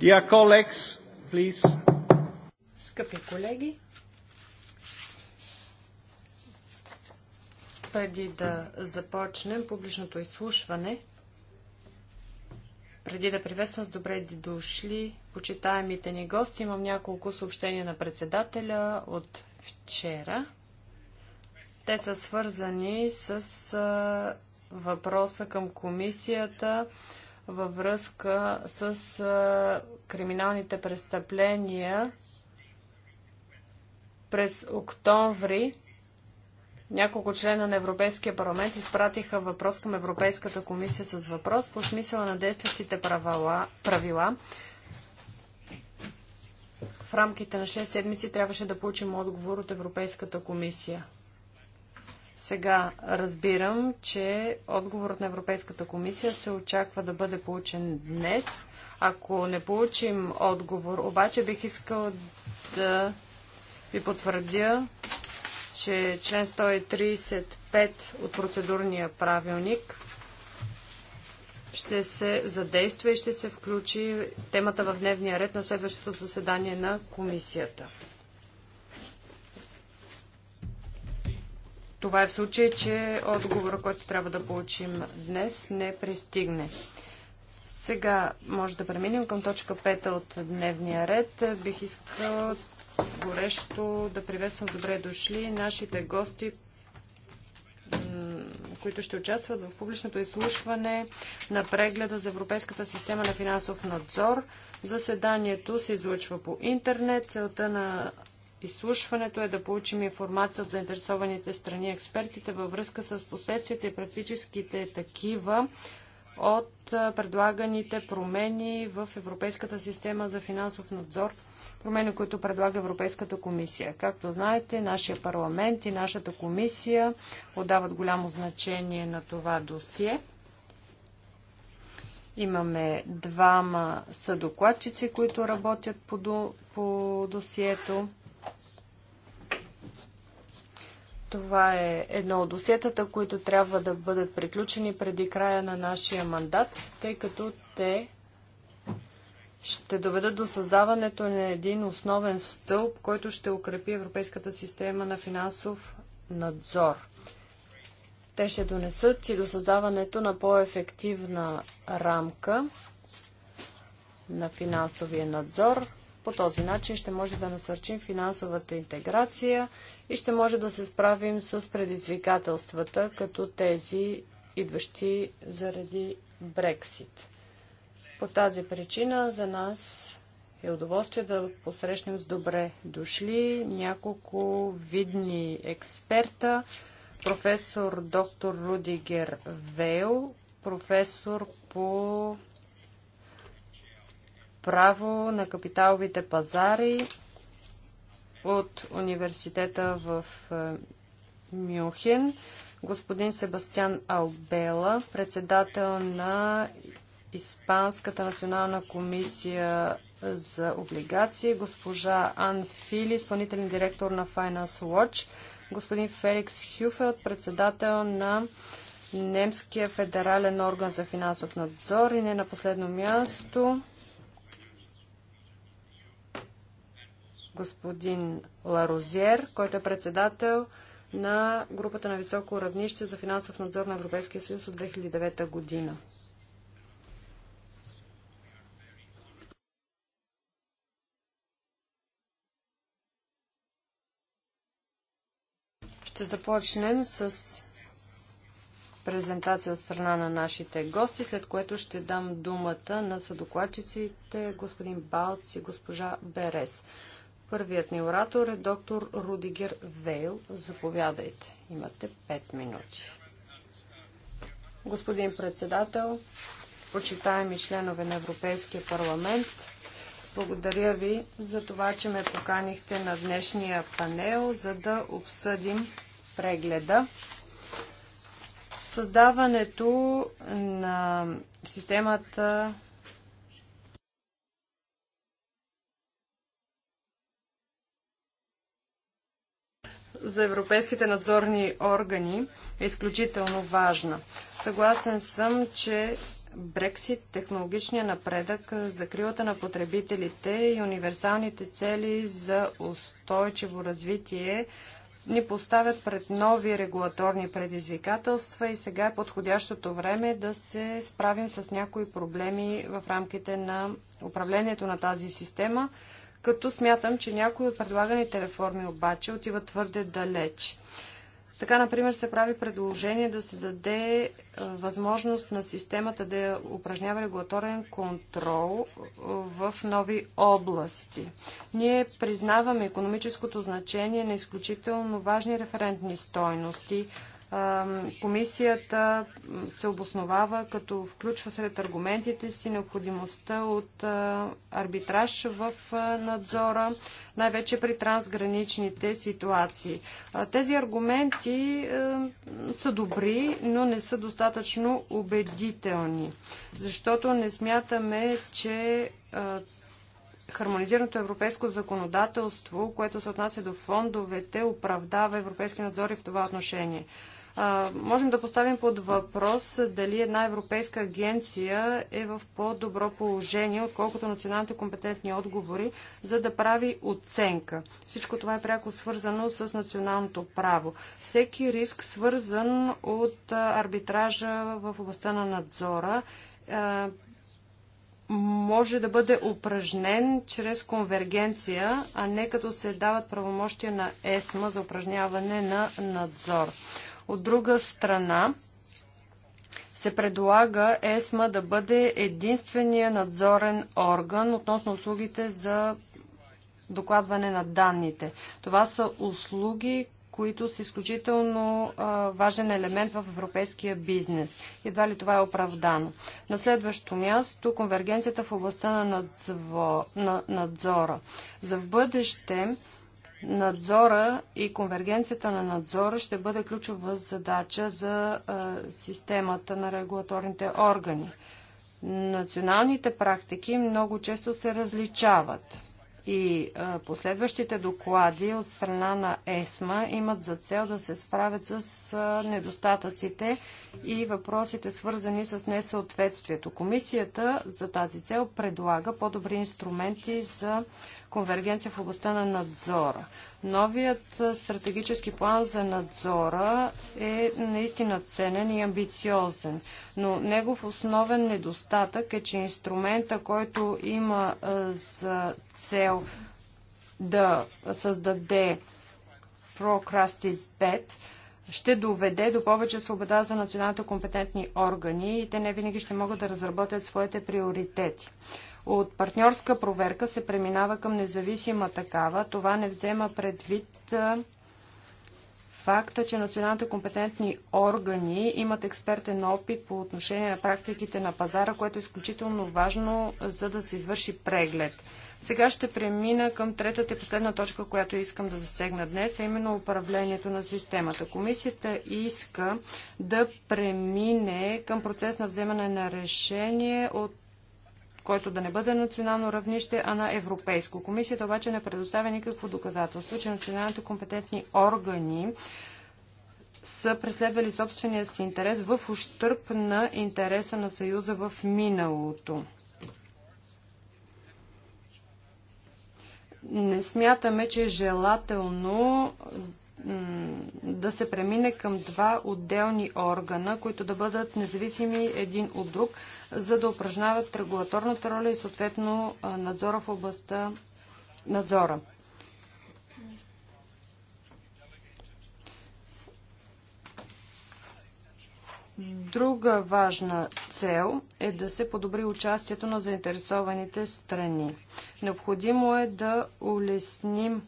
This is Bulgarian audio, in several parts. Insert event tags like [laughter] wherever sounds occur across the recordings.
Dear colleagues, please. Скъпи колеги, преди да започнем публичното изслушване, преди да приветствам с добре дошли почитаемите ни гости, имам няколко съобщения на председателя от вчера. Те са свързани с въпроса към комисията във връзка с а, криминалните престъпления през октомври няколко члена на Европейския парламент изпратиха въпрос към Европейската комисия с въпрос по смисъла на действащите правила, правила. В рамките на 6 седмици трябваше да получим отговор от Европейската комисия. Сега разбирам, че отговорът на Европейската комисия се очаква да бъде получен днес. Ако не получим отговор, обаче бих искал да ви потвърдя, че член 135 от процедурния правилник ще се задейства и ще се включи темата в дневния ред на следващото заседание на комисията. Това е в случай, че отговора, който трябва да получим днес, не пристигне. Сега може да преминем към точка 5 от дневния ред. Бих искал горещо да приветствам добре дошли нашите гости, които ще участват в публичното изслушване на прегледа за Европейската система на финансов надзор. Заседанието се излъчва по интернет. Целта на изслушването е да получим информация от заинтересованите страни експертите във връзка с последствията и практическите такива от предлаганите промени в Европейската система за финансов надзор, промени, които предлага Европейската комисия. Както знаете, нашия парламент и нашата комисия отдават голямо значение на това досие. Имаме двама съдокладчици, които работят по, по досието. Това е едно от досетата, които трябва да бъдат приключени преди края на нашия мандат, тъй като те ще доведат до създаването на един основен стълб, който ще укрепи европейската система на финансов надзор. Те ще донесат и до създаването на по-ефективна рамка на финансовия надзор, по този начин ще може да насърчим финансовата интеграция и ще може да се справим с предизвикателствата, като тези идващи заради Брексит. По тази причина за нас е удоволствие да посрещнем с добре дошли няколко видни експерта. Професор доктор Рудигер Вейл, професор по право на капиталовите пазари от университета в е, Мюнхен. Господин Себастьян Албела, председател на Испанската национална комисия за облигации, госпожа Ан Фили, изпълнителен директор на Finance Watch, господин Феликс Хюфелд, председател на Немския федерален орган за финансов надзор и не на последно място господин Ларозер, който е председател на групата на високо равнище за финансов надзор на Европейския съюз от 2009 година. Ще започнем с презентация от страна на нашите гости, след което ще дам думата на съдокладчиците господин Балц и госпожа Берес. Първият ни оратор е доктор Рудигер Вейл. Заповядайте. Имате 5 минути. Господин председател, почитаеми членове на Европейския парламент, благодаря ви за това, че ме поканихте на днешния панел, за да обсъдим прегледа. Създаването на системата за европейските надзорни органи е изключително важна. Съгласен съм, че Брексит, технологичния напредък, закрилата на потребителите и универсалните цели за устойчиво развитие ни поставят пред нови регулаторни предизвикателства и сега е подходящото време да се справим с някои проблеми в рамките на управлението на тази система, като смятам, че някои от предлаганите реформи обаче отиват твърде далеч. Така, например, се прави предложение да се даде възможност на системата да упражнява регулаторен контрол в нови области. Ние признаваме економическото значение на изключително важни референтни стойности, комисията се обосновава, като включва сред аргументите си необходимостта от арбитраж в надзора, най-вече при трансграничните ситуации. Тези аргументи са добри, но не са достатъчно убедителни, защото не смятаме, че хармонизираното европейско законодателство, което се отнася до фондовете, оправдава европейски надзори в това отношение. А, можем да поставим под въпрос дали една европейска агенция е в по-добро положение, отколкото националните компетентни отговори, за да прави оценка. Всичко това е пряко свързано с националното право. Всеки риск, свързан от арбитража в областта на надзора, може да бъде упражнен чрез конвергенция, а не като се дават правомощия на ЕСМА за упражняване на надзор. От друга страна, се предлага ЕСМА да бъде единствения надзорен орган относно услугите за докладване на данните. Това са услуги, които са изключително а, важен елемент в европейския бизнес. Едва ли това е оправдано. На следващо място конвергенцията в областта на, надзво, на надзора. За в бъдеще надзора и конвергенцията на надзора ще бъде ключова задача за а, системата на регулаторните органи. Националните практики много често се различават и последващите доклади от страна на ЕСМА имат за цел да се справят с недостатъците и въпросите свързани с несъответствието. Комисията за тази цел предлага по-добри инструменти за конвергенция в областта на надзора. Новият стратегически план за надзора е наистина ценен и амбициозен, но негов основен недостатък е, че инструмента, който има за цел да създаде Procrastis Bed, ще доведе до повече свобода за националните компетентни органи и те не винаги ще могат да разработят своите приоритети. От партньорска проверка се преминава към независима такава. Това не взема предвид факта, че националните компетентни органи имат експертен опит по отношение на практиките на пазара, което е изключително важно, за да се извърши преглед. Сега ще премина към третата и последна точка, която искам да засегна днес, а именно управлението на системата. Комисията иска да премине към процес на вземане на решение от който да не бъде национално равнище, а на европейско. Комисията обаче не предоставя никакво доказателство, че националните компетентни органи са преследвали собствения си интерес в ущърп на интереса на Съюза в миналото. Не смятаме, че е желателно да се премине към два отделни органа, които да бъдат независими един от друг, за да упражняват регулаторната роля и съответно надзора в областта надзора. Друга важна цел е да се подобри участието на заинтересованите страни. Необходимо е да улесним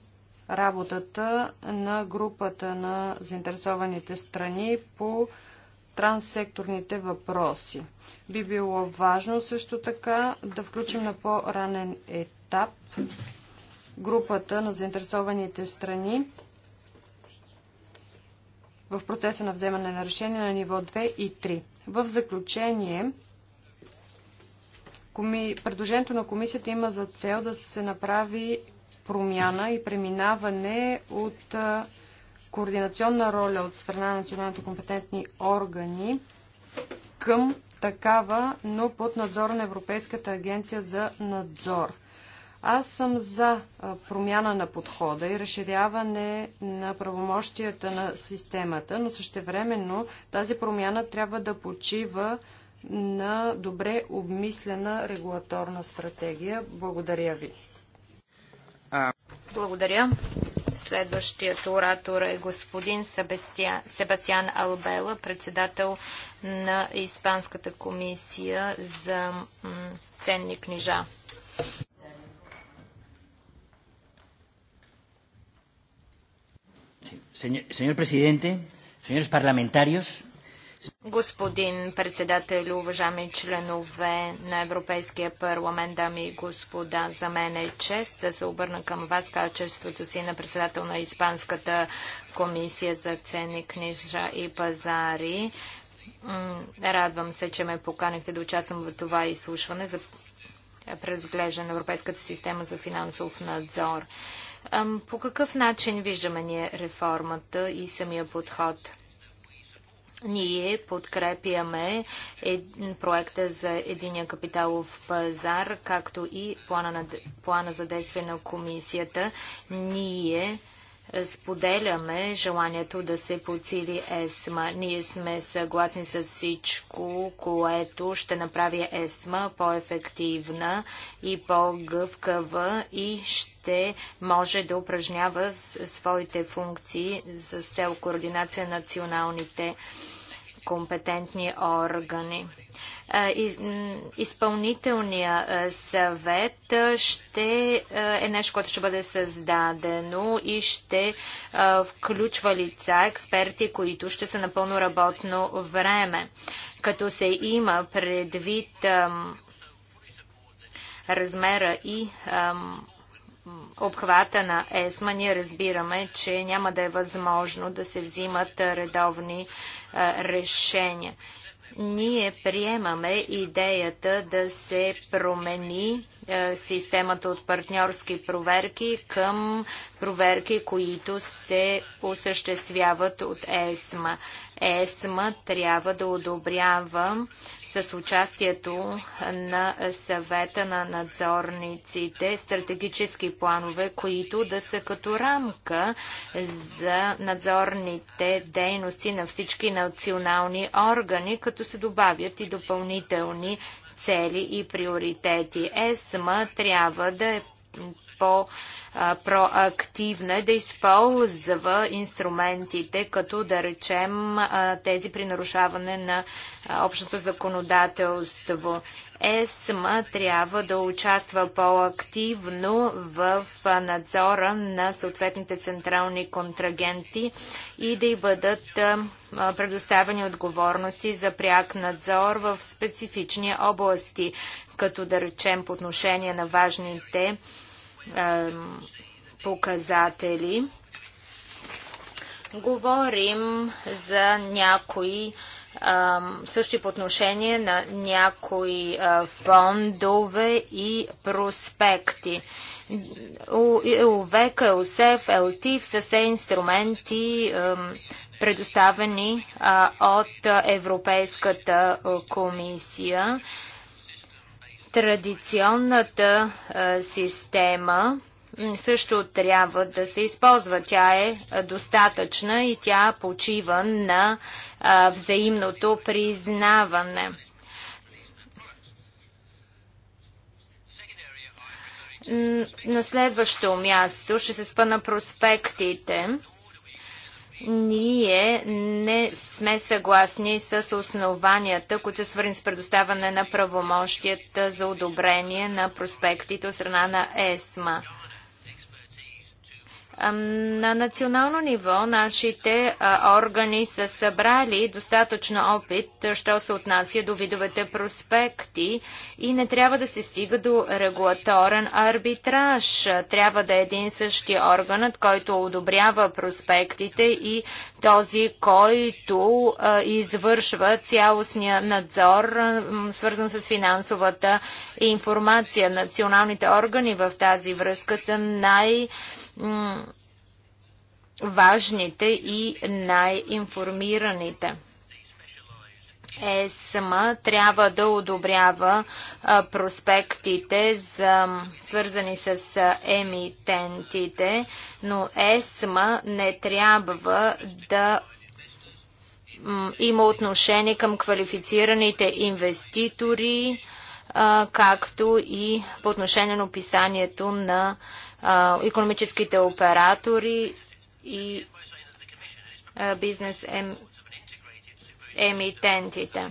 работата на групата на заинтересованите страни по транссекторните въпроси. Би било важно също така да включим на по-ранен етап групата на заинтересованите страни в процеса на вземане на решение на ниво 2 и 3. В заключение, предложението на комисията има за цел да се направи промяна и преминаване от координационна роля от страна на националните компетентни органи към такава, но под надзор на Европейската агенция за надзор. Аз съм за промяна на подхода и разширяване на правомощията на системата, но същевременно тази промяна трябва да почива на добре обмислена регулаторна стратегия. Благодаря ви. Благодаря. Следващият оратор е господин Себастиан, Албела, председател на Испанската комисия за ценни книжа. Señor presidente, señores parlamentarios, Господин председател, уважаеми членове на Европейския парламент, дами и господа, за мен е чест да се обърна към вас качеството си на председател на Испанската комисия за ценни книжа и пазари. Радвам се, че ме поканихте да участвам в това изслушване за преразглеждане на Европейската система за финансов надзор. По какъв начин виждаме ние реформата и самия подход? Ние подкрепяме проекта за единия капиталов пазар, както и плана за действие на комисията. Ние споделяме желанието да се подсили ЕСМА. Ние сме съгласни с всичко, което ще направи ЕСМА по-ефективна и по-гъвкава и ще може да упражнява своите функции за цел координация националните компетентни органи. Е, Изпълнителният е, съвет е, ще е нещо, което ще бъде създадено и ще включва лица, експерти, които ще са напълно работно време. Като се има предвид размера и обхвата на ЕСМА ние разбираме, че няма да е възможно да се взимат редовни е, решения. Ние приемаме идеята да се промени е, системата от партньорски проверки към проверки, които се осъществяват от ЕСМА. ЕСМА трябва да одобрява с участието на съвета на надзорниците стратегически планове, които да са като рамка за надзорните дейности на всички национални органи, като се добавят и допълнителни цели и приоритети. ЕСМА трябва да е по- проактивна, да използва инструментите, като да речем тези при нарушаване на общото законодателство. ЕСМА трябва да участва по-активно в надзора на съответните централни контрагенти и да й бъдат предоставени отговорности за пряк надзор в специфични области, като да речем по отношение на важните показатели. Говорим за някои също по отношение на някои е, фондове и проспекти. ОВЕК, ОСЕФ, ЕЛТИФ са се инструменти предоставени от е, Европейската е, комисия. Традиционната система също трябва да се използва. Тя е достатъчна и тя почива на взаимното признаване. На следващо място ще се спъна проспектите. Ние не сме съгласни с основанията, които свързани с предоставяне на правомощията за одобрение на проспектите от страна на ЕСМА. На национално ниво нашите органи са събрали достатъчно опит, що се отнася до видовете проспекти и не трябва да се стига до регулаторен арбитраж. Трябва да е един същи органът, който одобрява проспектите и този, който извършва цялостния надзор, свързан с финансовата информация. Националните органи в тази връзка са най- важните и най-информираните. ЕСМ трябва да одобрява проспектите за, свързани с емитентите, но ЕСМ не трябва да има отношение към квалифицираните инвеститори, както и по отношение на описанието на економическите оператори и бизнес емитентите.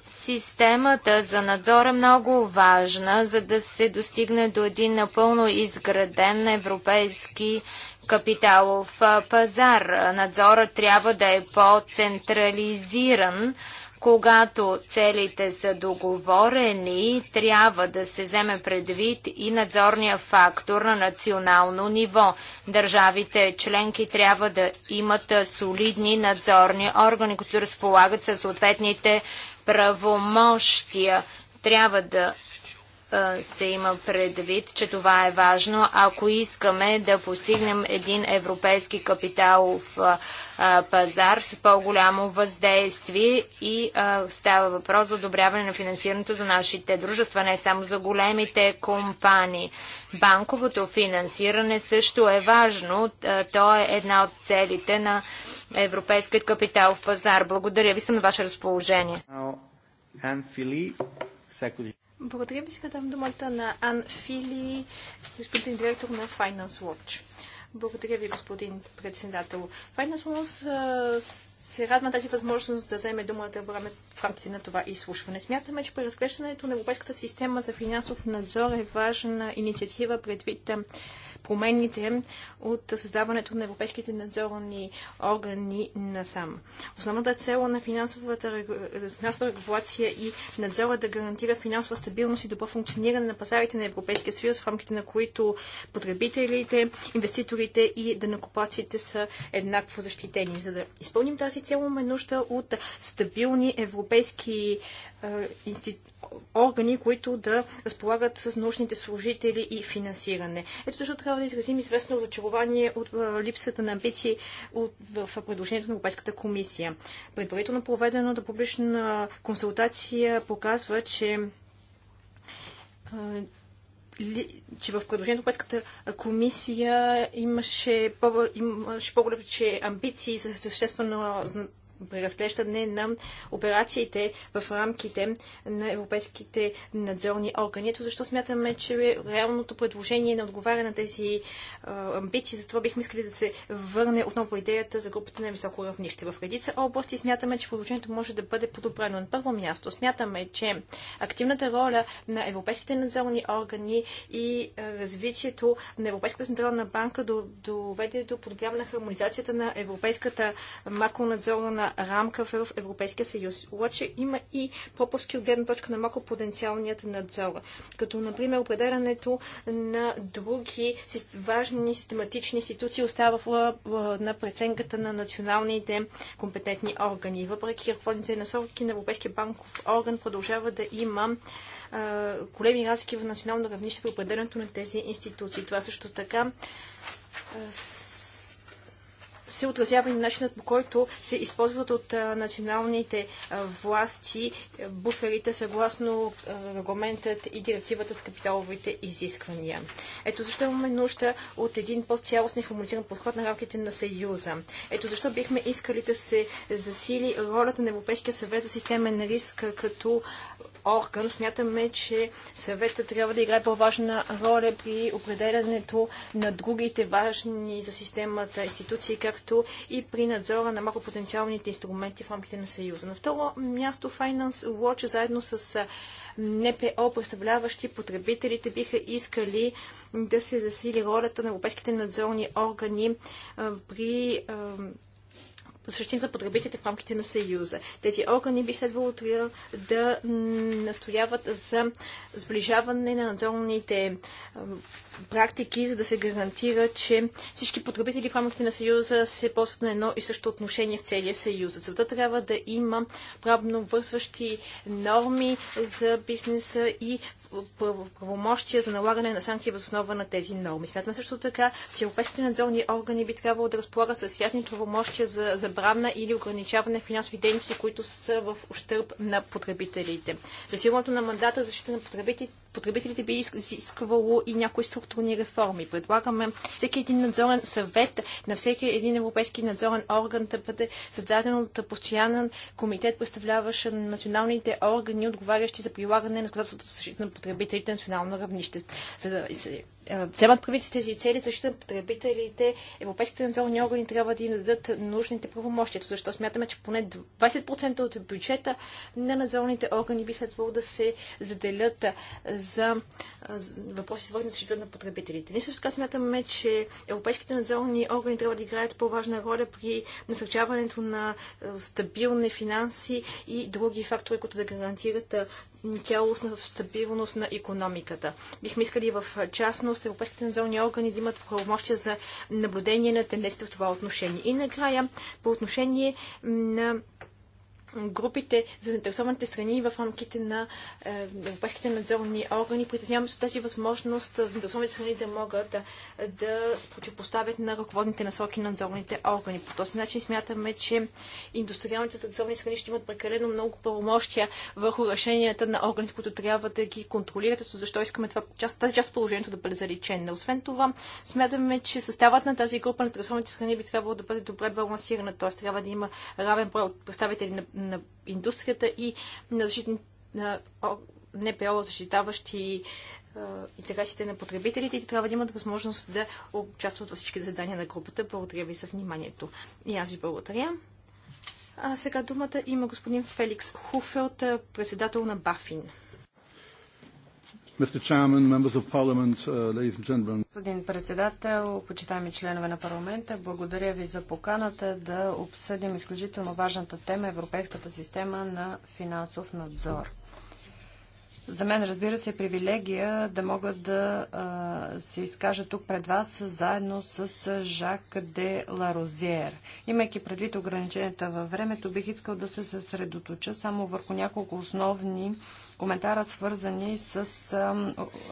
Системата за надзор е много важна, за да се достигне до един напълно изграден европейски капиталов пазар. Надзорът трябва да е по-централизиран, когато целите са договорени, трябва да се вземе предвид и надзорния фактор на национално ниво. Държавите членки трябва да имат солидни надзорни органи, които разполагат със съответните правомощия. Трябва да се има предвид, че това е важно, ако искаме да постигнем един европейски капиталов пазар с по-голямо въздействие и става въпрос за одобряване на финансирането за нашите дружества, не само за големите компании. Банковото финансиране също е важно. То е една от целите на европейският капиталов пазар. Благодаря ви, съм на ваше разположение. Анфили, секунди. Благодаря ви. Сега дам думата на Ан Фили, господин директор на Finance Watch. Благодаря ви, господин председател. Finance Watch се радва тази възможност да вземе думата в рамките на това изслушване. Смятаме, че при разглеждането на Европейската система за финансов надзор е важна инициатива предвид промените от създаването на европейските надзорни органи насам. Основната цел на финансовата, финансовата регулация и надзора е да гарантира финансова стабилност и добро функциониране на пазарите на Европейския съюз, в рамките на които потребителите, инвеститорите и данакоплаците са еднакво защитени. За да изпълним тази цел, имаме нужда от стабилни европейски е, институции органи, които да разполагат с научните служители и финансиране. Ето защо трябва да изразим известно разочарование от липсата на амбиции в, предложението на Европейската комисия. Предварително проведената да публична консултация показва, че че в предложението Европейската комисия имаше, по- имаше по-големи амбиции за съществено преразглеждане на операциите в рамките на европейските надзорни органи. Ето защо смятаме, че реалното предложение не отговаря на тези амбиции, затова бихме искали да се върне отново идеята за групата на високо равнище. В редица области смятаме, че предложението може да бъде подобрено. На първо място смятаме, че активната роля на европейските надзорни органи и развитието на Европейската централна банка доведе до подобряване на хармонизацията на европейската макронадзорна рамка в Европейския съюз. Обаче има и пропуски от гледна точка на малко потенциалният надзор, като например определянето на други важни систематични институции остава на преценката на националните компетентни органи. Въпреки ръководните насоки на Европейския банков орган продължава да има големи разлики в национално равнище при определенето на тези институции. Това също така се отразява и начинът по който се използват от националните власти е, буферите съгласно е, регламентът и директивата с капиталовите изисквания. Ето защо имаме нужда от един по-цялостен хармонизиран подход на рамките на Съюза. Ето защо бихме искали да се засили ролята на Европейския съвет за системен риск като орган, смятаме, че съветът трябва да играе по-важна роля при определянето на другите важни за системата институции, както и при надзора на макропотенциалните инструменти в рамките на Съюза. На второ място Finance Watch заедно с НПО, представляващи потребителите, биха искали да се засили ролята на европейските надзорни органи при защита на потребителите в рамките на Съюза. Тези органи би следвало да, настояват за сближаване на надзорните практики, за да се гарантира, че всички потребители в рамките на Съюза се ползват на едно и също отношение в целия Съюз. целта трябва да има правно вързващи норми за бизнеса и правомощия за налагане на санкции въз основа на тези норми. Смятам също така, че европейските надзорни органи би трябвало да разполагат с ясни правомощия за забрана или ограничаване на финансови дейности, които са в ущърб на потребителите. Засилването на мандата за защита на потребителите потребителите би изисквало и някои структурни реформи. Предлагаме всеки един надзорен съвет на всеки един европейски надзорен орган да бъде създаден от постоянен комитет, представляващ националните органи, отговарящи за прилагане на законодателството защита на потребителите на национално равнище. За да се вземат правите тези цели, защита на потребителите, европейските надзорни органи трябва да им дадат нужните правомощия. Защо смятаме, че поне 20% от бюджета на надзорните органи би следвало да се заделят за въпроси свързани с защита на потребителите. Ние също така смятаме, че европейските надзорни органи трябва да играят по-важна роля при насърчаването на стабилни финанси и други фактори, които да гарантират цялостна стабилност на економиката. Бихме искали в частност европейските надзорни органи да имат правомощия за наблюдение на тенденцията в това отношение. И накрая, по отношение на групите за заинтересованите страни в рамките на е, европейските надзорни органи. Притеснявам се тази възможност за заинтересованите страни да могат да, е, да се противопоставят на ръководните насоки на надзорните органи. По този начин смятаме, че индустриалните заинтересовани страни ще имат прекалено много правомощия върху решенията на органите, които трябва да ги контролират. Защо искаме това, част, тази част от положението да бъде заличена. Освен това, смятаме, че съставът на тази група на заинтересованите страни би трябвало да бъде добре балансирана, т.е. трябва да има равен брой представители на на индустрията и на, защитни, на НПО, защитаващи интересите на потребителите и трябва да имат възможност да участват във всички задания на групата. Благодаря ви за вниманието. И аз ви благодаря. А сега думата има господин Феликс Хуфелт, председател на Бафин. Uh, Господин председател, почитаеми членове на парламента, благодаря ви за поканата да обсъдим изключително важната тема Европейската система на финансов надзор. За мен, разбира се, е привилегия да мога да а, се изкажа тук пред вас заедно с Жак де Ларозиер. Имайки предвид ограниченията във времето, бих искал да се съсредоточа само върху няколко основни коментарът свързани с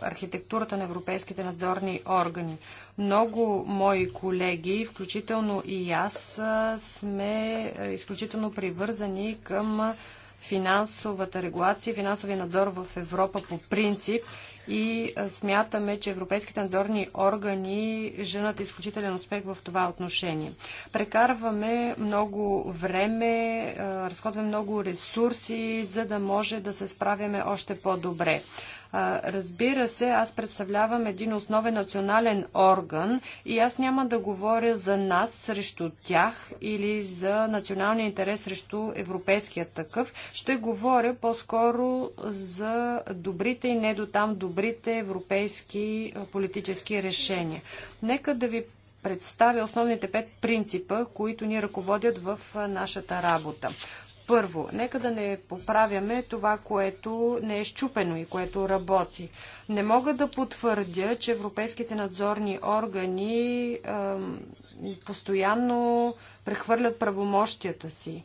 архитектурата на европейските надзорни органи. Много мои колеги, включително и аз, сме изключително привързани към финансовата регулация финансовия надзор в Европа по принцип и смятаме, че европейските надзорни органи женат изключителен успех в това отношение. Прекарваме много време, разходваме много ресурси, за да може да се справяме още по-добре. Разбира се, аз представлявам един основен национален орган и аз няма да говоря за нас срещу тях или за националния интерес срещу европейския такъв. Ще говоря по-скоро за добрите и не до там добрите европейски политически решения. Нека да ви представя основните пет принципа, които ни ръководят в нашата работа. Първо, нека да не поправяме това, което не е щупено и което работи. Не мога да потвърдя, че европейските надзорни органи е, постоянно прехвърлят правомощията си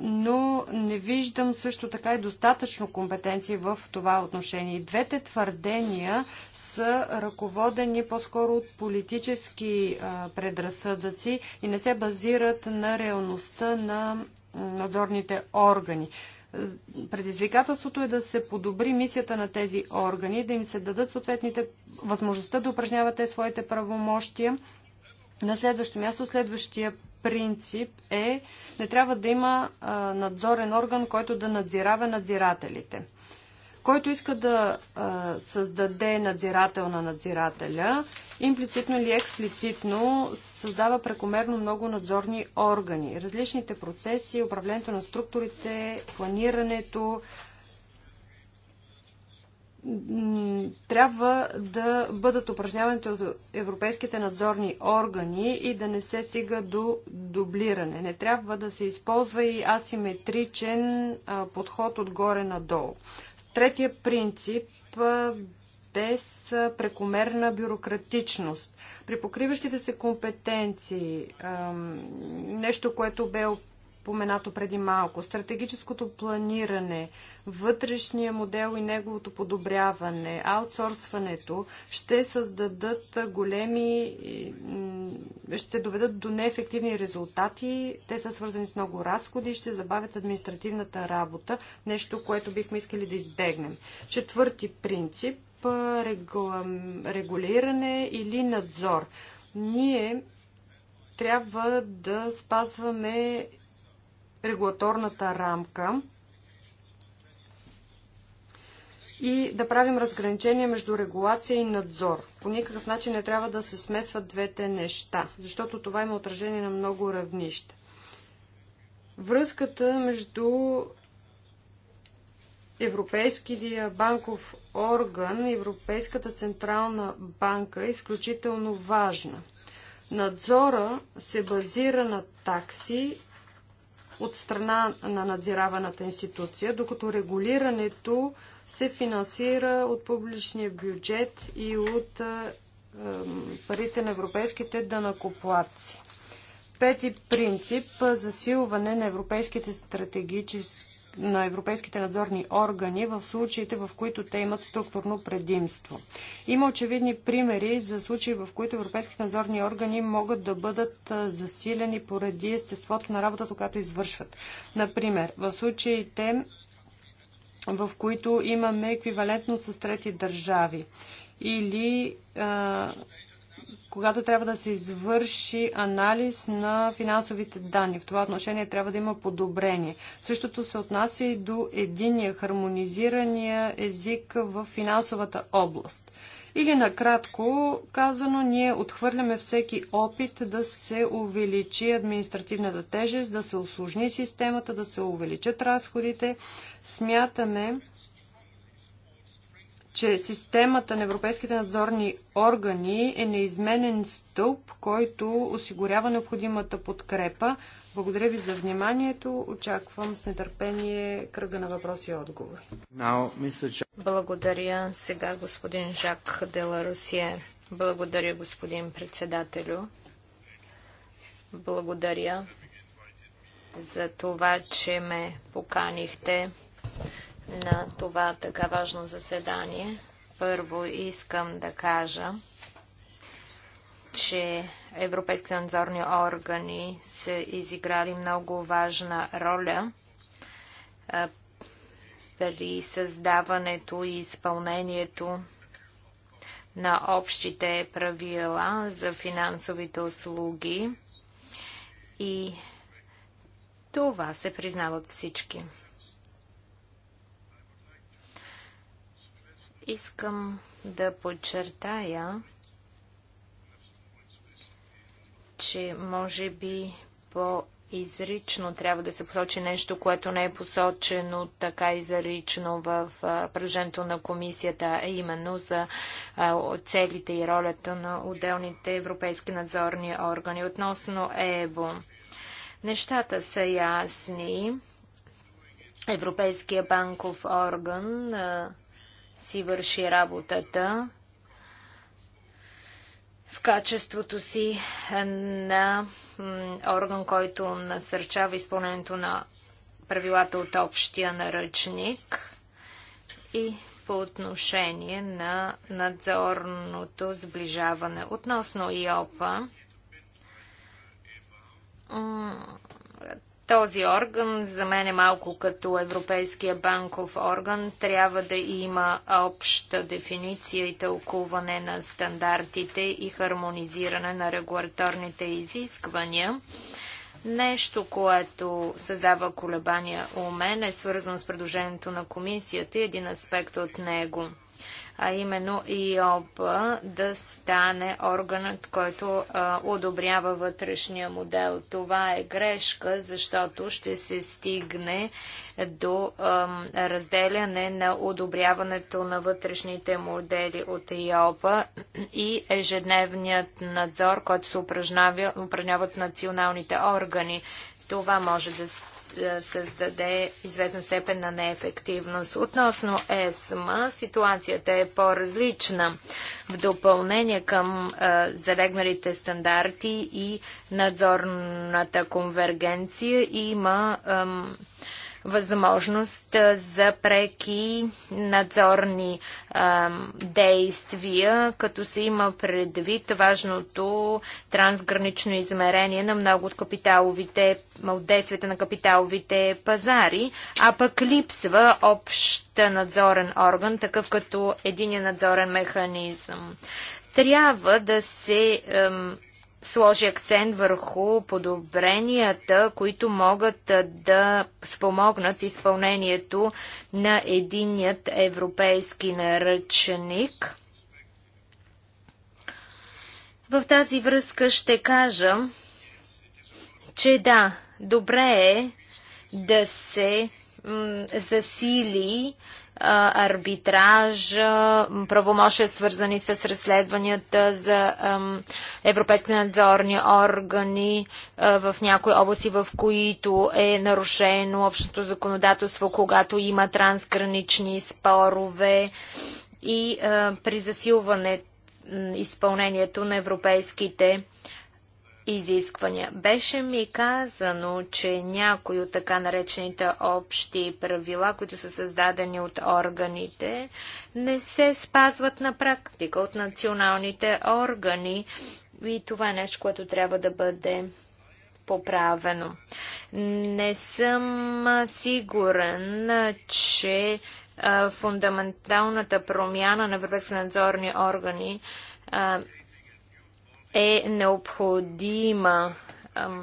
но не виждам също така и достатъчно компетенции в това отношение. Двете твърдения са ръководени по-скоро от политически предразсъдъци и не се базират на реалността на надзорните органи. Предизвикателството е да се подобри мисията на тези органи, да им се дадат съответните възможността да упражнявате своите правомощия. На следващо място, следващия принцип е, не трябва да има надзорен орган, който да надзирава надзирателите който иска да а, създаде надзирател на надзирателя, имплицитно или експлицитно създава прекомерно много надзорни органи. Различните процеси, управлението на структурите, планирането, трябва да бъдат упражнявани от европейските надзорни органи и да не се стига до дублиране. Не трябва да се използва и асиметричен подход отгоре надолу. Третия принцип без прекомерна бюрократичност. При покриващите се компетенции, нещо, което бе споменато преди малко. Стратегическото планиране, вътрешния модел и неговото подобряване, аутсорсването ще създадат големи, ще доведат до неефективни резултати. Те са свързани с много разходи и ще забавят административната работа, нещо, което бихме искали да избегнем. Четвърти принцип регулиране или надзор. Ние трябва да спазваме регулаторната рамка и да правим разграничение между регулация и надзор. По никакъв начин не трябва да се смесват двете неща, защото това има отражение на много равнища. Връзката между Европейския банков орган и Европейската централна банка е изключително важна. Надзора се базира на такси от страна на надзираваната институция, докато регулирането се финансира от публичния бюджет и от парите на европейските дънакоплаци. Пети принцип – засилване на европейските стратегически на европейските надзорни органи в случаите, в които те имат структурно предимство. Има очевидни примери за случаи, в които европейските надзорни органи могат да бъдат засилени поради естеството на работата, която извършват. Например, в случаите, в които имаме еквивалентно с трети държави или а, когато трябва да се извърши анализ на финансовите данни. В това отношение трябва да има подобрение. Същото се отнася и до единия хармонизирания език в финансовата област. Или накратко казано, ние отхвърляме всеки опит да се увеличи административната тежест, да се осложни системата, да се увеличат разходите. Смятаме, че системата на европейските надзорни органи е неизменен стълб, който осигурява необходимата подкрепа. Благодаря ви за вниманието. Очаквам с нетърпение кръга на въпроси и отговори. Благодаря сега господин Жак Деларусиер. Благодаря господин председателю. Благодаря за това, че ме поканихте на това така важно заседание. Първо искам да кажа, че европейските надзорни органи са изиграли много важна роля при създаването и изпълнението на общите правила за финансовите услуги и това се признават всички. Искам да подчертая, че може би по-изрично трябва да се посочи нещо, което не е посочено така изрично в предложението на комисията, а именно за целите и ролята на отделните европейски надзорни органи. Относно ЕБО, нещата са ясни. Европейския банков орган а, си върши работата в качеството си на орган, който насърчава изпълнението на правилата от общия наръчник и по отношение на надзорното сближаване. Относно ИОПа, този орган за мен е малко като Европейския банков орган. Трябва да има обща дефиниция и тълкуване на стандартите и хармонизиране на регулаторните изисквания. Нещо, което създава колебания у мен е свързано с предложението на комисията и един аспект от него – а именно ИОП да стане органът, който а, одобрява вътрешния модел. Това е грешка, защото ще се стигне до а, разделяне на одобряването на вътрешните модели от ИОП и ежедневният надзор, който се упражнява, упражняват националните органи. Това може да се да създаде известна степен на неефективност. Относно ЕСМА, ситуацията е по-различна. В допълнение към а, залегналите стандарти и надзорната конвергенция има възможност за преки надзорни а, действия, като се има предвид важното трансгранично измерение на много от капиталовите, от действията на капиталовите пазари, а пък липсва общ надзорен орган, такъв като един надзорен механизъм. Трябва да се сложи акцент върху подобренията, които могат да спомогнат изпълнението на единият европейски наръчник. В тази връзка ще кажа, че да, добре е да се засили а, арбитража, правомощия свързани с разследванията за европейски надзорни органи в някои области, в които е нарушено общото законодателство, когато има трансгранични спорове и при засилване изпълнението на европейските изисквания. Беше ми казано, че някои от така наречените общи правила, които са създадени от органите, не се спазват на практика от националните органи и това е нещо, което трябва да бъде поправено. Не съм сигурен, че фундаменталната промяна на европейски надзорни органи е необходима.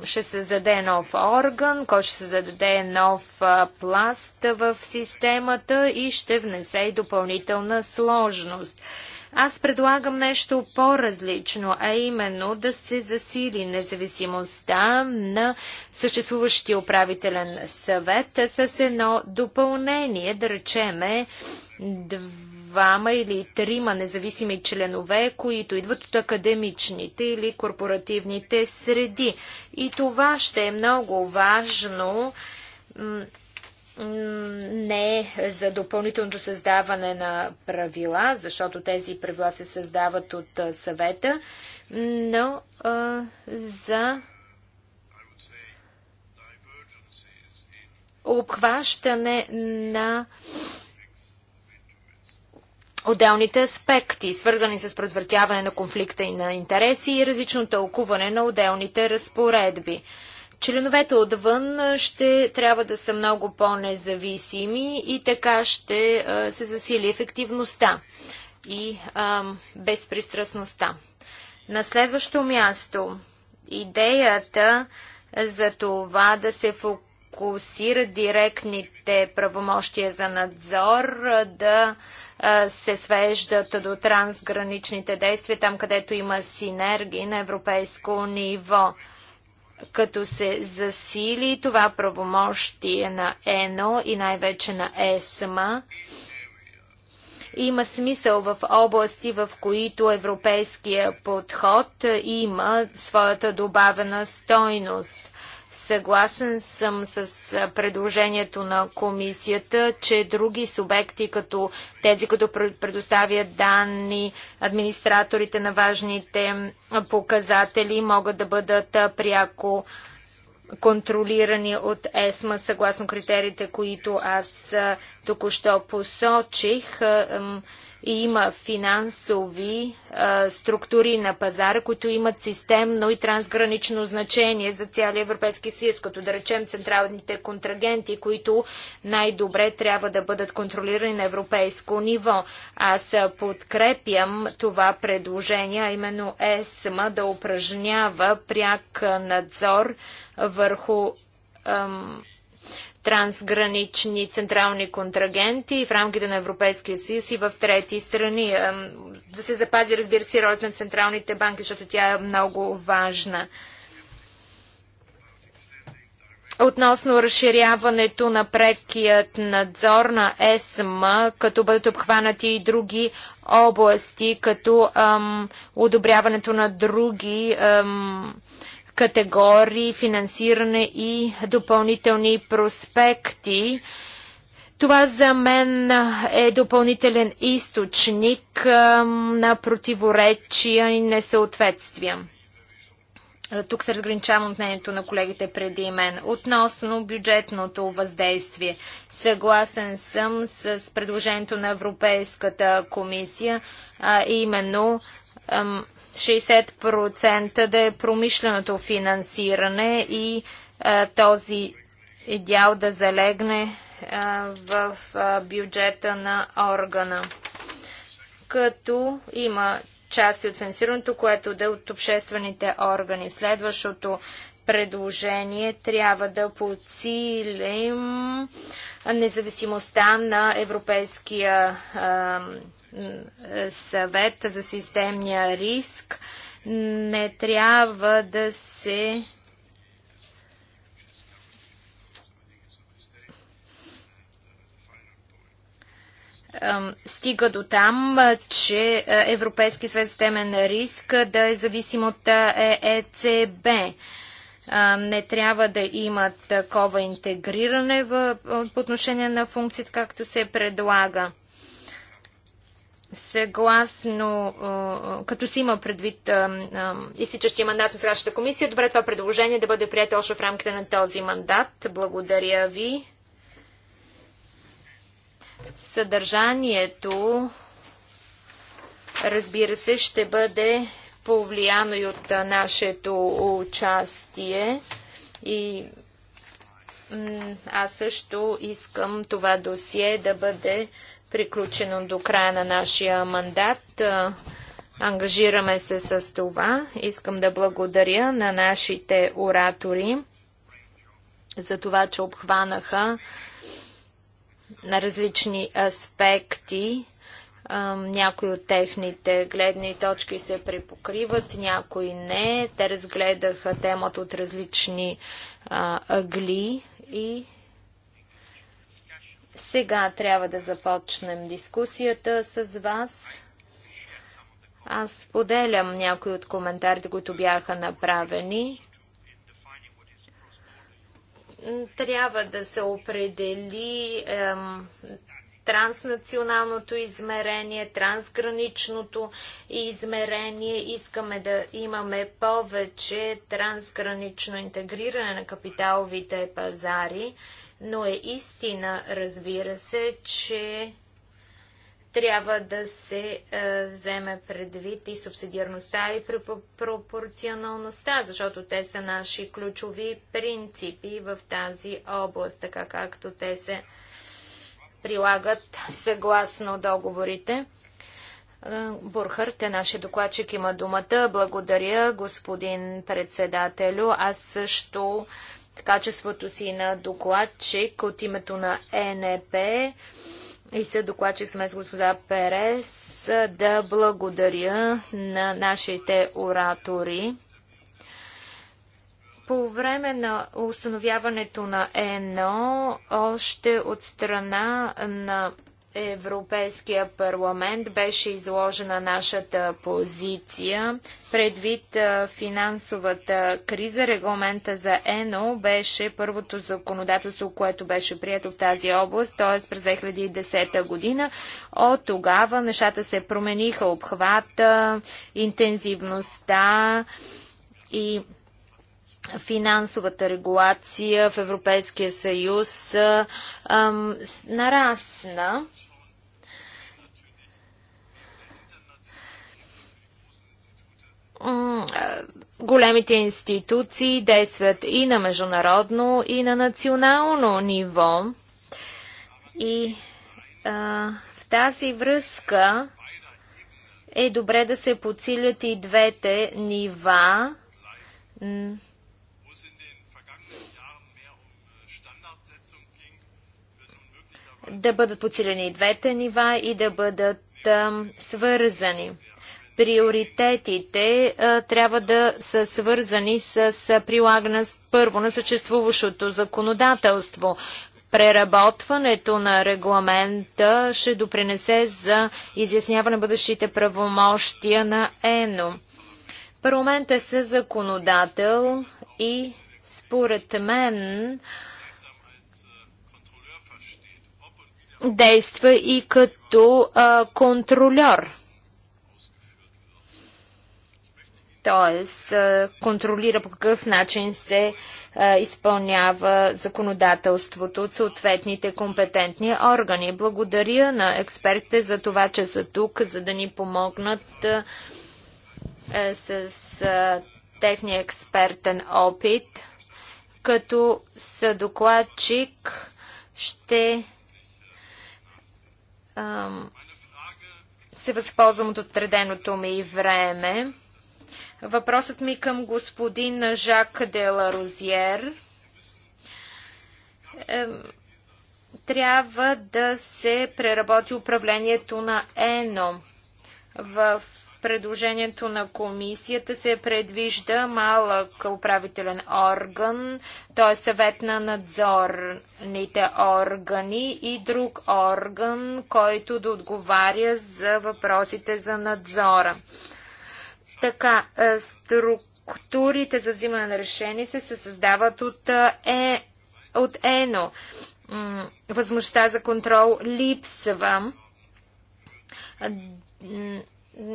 Ще се заде нов орган, който ще се зададе нов пласт в системата и ще внесе и допълнителна сложност. Аз предлагам нещо по-различно, а именно да се засили независимостта на съществуващия управителен съвет с едно допълнение, да речеме, двама или трима независими членове, които идват от академичните или корпоративните среди. И това ще е много важно не за допълнителното създаване на правила, защото тези правила се създават от съвета, но а, за обхващане на отделните аспекти, свързани с предвъртяване на конфликта и на интереси и различно тълкуване на отделните разпоредби. Членовете отвън ще трябва да са много по-независими и така ще се засили ефективността и безпристрастността. На следващо място, идеята за това да се фокусира фокусира директните правомощия за надзор, да се свеждат до трансграничните действия, там където има синергии на европейско ниво. Като се засили това правомощие на ЕНО и най-вече на ЕСМА, има смисъл в области, в които европейския подход има своята добавена стойност. Съгласен съм с предложението на комисията, че други субекти, като тези, които предоставят данни, администраторите на важните показатели, могат да бъдат пряко контролирани от ЕСМА съгласно критериите, които аз току-що посочих. И има финансови а, структури на пазара, които имат системно и трансгранично значение за цялия Европейски съюз, като да речем централните контрагенти, които най-добре трябва да бъдат контролирани на европейско ниво. Аз подкрепям това предложение, а именно ЕСМА да упражнява пряк надзор върху ам, трансгранични централни контрагенти в рамките на Европейския съюз и в трети страни. Да се запази, разбира се, ролята на централните банки, защото тя е много важна. Относно разширяването на прекият надзор на ЕСМ, като бъдат обхванати и други области, като ам, одобряването на други ам, категории, финансиране и допълнителни проспекти. Това за мен е допълнителен източник на противоречия и несъответствия. Тук се разграничавам от мнението на колегите преди мен. Относно бюджетното въздействие, съгласен съм с предложението на Европейската комисия, а именно 60% да е промишленото финансиране и този дял да залегне в бюджета на органа. Като има части от финансирането, което да е от обществените органи. Следващото предложение трябва да подсилим независимостта на Европейския съвет за системния риск не трябва да се стига до там, че Европейски съвет системен риск да е зависим от ЕЦБ. Е, не трябва да има такова интегриране в, по отношение на функциите, както се предлага съгласно, като си има предвид изтичащия мандат на сегашната комисия, добре това предложение да бъде прието още в рамките на този мандат. Благодаря ви. Съдържанието, разбира се, ще бъде повлияно и от нашето участие и аз също искам това досие да бъде приключено до края на нашия мандат. Ангажираме се с това. Искам да благодаря на нашите оратори за това, че обхванаха на различни аспекти. Някои от техните гледни точки се препокриват, някои не. Те разгледаха темата от различни агли и сега трябва да започнем дискусията с вас. Аз поделям някои от коментарите, които бяха направени. Трябва да се определи ем, транснационалното измерение, трансграничното измерение. Искаме да имаме повече трансгранично интегриране на капиталовите пазари но е истина, разбира се, че трябва да се е, вземе предвид и субсидиарността и пропорционалността, защото те са наши ключови принципи в тази област, така както те се прилагат съгласно договорите. Е, Бурхарт е нашия докладчик, има думата. Благодаря, господин председателю. Аз също качеството си на докладчик от името на ЕНП и се докладчик с господа Перес да благодаря на нашите оратори. По време на установяването на ЕНО, още от страна на Европейския парламент беше изложена нашата позиция. Предвид финансовата криза, регламента за ЕНО беше първото законодателство, което беше прието в тази област, т.е. през 2010 година. От тогава нещата се промениха обхвата, интензивността и финансовата регулация в Европейския съюз нарасна. големите институции действат и на международно, и на национално ниво. И а, в тази връзка е добре да се подсилят и двете нива. Да бъдат подсилени и двете нива и да бъдат а, свързани приоритетите а, трябва да са свързани с, прилагане първо на съществуващото законодателство. Преработването на регламента ще допринесе за изясняване бъдещите правомощия на ЕНО. Парламент е законодател и според мен действа и като а, контролер т.е. контролира по какъв начин се изпълнява законодателството от съответните компетентни органи. Благодаря на експертите за това, че са тук, за да ни помогнат е, с техния експертен опит. Като съдокладчик ще се възползвам от отреденото ми време. Въпросът ми към господин Жак Деларозиер трябва да се преработи управлението на ЕНО. В предложението на комисията се предвижда малък управителен орган, т.е. съвет на надзорните органи и друг орган, който да отговаря за въпросите за надзора. Така, е, структурите за взимане на решение се, се създават от, е, е от ЕНО. Възможността за контрол липсва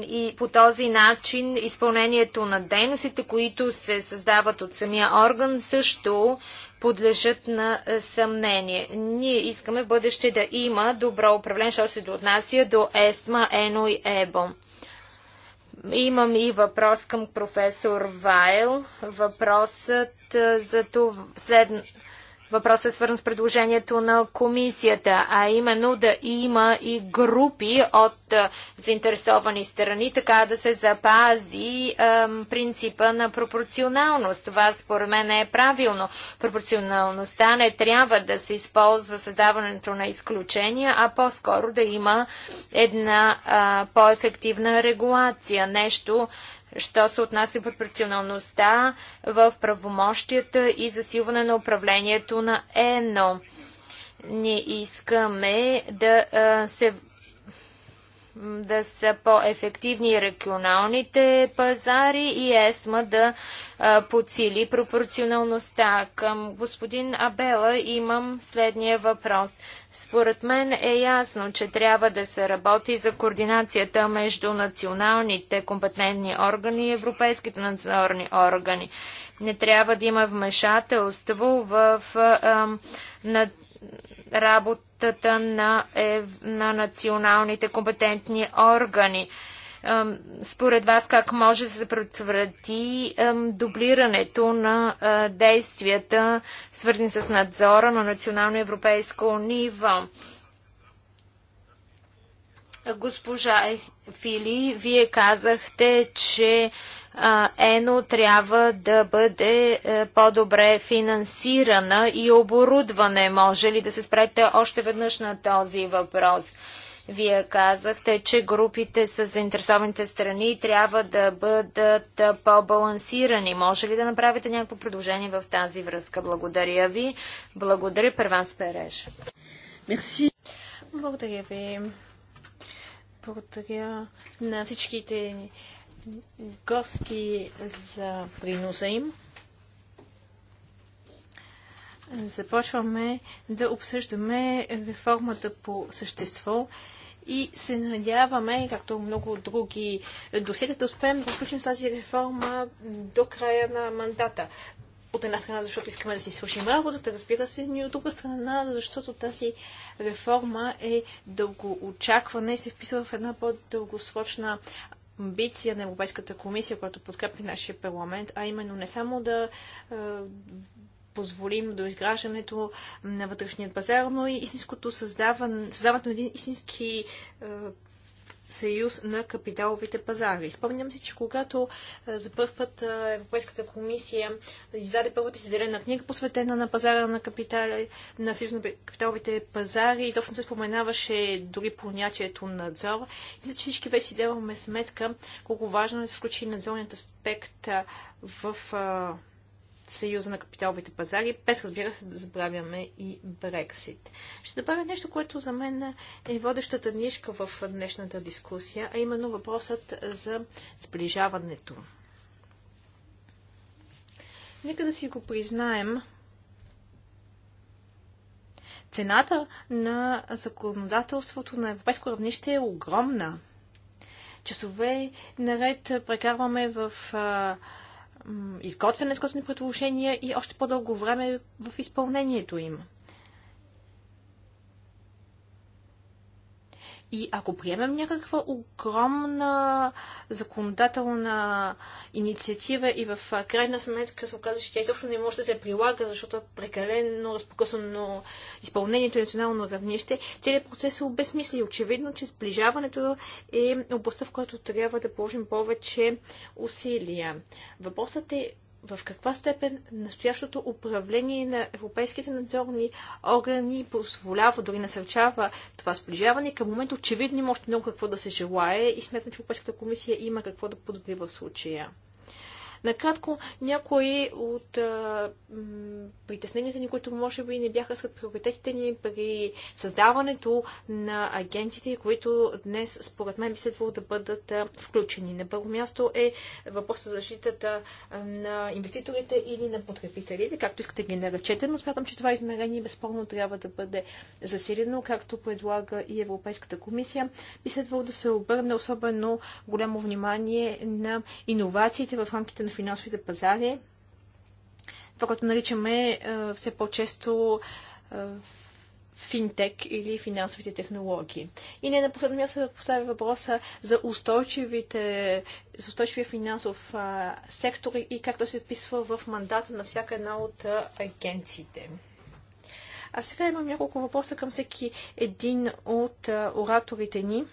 и по този начин изпълнението на дейностите, които се създават от самия орган, също подлежат на е, съмнение. Ние искаме в бъдеще да има добро управление, що се отнася до ЕСМА, ЕНО и ЕБО. Имам и въпрос към професор Вайл. Въпросът за това, след, Въпросът е свързан с предложението на комисията, а именно да има и групи от заинтересовани страни, така да се запази ем, принципа на пропорционалност. Това според мен е правилно. Пропорционалността не трябва да се използва създаването на изключения, а по-скоро да има една е, по-ефективна регулация. Нещо, що се отнася пропорционалността в правомощията и засилване на управлението на ЕНО. Ние искаме да се да са по-ефективни регионалните пазари и ЕСМА да а, подсили пропорционалността. Към господин Абела имам следния въпрос. Според мен е ясно, че трябва да се работи за координацията между националните компетентни органи и европейските надзорни органи. Не трябва да има вмешателство в а, на работа работата на, е, на националните компетентни органи. Според вас как може да се предотврати дублирането на действията, свързани с надзора на национално европейско ниво? Госпожа Фили, вие казахте, че ЕНО трябва да бъде е, по-добре финансирана и оборудване. Може ли да се спрете още веднъж на този въпрос? Вие казахте, че групите с заинтересованите страни трябва да бъдат по-балансирани. Може ли да направите някакво предложение в тази връзка? Благодаря ви. Благодаря, Перван Спереж. Мерси. Благодаря ви. Благодаря на всичките гости за приноса им. Започваме да обсъждаме реформата по същество и се надяваме, както много други досиета, да успеем да включим тази реформа до края на мандата от една страна, защото искаме да си свършим работата, разбира се, и от друга страна, защото тази реформа е дългоочакване и се вписва в една по-дългосрочна амбиция на Европейската комисия, която подкрепи нашия парламент, а именно не само да е, позволим до изграждането на вътрешния пазар, но и истинското създаване, създаването на един истински е, съюз на капиталовите пазари. Спомням си, че когато е, за първ път е, Европейската комисия издаде първата си зелена книга, посветена на пазара на капитали, на съюз на капиталовите пазари, изобщо се споменаваше дори понятието надзор. Мисля, че всички вече си даваме сметка колко важно е да се включи надзорният аспект е, в Съюза на капиталовите пазари, без разбира се да забравяме и Брексит. Ще добавя нещо, което за мен е водещата нишка в днешната дискусия, а именно въпросът за сближаването. Нека да си го признаем, цената на законодателството на европейско равнище е огромна. Часове наред прекарваме в а, изготвяне на изготвени предложения и още по-дълго време в изпълнението им. И ако приемем някаква огромна законодателна инициатива и в крайна сметка се оказа, че тя изобщо не може да се прилага, защото е прекалено разпокъсано изпълнението на национално равнище, целият процес се обезмисли. Очевидно, че сближаването е областта, в която трябва да положим повече усилия. Въпросът е в каква степен настоящото управление на европейските надзорни органи позволява, дори насърчава това сближаване. Към момента очевидно има още много какво да се желае и смятам, че Европейската комисия има какво да подобри в случая. Накратко, някои от а, притесненията ни, които може би не бяха сред приоритетите ни при създаването на агенциите, които днес според мен би следвало да бъдат а, включени. На първо място е въпросът за защитата на инвеститорите или на потребителите, както искате ги наречете, но смятам, че това измерение безспорно трябва да бъде засилено, както предлага и Европейската комисия. Би следвало да се обърне особено голямо внимание на иновациите в рамките на на финансовите пазари, това, което наричаме все по-често финтек или финансовите технологии. И не на последно място да поставя въпроса за устойчивите, за устойчивия финансов а, сектор и както се вписва в мандата на всяка една от а, агенциите. А сега имам няколко въпроса към всеки един от а, ораторите ни.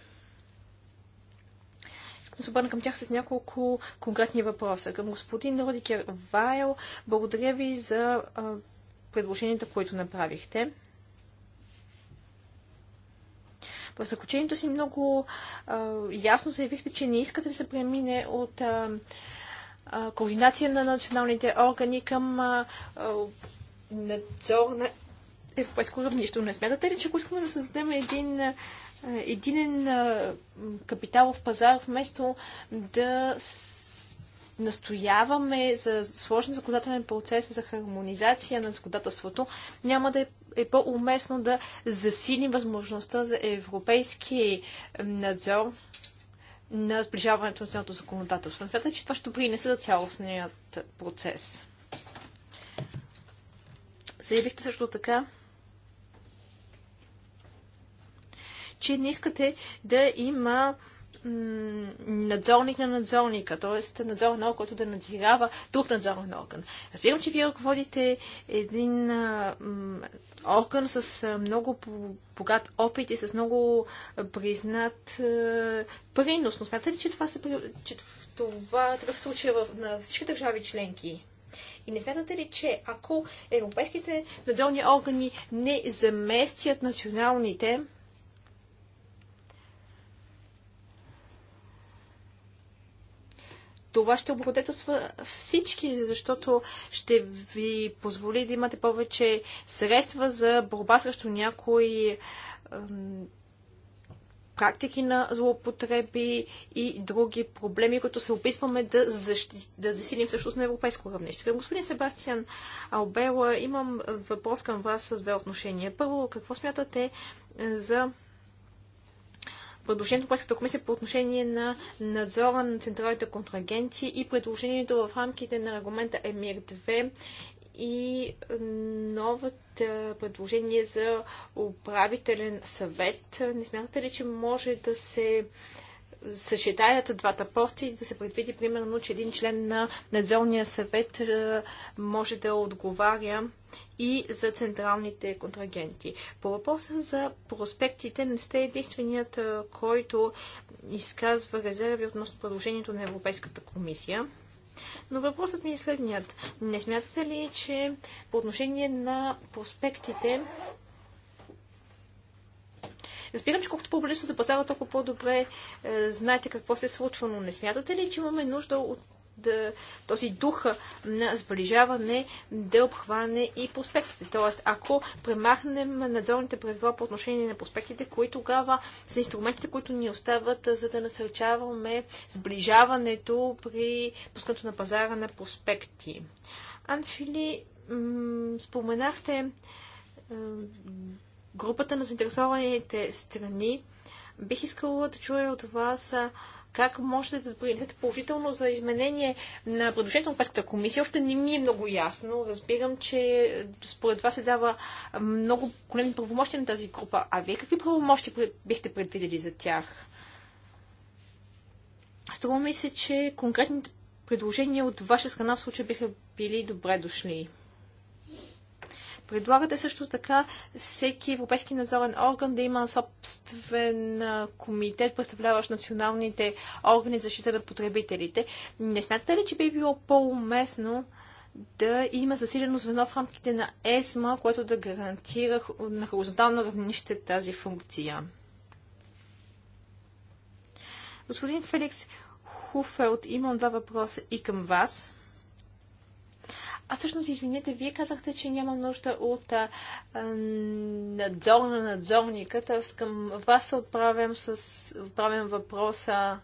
Но се обърна към тях с няколко конкретни въпроса. Към господин Родикер Вайл, благодаря ви за а, предложенията, които направихте. В заключението си много а, ясно заявихте, че не искате да се премине от а, а, координация на националните органи към а, а, надзор на европейско равнище. Не смятате ли, че ако искаме да създадем един единен капиталов пазар, вместо да настояваме за сложен законодателен процес за хармонизация на законодателството, няма да е, е по-уместно да засилим възможността за европейски надзор на сближаването на цялото законодателство. Смятате, че това ще принесе за цялостният процес. Заявихте също така, че не искате да има надзорник на надзорника, т.е. надзорен орган, който да надзирава друг надзорен орган. Разбирам, че вие ръководите един орган с много богат опит и с много признат принос, но смятате ли, че това, се, че това такъв случай е на всички държави членки? И не смятате ли, че ако европейските надзорни органи не заместят националните, това ще облагодетелства всички, защото ще ви позволи да имате повече средства за борба срещу някои практики на злоупотреби и други проблеми, които се опитваме да, защи... да засилим всъщност на европейско равнище. Към господин Себастиан Албела, имам въпрос към вас с две отношения. Първо, какво смятате за предложението на Европейската комисия по отношение на надзора на централните контрагенти и предложението в рамките на регламента ЕМИР 2 и новата предложение за управителен съвет. Не смятате ли, че може да се съчетаят двата пости и да се предвиди, примерно, че един член на надзорния съвет е, може да отговаря и за централните контрагенти. По въпроса за проспектите не сте единственият, е, който изказва резерви относно предложението на Европейската комисия. Но въпросът ми е следният. Не смятате ли, че по отношение на проспектите Разбирам, че колкото по-близо до пазара, толкова по-добре е, знаете какво се е случва, но не смятате ли, че имаме нужда от да, този дух на сближаване да обхване и проспектите. Тоест, ако премахнем надзорните правила по отношение на проспектите, които тогава са инструментите, които ни остават, е, за да насърчаваме сближаването при пускането на пазара на проспекти. Анфили, споменахте групата на заинтересованите страни. Бих искала да чуя от вас как можете да допринесете положително за изменение на предложението на Европейската комисия. Още не ми е много ясно. Разбирам, че според вас се дава много големи правомощи на тази група. А вие какви правомощи бихте предвидели за тях? Струва ми се, че конкретните предложения от ваша страна в случая биха били добре дошли. Предлагате също така всеки европейски надзорен орган да има собствен комитет, представляващ националните органи за защита на потребителите. Не смятате ли, че би било по-уместно да има засилено звено в рамките на ЕСМА, което да гарантира на хоризонтално равнище тази функция? Господин Феликс Хуфелд, имам два въпроса и към вас. А всъщност, извинете, вие казахте, че няма нужда от а, надзор на надзорника. към вас отправям, с, отправям въпроса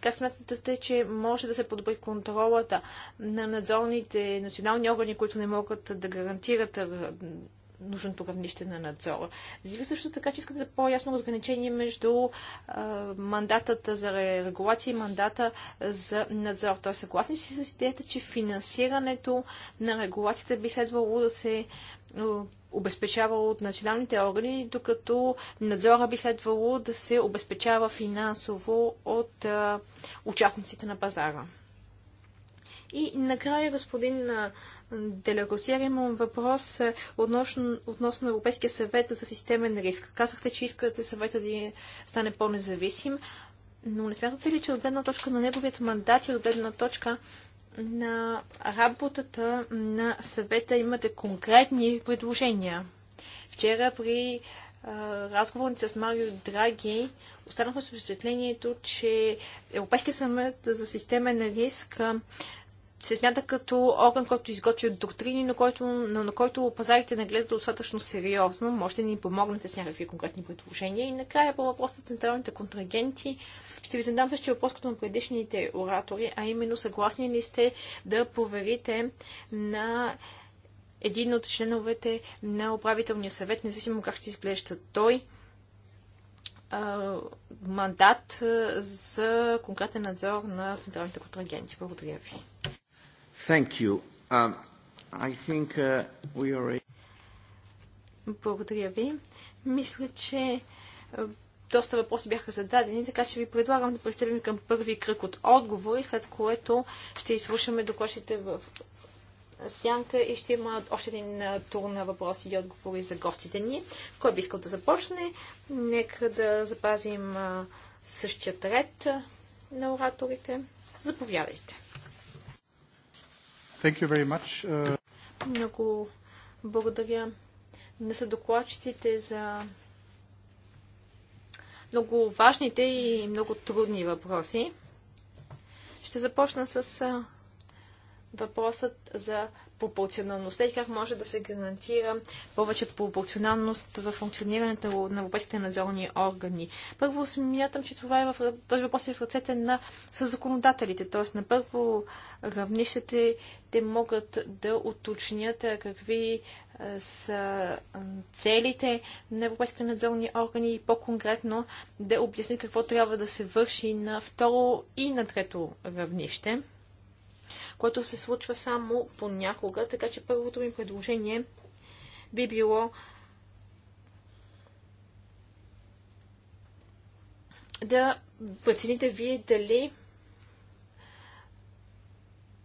Как смятате, че може да се подобри контролата на надзорните национални органи, които не могат да гарантират нужното равнище на надзора. Заяви също така, че искате да е по-ясно разграничение между а, мандатата за регулация и мандата за надзор. Тоест, съгласни си с идеята, че финансирането на регулацията би следвало да се обезпечава от националните органи, докато надзора би следвало да се обезпечава финансово от а, участниците на пазара. И накрая господин Деларусия имам въпрос е, относно, относно Европейския съвет за системен риск. Казахте, че искате съвета да стане по-независим, но не смятате ли, че от гледна точка на неговият мандат и от гледна точка на работата на съвета имате конкретни предложения? Вчера при разговорите с Марио Драги останахме с впечатлението, че Европейския съвет за системен риск се смята като орган, който изготвя доктрини, на който, на, на който пазарите не гледат достатъчно сериозно. Може да ни помогнете с някакви конкретни предложения. И накрая по въпроса с централните контрагенти ще ви задам същия въпрос като на предишните оратори, а именно съгласни ли сте да поверите на един от членовете на управителния съвет, независимо как ще изглежда той, мандат за конкретен надзор на централните контрагенти. Благодаря ви. Thank you. Um, I think uh, we Благодаря ви. Мисля, че е, доста въпроси бяха зададени, така че ви предлагам да пристъпим към първи кръг от отговори, след което ще изслушаме докошите в сянка и ще има още един е, тур на въпроси и отговори за гостите ни. Кой би искал да започне? Нека да запазим е, същия ред на ораторите. Заповядайте. Thank you very much. Uh, много благодаря на съдокладчиците за много важните и много трудни въпроси. Ще започна с въпросът за пропорционалността и как може да се гарантира повече пропорционалност в функционирането на европейските надзорни органи. Първо смятам, че това е в, този въпрос е в ръцете на законодателите, т.е. на първо равнищите те могат да уточнят какви с целите на европейските надзорни органи и по-конкретно да обяснят какво трябва да се върши на второ и на трето равнище което се случва само понякога, така че първото ми предложение би било да прецените вие дали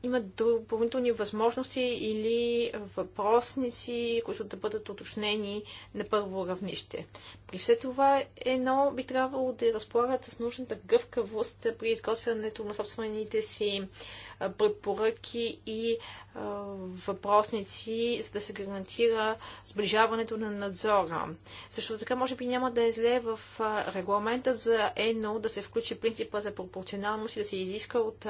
имат допълнителни възможности или въпросници, които да бъдат уточнени на първо равнище. При все това едно би трябвало да разполагат с нужната гъвкавост при изготвянето на собствените си препоръки и въпросници, за да се гарантира сближаването на надзора. Също така, може би няма да е зле в регламентът за ЕНО да се включи принципа за пропорционалност и да се изиска от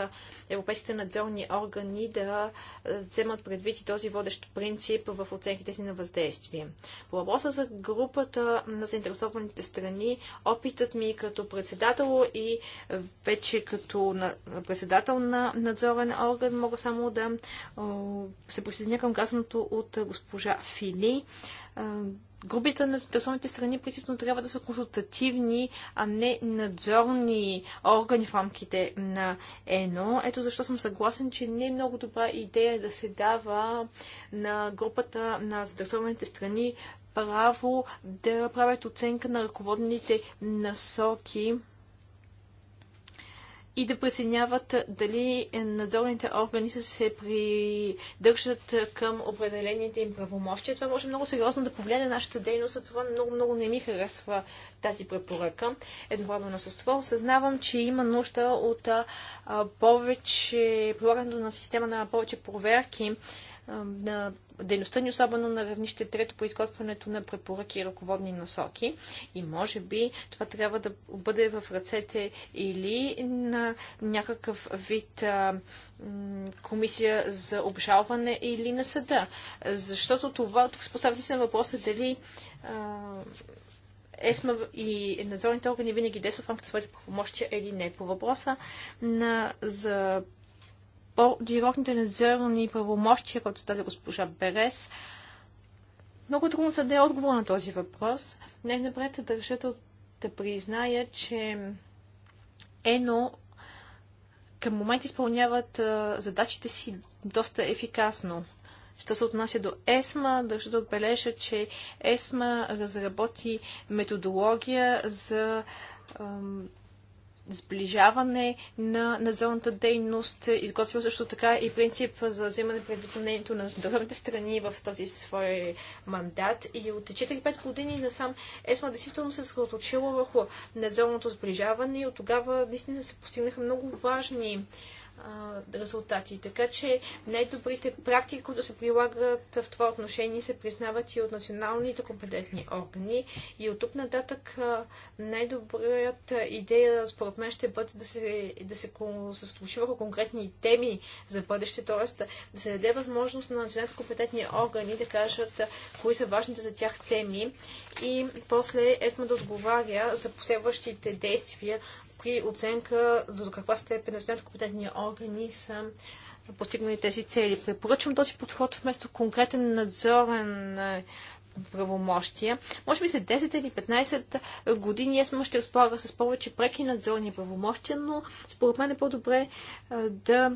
европейските надзорни органи да вземат предвид и този водещ принцип в оценките си на въздействие. По въпроса за групата на заинтересованите страни, опитът ми като председател и вече като председател на надзор надзорен орган. Мога само да се присъединя към казаното от госпожа Фили. Групите на заинтересованите страни принципно трябва да са консултативни, а не надзорни органи в рамките на ЕНО. Ето защо съм съгласен, че не е много добра идея да се дава на групата на заинтересованите страни право да правят оценка на ръководните насоки и да преценяват дали надзорните органи се придържат към определените им правомощия. Това може много сериозно да повлияе на нашата дейност, а това много, много не ми харесва тази препоръка. Едновременно с това осъзнавам, че има нужда от повече прилагането на система на повече проверки на дейността ни, особено на равнище трето по изготвянето на препоръки и ръководни насоки. И може би това трябва да бъде в ръцете или на някакъв вид а, комисия за обжалване или на съда. Защото това, тук се поставя на въпроса дали а, ЕСМА и надзорните органи винаги действат в рамките на своите правомощия или не. По въпроса на, за по директните надзорни правомощия, който тази госпожа Берес. Много трудно се даде отговор на този въпрос. Най-напред държа да призная, че ЕНО към момента изпълняват задачите си доста ефикасно. Що се отнася до ЕСМА, държа да отбележа, че ЕСМА разработи методология за ам, сближаване на надзорната дейност, изготвил също така и принцип за вземане предвид мнението на държавните страни в този свой мандат. И от 4-5 години насам е ЕСМА действително се съсредоточила върху надзорното сближаване и от тогава наистина се постигнаха много важни резултати. Така че най-добрите практики, които се прилагат в това отношение, се признават и от националните компетентни органи. И от тук нататък най-добрата идея, според мен, ще бъде да се, да се случи върху конкретни теми за бъдеще, т.е. да се даде възможност на националните компетентни органи да кажат кои са важните за тях теми и после ЕСМА да отговаря за последващите действия при оценка до каква степен националните компетентни органи са постигнали тези цели. Препоръчвам този подход вместо конкретен надзорен е, правомощия. Може би след 10 или 15 години сме ще разполага с повече преки надзорни правомощия, но според мен е по-добре е, да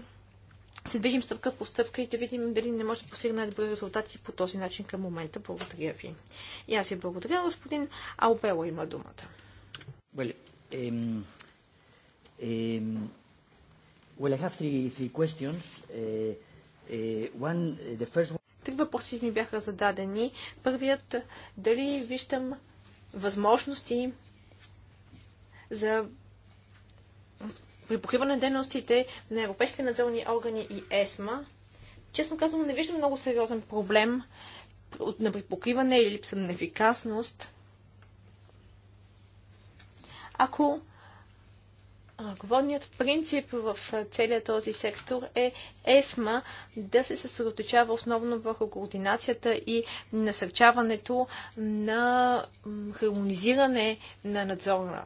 се движим стъпка по стъпка и да видим дали не може да най добри резултати по този начин към момента. Благодаря ви. И аз ви благодаря, господин Албело има думата. Well, um, Well, I have three, three questions. Uh, uh, one, eh, the first one... Три въпроси ми бяха зададени. Първият, дали виждам възможности за припокриване на дейностите на европейските надзорни органи и ЕСМА. Честно казвам, не виждам много сериозен проблем от припокриване или липса на ефикасност. Ако Ръководният принцип в целия този сектор е ЕСМА да се съсредоточава основно върху координацията и насърчаването на хармонизиране на надзора.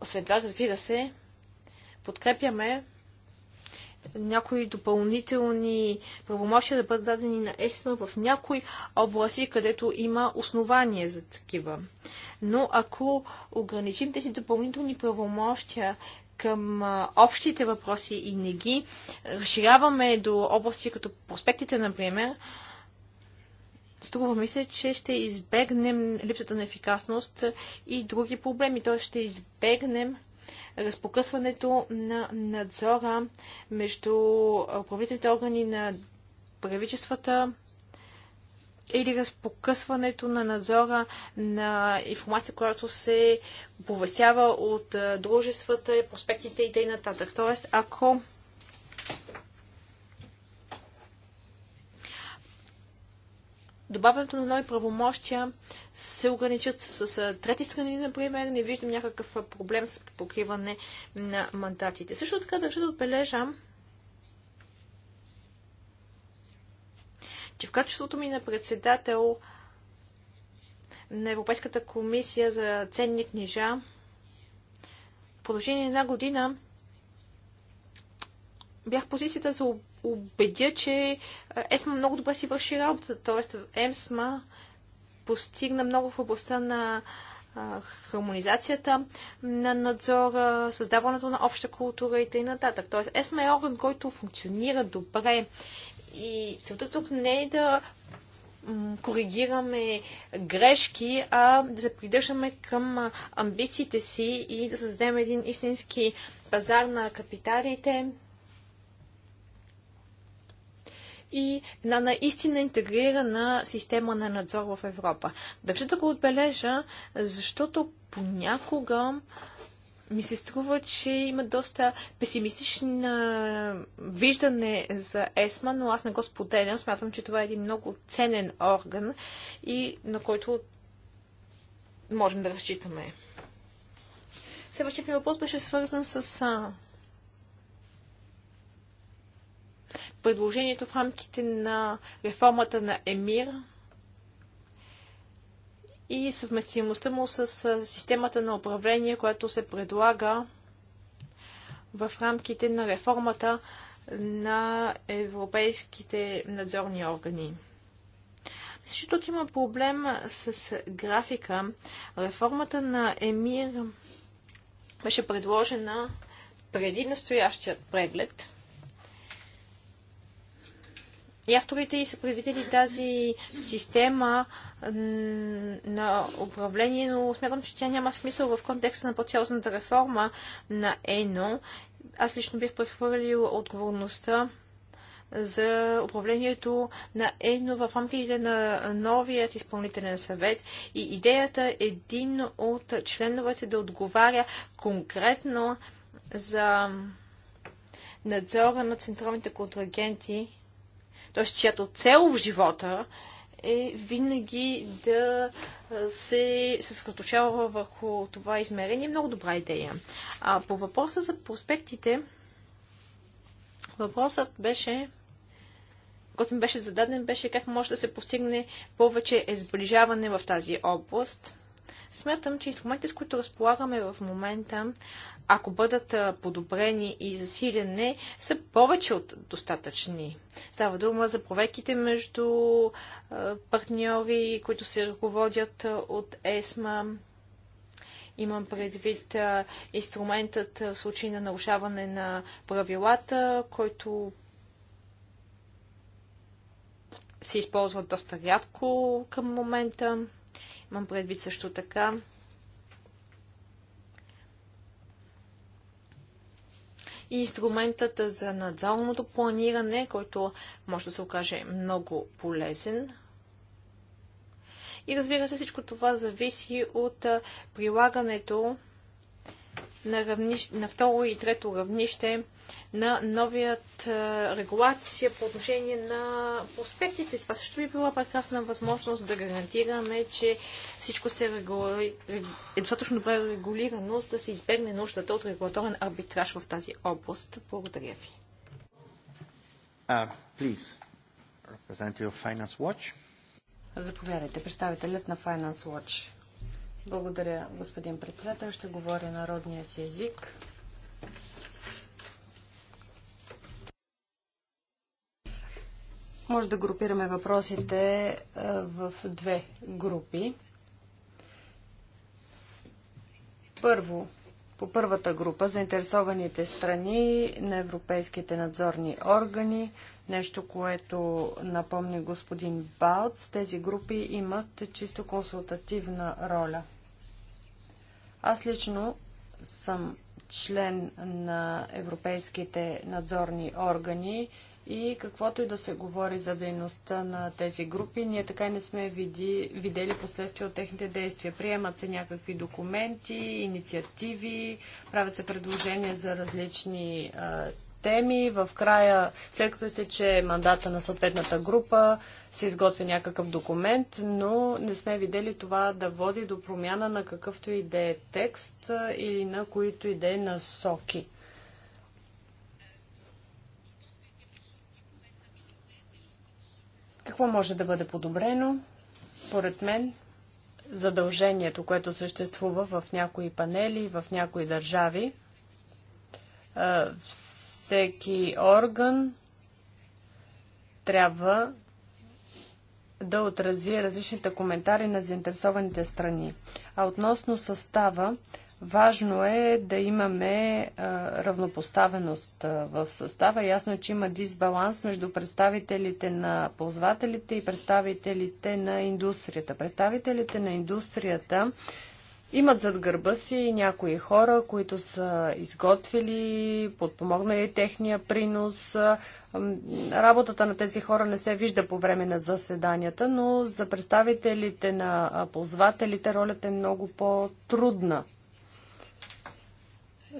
Освен това, разбира се, подкрепяме някои допълнителни правомощия да бъдат дадени на ЕСМА в някои области, където има основания за такива. Но ако ограничим тези допълнителни правомощия към общите въпроси и не ги разширяваме до области като проспектите, например, струва ми се, че ще избегнем липсата на ефикасност и други проблеми. Тоест ще избегнем разпокъсването на надзора между управителните органи на правителствата или разпокъсването на надзора на информация, която се повесява от дружествата, проспектите и т.н. Тоест, ако добавянето на нови правомощия се ограничат с, с трети страни, например, не виждам някакъв проблем с покриване на мандатите. Също така държа да отбележа, че в качеството ми на председател на Европейската комисия за ценни книжа в продължение на една година бях позицията за убедя, че ЕСМА много добре си върши работата. Тоест, ЕСМА постигна много в областта на хармонизацията на надзора, създаването на обща култура и т.н. Тоест, ЕСМА е орган, който функционира добре. И целта тук не е да коригираме грешки, а да се придържаме към амбициите си и да създадем един истински пазар на капиталите, и една наистина интегрирана система на надзор в Европа. Държа да го отбележа, защото понякога ми се струва, че има доста песимистично виждане за ЕСМА, но аз не го споделям. Смятам, че това е един много ценен орган и на който можем да разчитаме. Следващия ми въпрос беше свързан с предложението в рамките на реформата на ЕМИР и съвместимостта му с системата на управление, която се предлага в рамките на реформата на европейските надзорни органи. Също тук има проблем с графика. Реформата на Емир беше предложена преди настоящият преглед. И авторите и са предвидели тази система на управление, но смятам, че тя няма смисъл в контекста на по-цялостната реформа на ЕНО. Аз лично бих прехвърлил отговорността за управлението на ЕНО в рамките на новият изпълнителен съвет и идеята един от членовете да отговаря конкретно за надзора на централните контрагенти т.е. чиято цел в живота е винаги да се съсредоточава върху това измерение. Много добра идея. А по въпроса за проспектите, въпросът беше който ми беше зададен, беше как може да се постигне повече сближаване в тази област. Смятам, че инструментите, с които разполагаме в момента, ако бъдат подобрени и засилени, са повече от достатъчни. Става дума за проверките между партньори, които се ръководят от ЕСМА. Имам предвид инструментът в случай на нарушаване на правилата, който се използва доста рядко към момента. Имам предвид също така и инструментът за надзорното планиране, който може да се окаже много полезен. И разбира се, всичко това зависи от прилагането на, равниш... на второ и трето равнище на новият регулация по отношение на проспектите. Това също би била прекрасна възможност да гарантираме, че всичко се регули... е достатъчно добре регулирано, за да се избегне нуждата от регулаторен арбитраж в тази област. Благодаря ви. Uh, please, Finance Watch. Заповядайте, представителят на Finance Watch. Благодаря, господин председател. Ще говоря народния си език. Може да групираме въпросите в две групи. Първо, по първата група, заинтересованите страни на европейските надзорни органи, нещо, което напомни господин Балц, тези групи имат чисто консултативна роля. Аз лично съм член на европейските надзорни органи и каквото и да се говори за дейността на тези групи, ние така не сме види, видели последствия от техните действия. Приемат се някакви документи, инициативи, правят се предложения за различни а, теми. В края, след като се, че мандата на съответната група се изготвя някакъв документ, но не сме видели това да води до промяна на какъвто и да е текст или на които и да е насоки. Какво може да бъде подобрено? Според мен, задължението, което съществува в някои панели, в някои държави, всеки орган трябва да отрази различните коментари на заинтересованите страни. А относно състава, важно е да имаме равнопоставеност в състава. Ясно е, че има дисбаланс между представителите на ползвателите и представителите на индустрията. Представителите на индустрията имат зад гърба си някои хора, които са изготвили, подпомогнали техния принос. Работата на тези хора не се вижда по време на заседанията, но за представителите на ползвателите ролята е много по-трудна.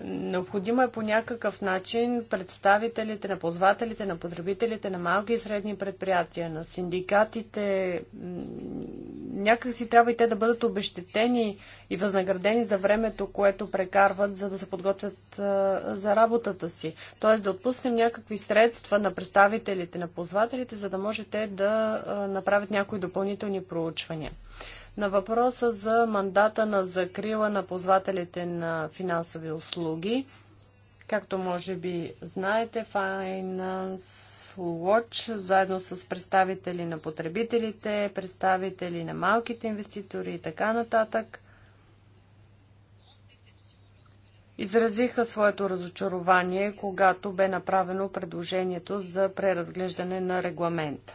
Необходимо е по някакъв начин представителите на ползвателите, на потребителите, на малки и средни предприятия, на синдикатите някак си трябва и те да бъдат обещетени и възнаградени за времето, което прекарват, за да се подготвят за работата си. Тоест да отпуснем някакви средства на представителите, на ползвателите, за да може те да направят някои допълнителни проучвания. На въпроса за мандата на закрила на ползвателите на финансови услуги, както може би знаете, Finance Watch заедно с представители на потребителите, представители на малките инвеститори и така нататък изразиха своето разочарование, когато бе направено предложението за преразглеждане на регламента.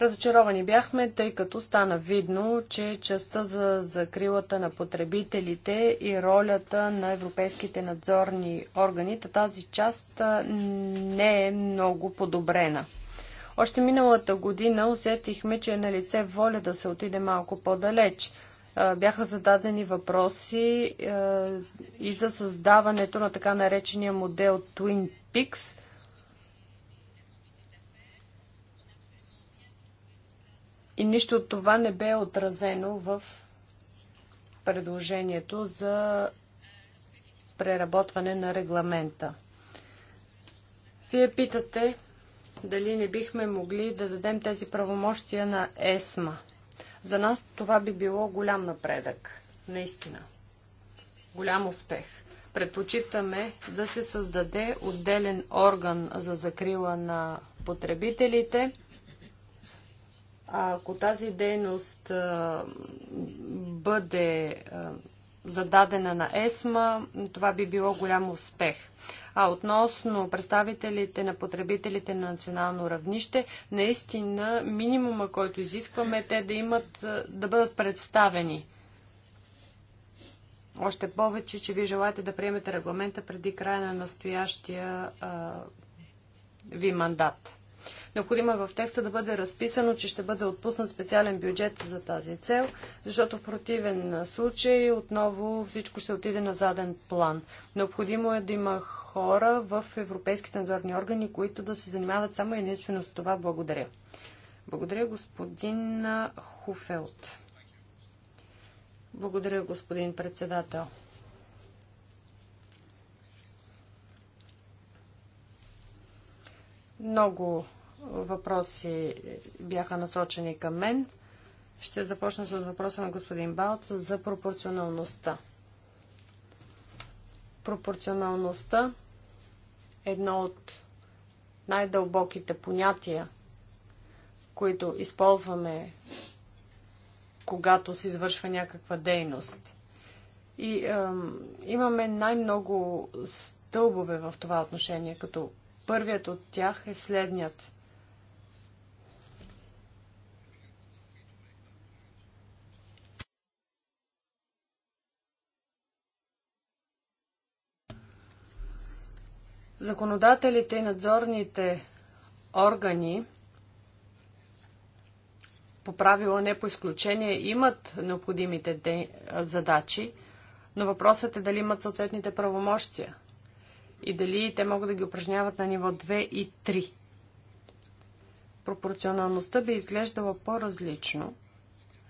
Разочаровани бяхме, тъй като стана видно, че частта за закрилата на потребителите и ролята на европейските надзорни органи, тази част не е много подобрена. Още миналата година усетихме, че е на лице воля да се отиде малко по-далеч. Бяха зададени въпроси и за създаването на така наречения модел Twin Peaks – И нищо от това не бе отразено в предложението за преработване на регламента. Вие питате дали не бихме могли да дадем тези правомощия на ЕСМА. За нас това би било голям напредък. Наистина. Голям успех. Предпочитаме да се създаде отделен орган за закрила на потребителите – ако тази дейност бъде зададена на ЕСМА, това би било голям успех. А относно представителите на потребителите на национално равнище, наистина минимума, който изискваме, е те да имат, да бъдат представени. Още повече, че ви желаете да приемете регламента преди края на настоящия а, ви мандат. Необходимо е в текста да бъде разписано, че ще бъде отпуснат специален бюджет за тази цел, защото в противен случай отново всичко ще отиде на заден план. Необходимо е да има хора в европейските надзорни органи, които да се занимават само единствено с това. Благодаря. Благодаря, господин Хуфелт. Благодаря, господин председател. Много въпроси бяха насочени към мен. Ще започна с въпроса на господин Балт за пропорционалността. Пропорционалността е едно от най-дълбоките понятия, които използваме, когато се извършва някаква дейност. И е, имаме най-много стълбове в това отношение, като първият от тях е следният – Законодателите и надзорните органи по правило, не по изключение, имат необходимите де... задачи, но въпросът е дали имат съответните правомощия и дали те могат да ги упражняват на ниво 2 и 3. Пропорционалността би изглеждала по-различно,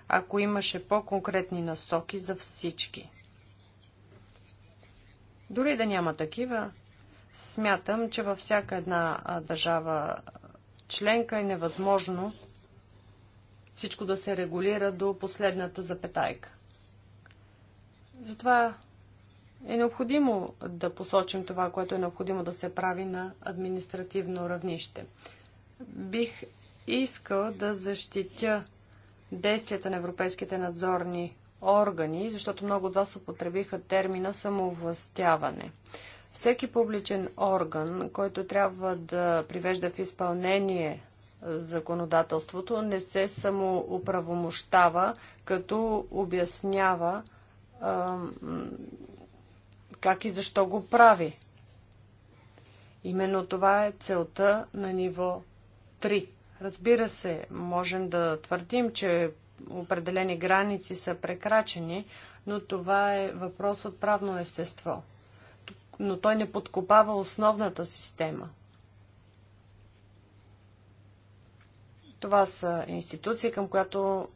ако имаше по-конкретни насоки за всички. Дори да няма такива, Смятам, че във всяка една държава членка е невъзможно всичко да се регулира до последната запетайка. Затова е необходимо да посочим това, което е необходимо да се прави на административно равнище. Бих искал да защитя действията на европейските надзорни органи, защото много от вас употребиха термина самовластяване. Всеки публичен орган, който трябва да привежда в изпълнение законодателството, не се самоуправомощава, като обяснява как и защо го прави. Именно това е целта на ниво 3. Разбира се, можем да твърдим, че определени граници са прекрачени, но това е въпрос от правно естество – но той не подкопава основната система. Това са институции, към, която,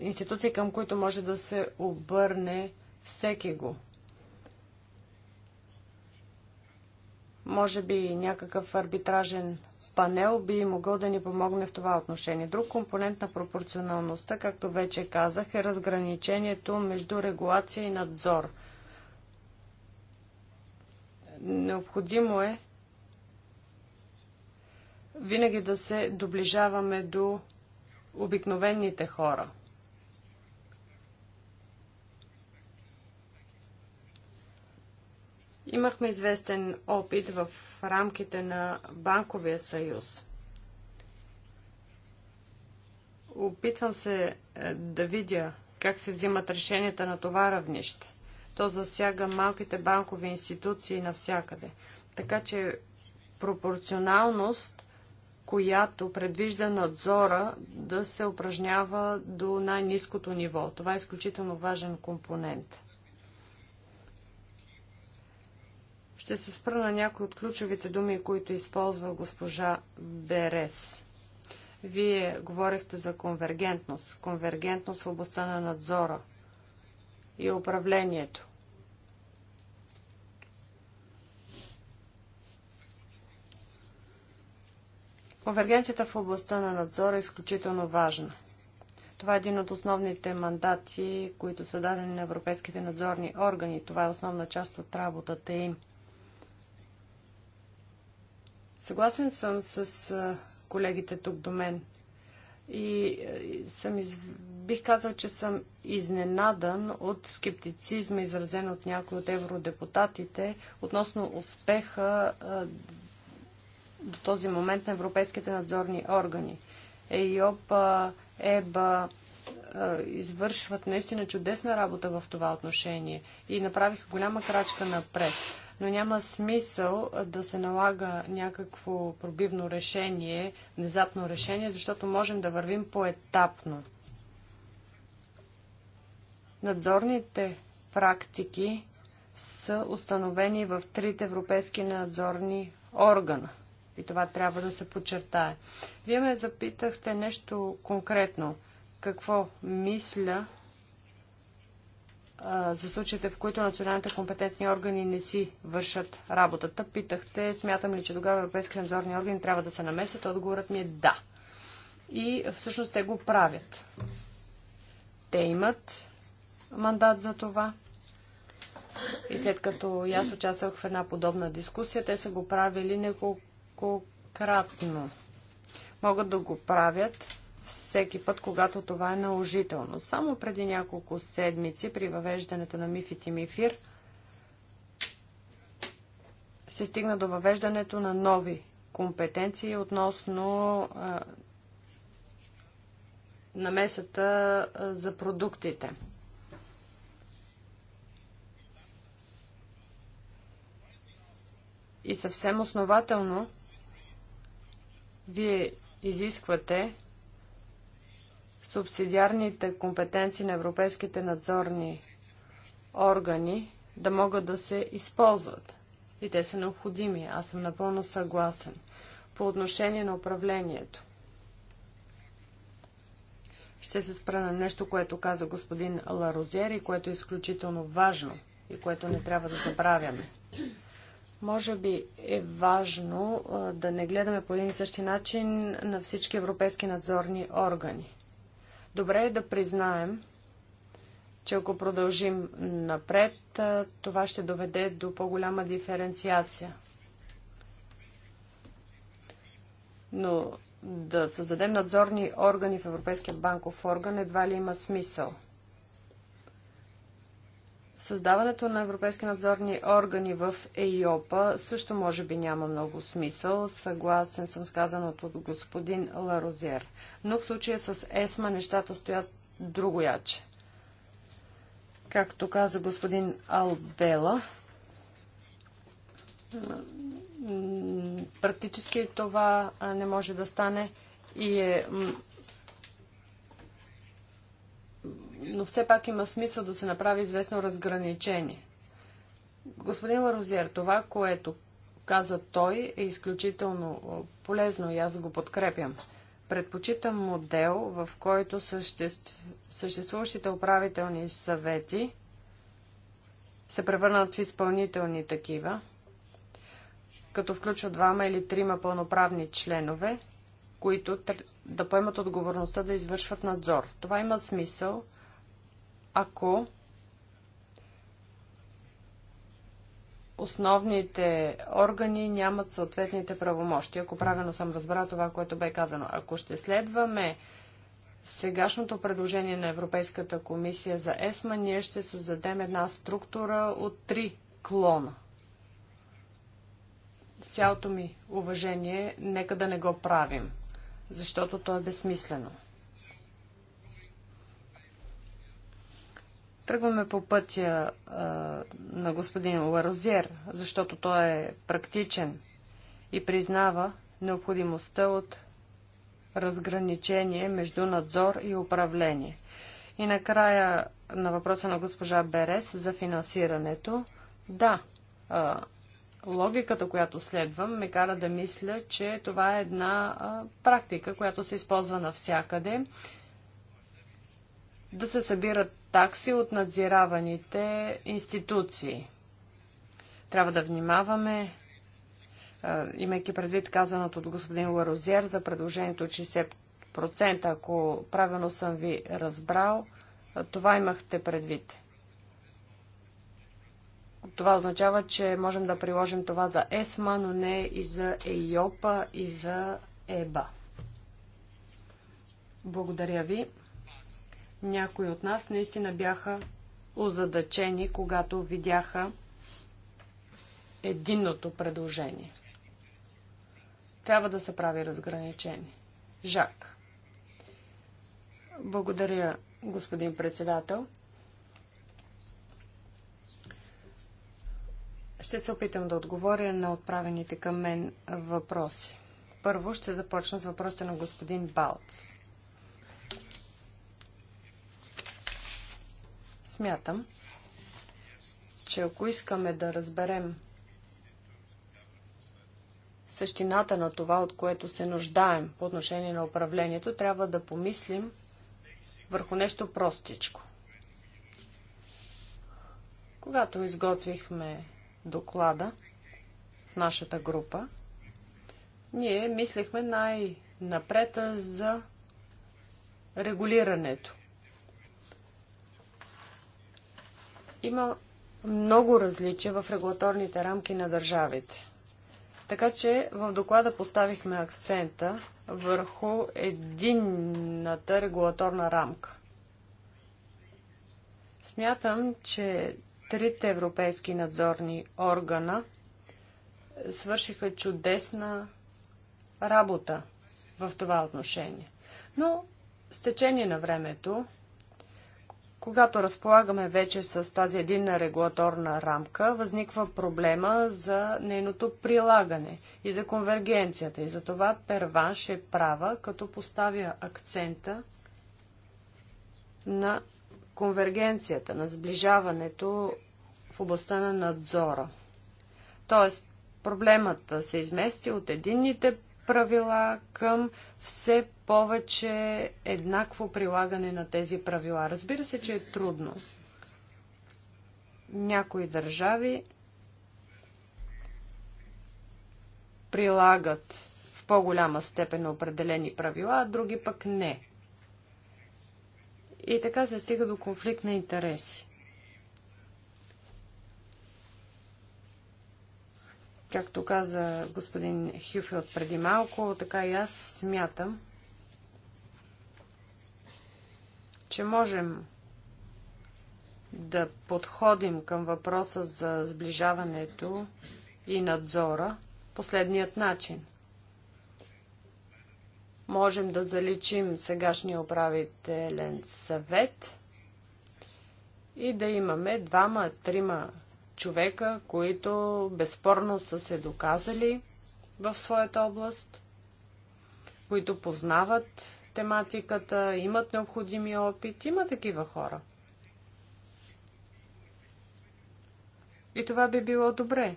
институции, към които може да се обърне всеки го. Може би някакъв арбитражен панел би могъл да ни помогне в това отношение. Друг компонент на пропорционалността, както вече казах, е разграничението между регулация и надзор – Необходимо е винаги да се доближаваме до обикновените хора. Имахме известен опит в рамките на Банковия съюз. Опитвам се е, да видя как се взимат решенията на това равнище. То засяга малките банкови институции навсякъде. Така че пропорционалност, която предвижда надзора да се упражнява до най-низкото ниво. Това е изключително важен компонент. Ще се спра на някои от ключовите думи, които използва госпожа Берес. Вие говорихте за конвергентност. Конвергентност в областта на надзора и управлението. Конвергенцията в областта на надзора е изключително важна. Това е един от основните мандати, които са дадени на европейските надзорни органи. Това е основна част от работата им. Съгласен съм с колегите тук до мен. И съм из... бих казал, че съм изненадан от скептицизма, изразен от някои от евродепутатите, относно успеха до този момент на европейските надзорни органи. ЕИОП, ЕБА извършват наистина чудесна работа в това отношение и направиха голяма крачка напред. Но няма смисъл да се налага някакво пробивно решение, внезапно решение, защото можем да вървим поетапно. Надзорните практики са установени в трите европейски надзорни органа. И това трябва да се подчертае. Вие ме запитахте нещо конкретно. Какво мисля за случаите, в които националните компетентни органи не си вършат работата? Питахте, смятам ли, че тогава европейски надзорни органи трябва да се намесят? Отговорът ми е да. И всъщност те го правят. Те имат мандат за това. И след като и аз участвах в една подобна дискусия, те са го правили няколко неколкократно. Могат да го правят всеки път, когато това е наложително. Само преди няколко седмици при въвеждането на Мифит и Мифир се стигна до въвеждането на нови компетенции относно а, намесата а, за продуктите. И съвсем основателно вие изисквате субсидиарните компетенции на европейските надзорни органи да могат да се използват. И те са необходими. Аз съм напълно съгласен. По отношение на управлението. Ще се спра на нещо, което каза господин Ларозер и което е изключително важно и което не трябва да забравяме. Може би е важно да не гледаме по един и същи начин на всички европейски надзорни органи. Добре е да признаем, че ако продължим напред, това ще доведе до по-голяма диференциация. Но да създадем надзорни органи в Европейския банков орган едва ли има смисъл – Създаването на европейски надзорни органи в ЕИОПА също може би няма много смисъл. Съгласен съм с казаното от господин Ларозер. Но в случая с ЕСМА нещата стоят другояче. Както каза господин Албела, практически това не може да стане и е но все пак има смисъл да се направи известно разграничение. Господин Ларозиер, това, което каза той, е изключително полезно и аз го подкрепям. Предпочитам модел, в който съществуващите управителни съвети се превърнат в изпълнителни такива, като включват двама или трима пълноправни членове, които да поемат отговорността да извършват надзор. Това има смисъл, ако основните органи нямат съответните правомощи. Ако правилно съм разбрал това, което бе казано. Ако ще следваме сегашното предложение на Европейската комисия за ЕСМА, ние ще създадем една структура от три клона. С цялото ми уважение, нека да не го правим, защото то е безсмислено. Тръгваме по пътя а, на господин Ларозер, защото той е практичен и признава необходимостта от разграничение между надзор и управление. И накрая на въпроса на госпожа Берес за финансирането. Да, а, логиката, която следвам, ме кара да мисля, че това е една а, практика, която се използва навсякъде да се събират такси от надзираваните институции. Трябва да внимаваме, е, имайки предвид казаното от господин Ларозер за предложението 60%, ако правилно съм ви разбрал, е, това имахте предвид. Това означава, че можем да приложим това за ЕСМА, но не и за ЕИОПА и за ЕБА. Благодаря ви. Някои от нас наистина бяха озадачени, когато видяха единното предложение. Трябва да се прави разграничение. Жак. Благодаря, господин председател. Ще се опитам да отговоря на отправените към мен въпроси. Първо ще започна с въпросите на господин Балц. Смятам, че ако искаме да разберем същината на това, от което се нуждаем по отношение на управлението, трябва да помислим върху нещо простичко. Когато изготвихме доклада в нашата група, ние мислехме най-напред за регулирането. Има много различия в регулаторните рамки на държавите. Така че в доклада поставихме акцента върху единната регулаторна рамка. Смятам, че трите европейски надзорни органа свършиха чудесна работа в това отношение. Но с течение на времето когато разполагаме вече с тази единна регулаторна рамка, възниква проблема за нейното прилагане и за конвергенцията. И за това Перванш е права, като поставя акцента на конвергенцията, на сближаването в областта на надзора. Тоест, проблемата се измести от единните правила към все повече еднакво прилагане на тези правила. Разбира се, че е трудно. Някои държави прилагат в по-голяма степен определени правила, а други пък не. И така се стига до конфликт на интереси. Както каза господин Хюфилд преди малко, така и аз смятам, че можем да подходим към въпроса за сближаването и надзора последният начин. Можем да заличим сегашния управителен съвет и да имаме двама, трима човека, които безспорно са се доказали в своята област, които познават тематиката, имат необходими опит. Има такива хора. И това би било добре,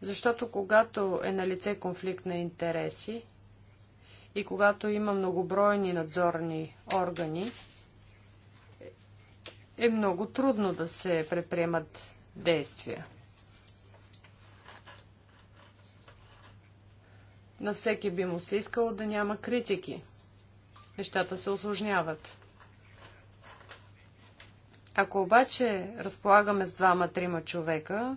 защото когато е на лице конфликт на интереси и когато има многобройни надзорни органи, е много трудно да се предприемат действия. На всеки би му се искало да няма критики. Нещата се осложняват. Ако обаче разполагаме с двама-трима човека,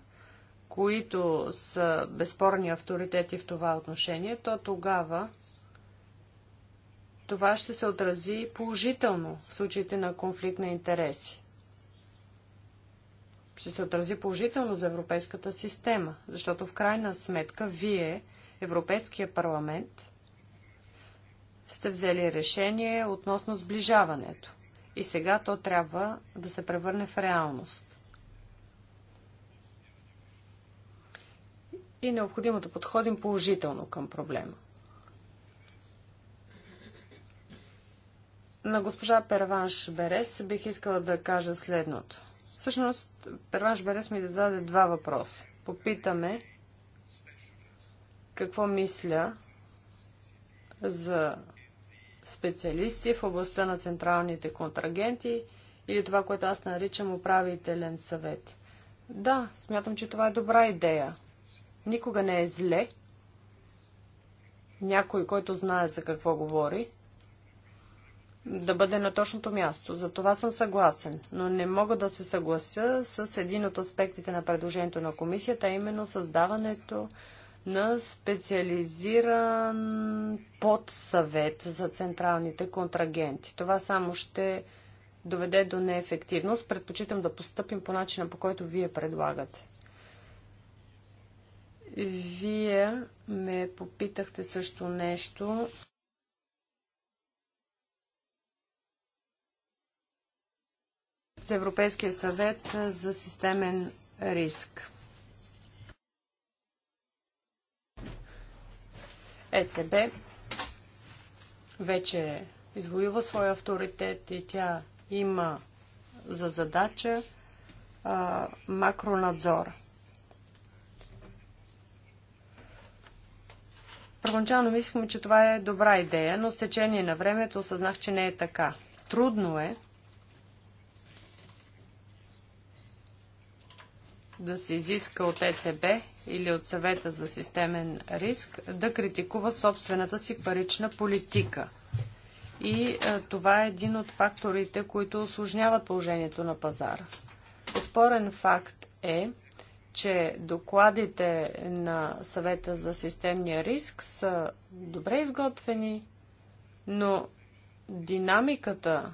които са безспорни авторитети в това отношение, то тогава това ще се отрази положително в случаите на конфликт на интереси ще се отрази положително за европейската система, защото в крайна сметка вие, Европейския парламент, сте взели решение относно сближаването. И сега то трябва да се превърне в реалност. И необходимо да подходим положително към проблема. На госпожа Перванш Берес бих искала да кажа следното. Всъщност, Перванш Берес ми да даде два въпроса. Попитаме какво мисля за специалисти в областта на централните контрагенти или това, което аз наричам управителен съвет. Да, смятам, че това е добра идея. Никога не е зле някой, който знае за какво говори, да бъде на точното място. За това съм съгласен, но не мога да се съглася с един от аспектите на предложението на комисията, а именно създаването на специализиран подсъвет за централните контрагенти. Това само ще доведе до неефективност. Предпочитам да постъпим по начина, по който вие предлагате. Вие ме попитахте също нещо. за Европейския съвет за системен риск. ЕЦБ вече извоюва своя авторитет и тя има за задача а, макронадзора. Първоначално мислихме, че това е добра идея, но с течение на времето осъзнах, че не е така. Трудно е да се изиска от ЕЦБ или от съвета за системен риск да критикува собствената си парична политика. И а, е, това е един от факторите, които осложняват положението на пазара. Спорен факт е, че докладите на съвета за системния риск са добре изготвени, но динамиката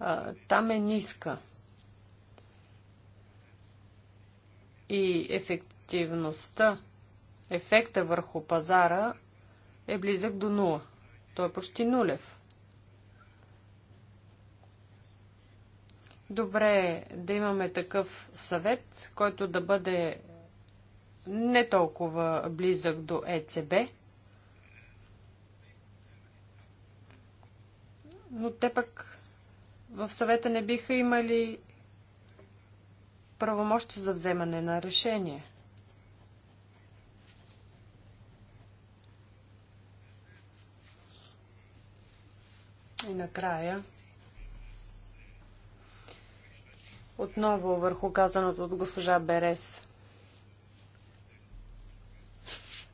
а, е, там е ниска. и ефективността, ефекта върху пазара е близък до нула. Той е почти нулев. Добре е да имаме такъв съвет, който да бъде не толкова близък до ЕЦБ, но те пък в съвета не биха имали правомощи за вземане на решение. И накрая, отново върху казаното от госпожа Берес.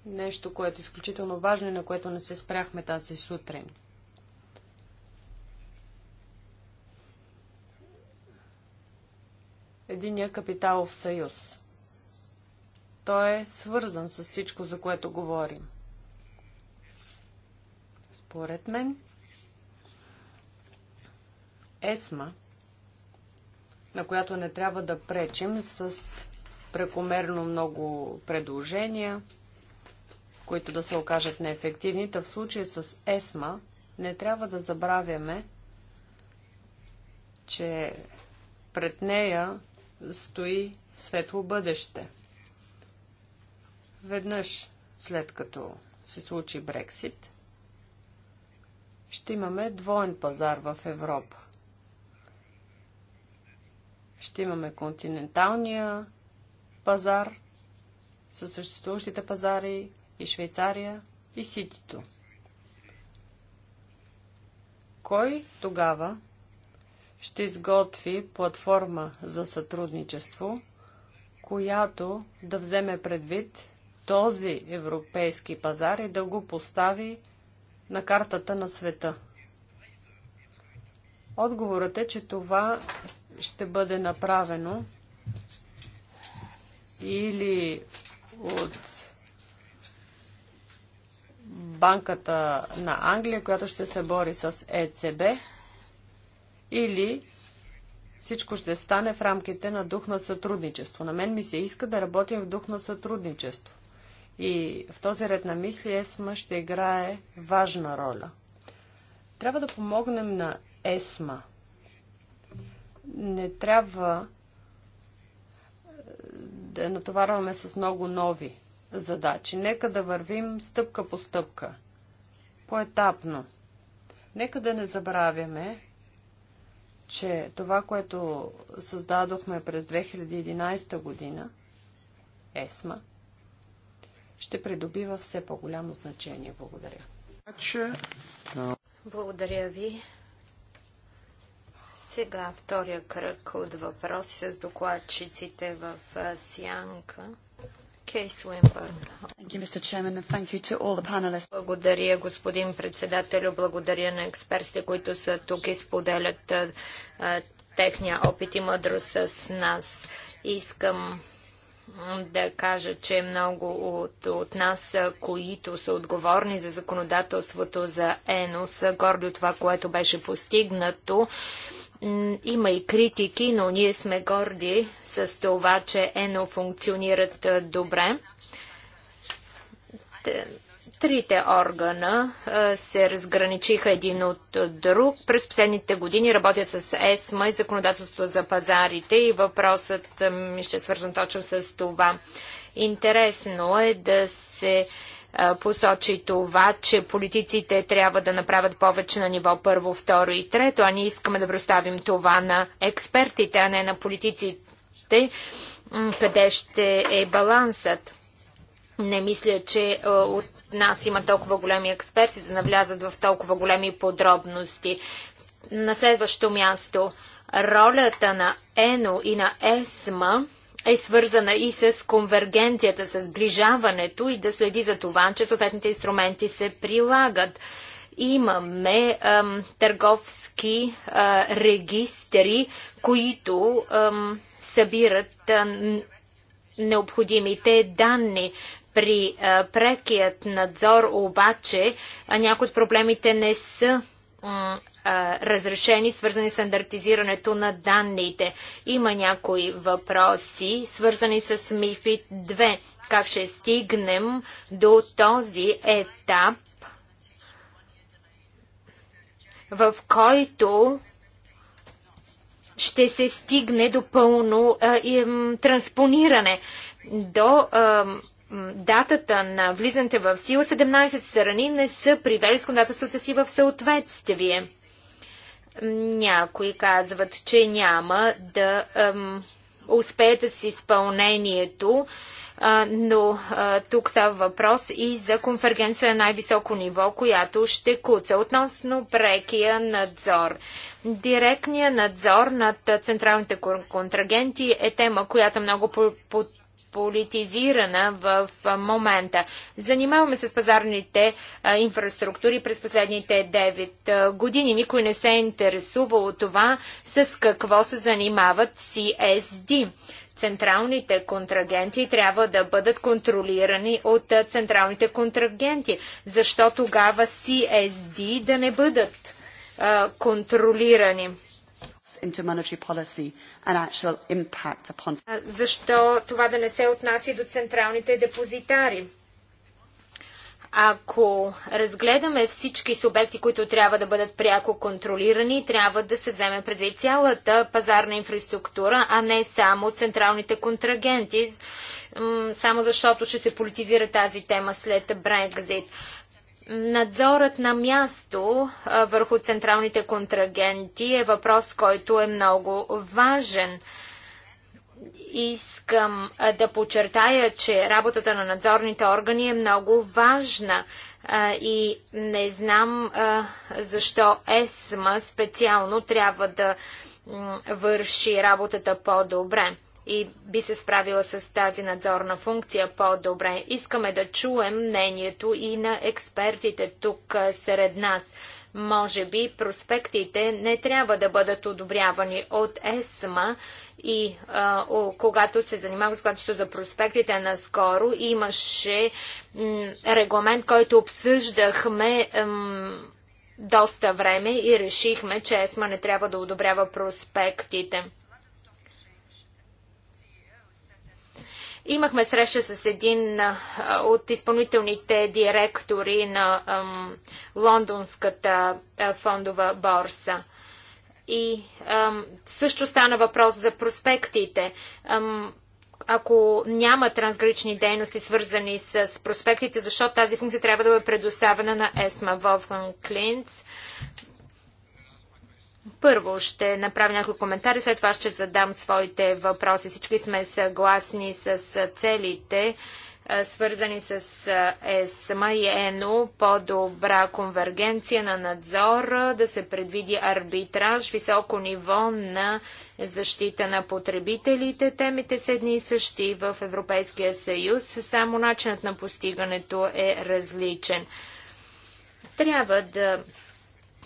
Нещо, което е изключително важно и на което не се спряхме тази сутрин – единия капиталов съюз. Той е свързан с всичко, за което говорим. Според мен, ЕСМА, на която не трябва да пречим с прекомерно много предложения, които да се окажат неефективни. в случая с ЕСМА не трябва да забравяме, че пред нея стои светло бъдеще. Веднъж след като се случи Брексит, ще имаме двоен пазар в Европа. Ще имаме континенталния пазар със съществуващите пазари и Швейцария и Ситито. Кой тогава ще изготви платформа за сътрудничество, която да вземе предвид този европейски пазар и да го постави на картата на света. Отговорът е, че това ще бъде направено или от банката на Англия, която ще се бори с ЕЦБ, или всичко ще стане в рамките на дух на сътрудничество. На мен ми се иска да работим в дух на сътрудничество. И в този ред на мисли ЕСМА ще играе важна роля. Трябва да помогнем на ЕСМА. Не трябва е, да натоварваме с много нови задачи. Нека да вървим стъпка по стъпка, поетапно. Нека да не забравяме, че това, което създадохме през 2011 година, ЕСМА, ще придобива все по-голямо значение. Благодаря. Благодаря ви. Сега втория кръг от въпроси с докладчиците в Сянка. Кейс Благодаря, господин председателю. Благодаря на експертите, които са тук и споделят техния опит и мъдрост с нас. Искам да кажа, че много от, от нас, които са отговорни за законодателството за ЕНО, са горди от това, което беше постигнато има и критики, но ние сме горди с това, че ЕНО функционират добре. Трите органа се разграничиха един от друг. През последните години работят с ЕСМА и законодателство за пазарите и въпросът ми ще свързан точно с това. Интересно е да се посочи това, че политиците трябва да направят повече на ниво първо, второ и трето, а ние искаме да представим това на експертите, а не на политиците, къде ще е балансът. Не мисля, че от нас има толкова големи експерти, за да навлязат в толкова големи подробности. На следващо място, ролята на ЕНО и на ЕСМА е свързана и с конвергенцията, с сближаването и да следи за това, че съответните инструменти се прилагат. Имаме ам, търговски а, регистри, които ам, събират ам, необходимите данни. При а, прекият надзор обаче някои от проблемите не са разрешени, свързани с стандартизирането на данните. Има някои въпроси, свързани с МИФИД 2. Как ще стигнем до този етап, в който ще се стигне до пълно а, транспониране, до а, датата на влизането в сила 17 страни не са привели законодателствата си в съответствие. Някои казват, че няма да ем, успеят с изпълнението, а, но а, тук става въпрос и за конвергенция на най-високо ниво, която ще куца. Относно прекия надзор. Директният надзор над централните контрагенти е тема, която много политизирана в момента. Занимаваме се с пазарните инфраструктури през последните 9 години. Никой не се е интересувал от това с какво се занимават CSD. Централните контрагенти трябва да бъдат контролирани от централните контрагенти. Защо тогава CSD да не бъдат контролирани? into monetary policy and actual impact upon... Защо това да не се отнася до централните депозитари? Ако разгледаме всички субекти, които трябва да бъдат пряко контролирани, трябва да се вземе предвид цялата пазарна инфраструктура, а не само централните контрагенти, само защото ще се политизира тази тема след Брекзит. Надзорът на място върху централните контрагенти е въпрос, който е много важен. Искам да подчертая, че работата на надзорните органи е много важна и не знам защо ЕСМА специално трябва да върши работата по-добре и би се справила с тази надзорна функция по-добре. Искаме да чуем мнението и на експертите тук сред нас. Може би проспектите не трябва да бъдат одобрявани от ЕСМА и а, о, когато се занимава с когато за проспектите наскоро, имаше м, регламент, който обсъждахме м, доста време и решихме, че ЕСМА не трябва да одобрява проспектите. Имахме среща с един от изпълнителните директори на Лондонската фондова борса. И също стана въпрос за проспектите. ако няма трансгранични дейности, свързани с проспектите, защото тази функция трябва да бъде предоставена на ЕСМА Волфган Клинц. Първо ще направя някои коментари, след това ще задам своите въпроси. Всички сме съгласни с целите, свързани с ЕСМА и ЕНО, по-добра конвергенция на надзор, да се предвиди арбитраж, високо ниво на защита на потребителите. Темите са едни и същи в Европейския съюз, само начинът на постигането е различен. Трябва да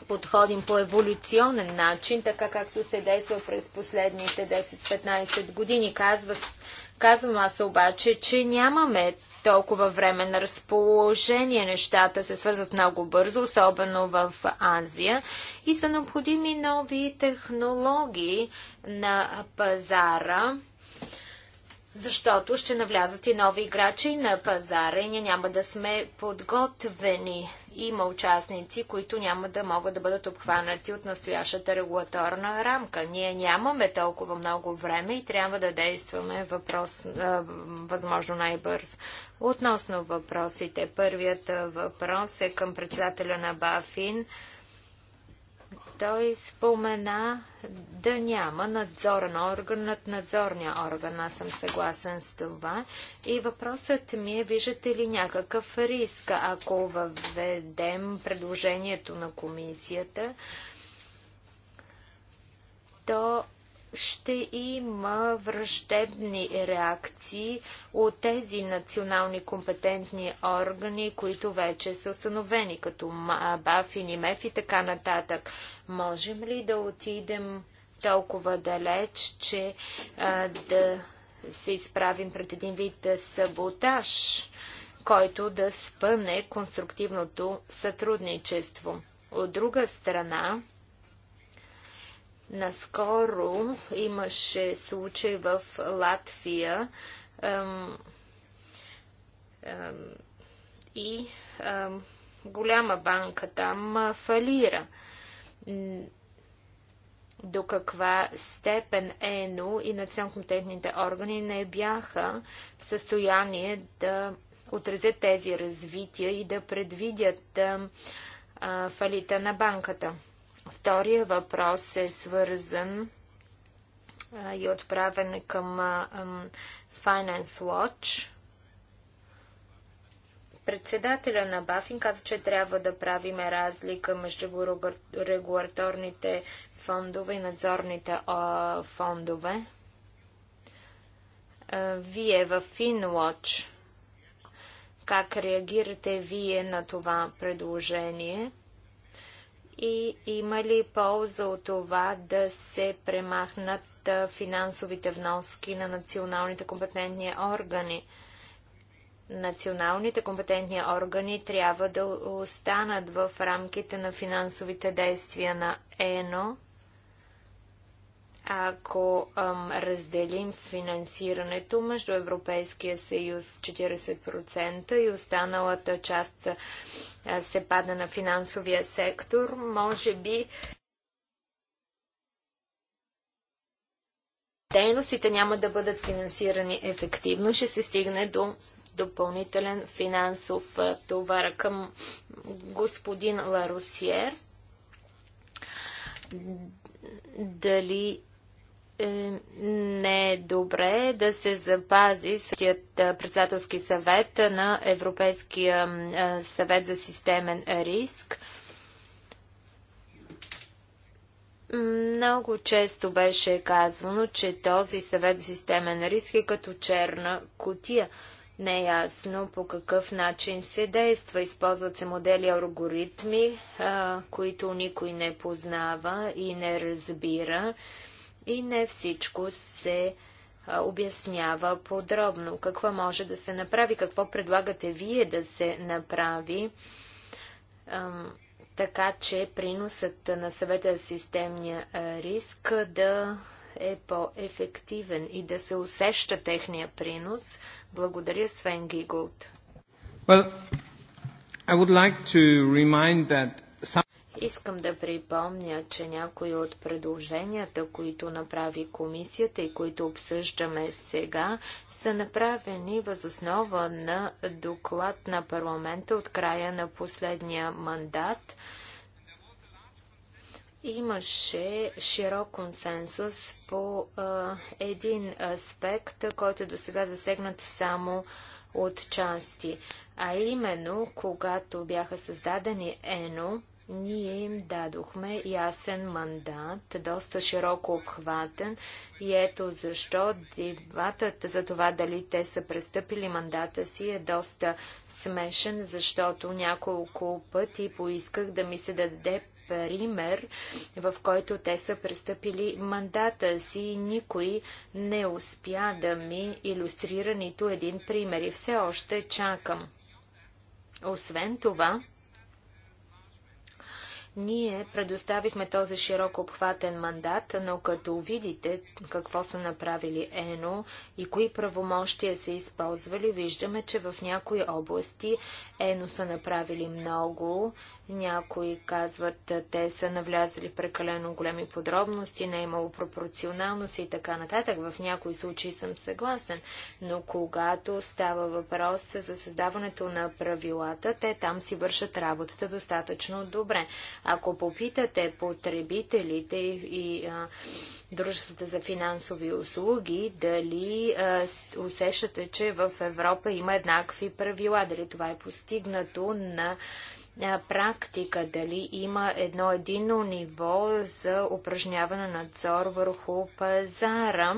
подходим по еволюционен начин, така както се действа през последните 10-15 години. Казва, казвам аз обаче, че нямаме толкова време на разположение. Нещата се свързват много бързо, особено в Азия. И са необходими нови технологии на пазара, защото ще навлязат и нови играчи на пазара и ние няма да сме подготвени. Има участници, които няма да могат да бъдат обхванати от настоящата регулаторна рамка. Ние нямаме толкова много време и трябва да действаме въпрос, е, възможно най-бързо. Относно въпросите, първият е, въпрос е към председателя на Бафин. Той спомена да няма надзорен орган над надзорния орган. Аз съм съгласен с това. И въпросът ми е, виждате ли някакъв риск, ако въведем предложението на комисията, то ще има враждебни реакции от тези национални компетентни органи, които вече са установени, като БАФИН и МЕФ и така нататък. Можем ли да отидем толкова далеч, че а, да се изправим пред един вид саботаж, който да спъне конструктивното сътрудничество? От друга страна, Наскоро имаше случай в Латвия ем, ем, и ем, голяма банка там фалира. До каква степен ЕНО и национално техните органи не бяха в състояние да отразят тези развития и да предвидят фалита на банката. Втория въпрос е свързан и отправен е към Finance Watch. Председателя на Бафин каза, че трябва да правиме разлика между регулаторните фондове и надзорните фондове. Вие в FinWatch как реагирате вие на това предложение? и има ли полза от това да се премахнат финансовите вноски на националните компетентни органи? Националните компетентни органи трябва да останат в рамките на финансовите действия на ЕНО ако ам, разделим финансирането между Европейския съюз 40% и останалата част а, се пада на финансовия сектор, може би дейностите няма да бъдат финансирани ефективно, ще се стигне до допълнителен финансов товар към господин Ларусиер дали е, не е добре да се запази същият председателски съвет на Европейския съвет за системен риск. Много често беше казано, че този съвет за системен риск е като черна котия. Не е ясно по какъв начин се действа. Използват се модели алгоритми, които никой не познава и не разбира и не всичко се обяснява подробно. Какво може да се направи, какво предлагате вие да се направи, така че приносът на съвета за системния риск да е по-ефективен и да се усеща техния принос. Благодаря, Свен Гигулт. Well, I would like to remind that some... Искам да припомня, че някои от предложенията, които направи комисията и които обсъждаме сега, са направени възоснова на доклад на парламента от края на последния мандат. Имаше широк консенсус по а, един аспект, който до сега засегнат само от части, а именно когато бяха създадени ЕНО, ние им дадохме ясен мандат, доста широко обхватен и ето защо дебатът за това дали те са престъпили мандата си е доста смешен, защото няколко пъти поисках да ми се даде пример, в който те са престъпили мандата си и никой не успя да ми иллюстрира нито един пример и все още чакам. Освен това, ние предоставихме този широк обхватен мандат, но като видите какво са направили ЕНО и кои правомощия са използвали, виждаме, че в някои области ЕНО са направили много някои казват, те са навлязали прекалено големи подробности, не е имало пропорционалност и така нататък. В някои случаи съм съгласен, но когато става въпрос за създаването на правилата, те там си вършат работата достатъчно добре. Ако попитате потребителите и, дружествата за финансови услуги, дали а, усещате, че в Европа има еднакви правила, дали това е постигнато на практика, дали има едно единно ниво за упражняване на надзор върху пазара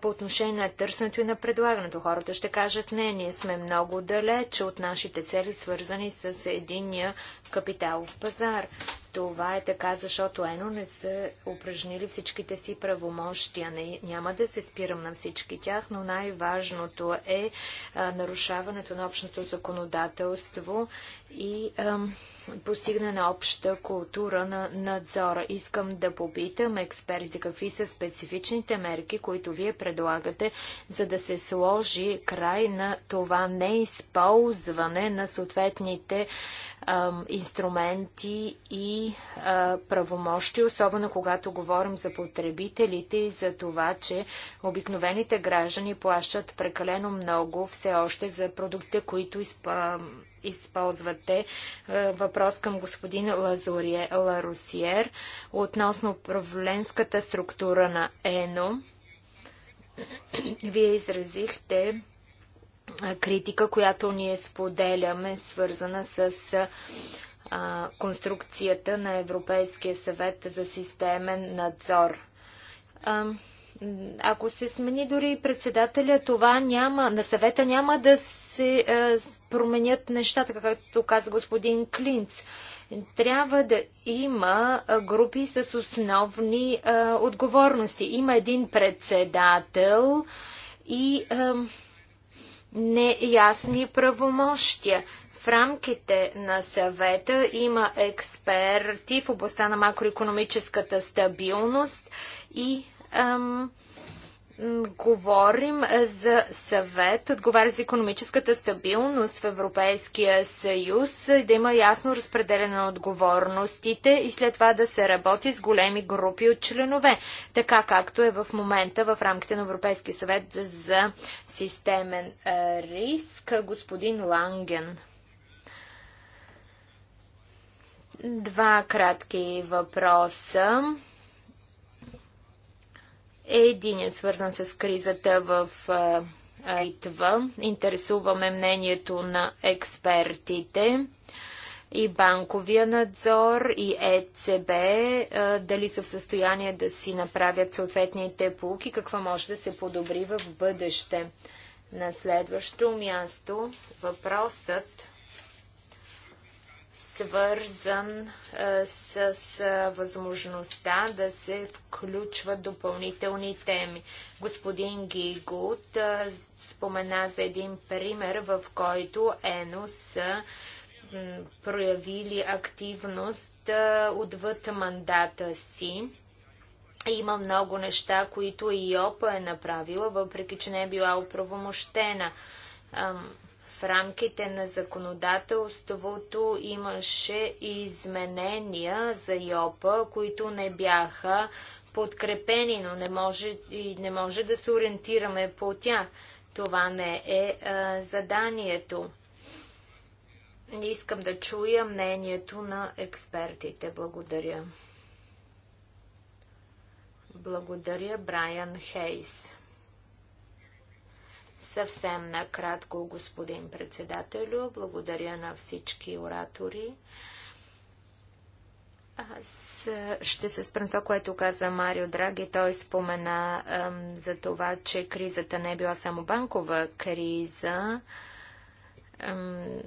по отношение на търсенето и на предлагането. Хората ще кажат, не, ние сме много далече от нашите цели, свързани с единния капиталов пазар. Това е така, защото ено не са упражнили всичките си правомощия. Не, няма да се спирам на всички тях, но най-важното е а, нарушаването на общото законодателство и ам, постигне на обща култура на надзора. Искам да попитам експерти какви са специфичните мерки, които вие предлагате, за да се сложи край на това неизползване на съответните ам, инструменти и а, правомощи, особено когато говорим за потребителите и за това, че обикновените граждани плащат прекалено много все още за продукти, които изпълняват използвате. Е, въпрос към господин Лазурие Ларусиер относно управленската структура на ЕНО. Вие изразихте е, критика, която ние споделяме, свързана с е, конструкцията на Европейския съвет за системен надзор. Ако се смени дори председателя, това няма, на съвета няма да се а, е, променят нещата, както каза господин Клинц. Трябва да има е, групи с основни а, е, отговорности. Има един председател и а, неясни правомощия. В рамките на съвета има експерти в областта на макроекономическата стабилност и ам, говорим за съвет, отговаря за економическата стабилност в Европейския съюз, да има ясно разпределение на отговорностите и след това да се работи с големи групи от членове, така както е в момента в рамките на Европейския съвет за системен риск. Господин Ланген. Два кратки въпроса е един свързан с кризата в Литва. Интересуваме мнението на експертите и банковия надзор и ЕЦБ дали са в състояние да си направят съответните полки, какво може да се подобри в бъдеще. На следващо място въпросът свързан с, с възможността да се включват допълнителни теми. Господин Гигут спомена за един пример, в който ЕНО са проявили активност отвъд мандата си. Има много неща, които и ОПА е направила, въпреки че не е била оправомощена в рамките на законодателството имаше изменения за ЙОПА, които не бяха подкрепени, но не може, и не може да се ориентираме по тях. Това не е а, заданието. Не искам да чуя мнението на експертите. Благодаря. Благодаря, Брайан Хейс. Съвсем накратко, господин председателю, благодаря на всички оратори. Аз ще се спрем това, което каза Марио Драги. Той спомена ем, за това, че кризата не е била само банкова криза. Ем,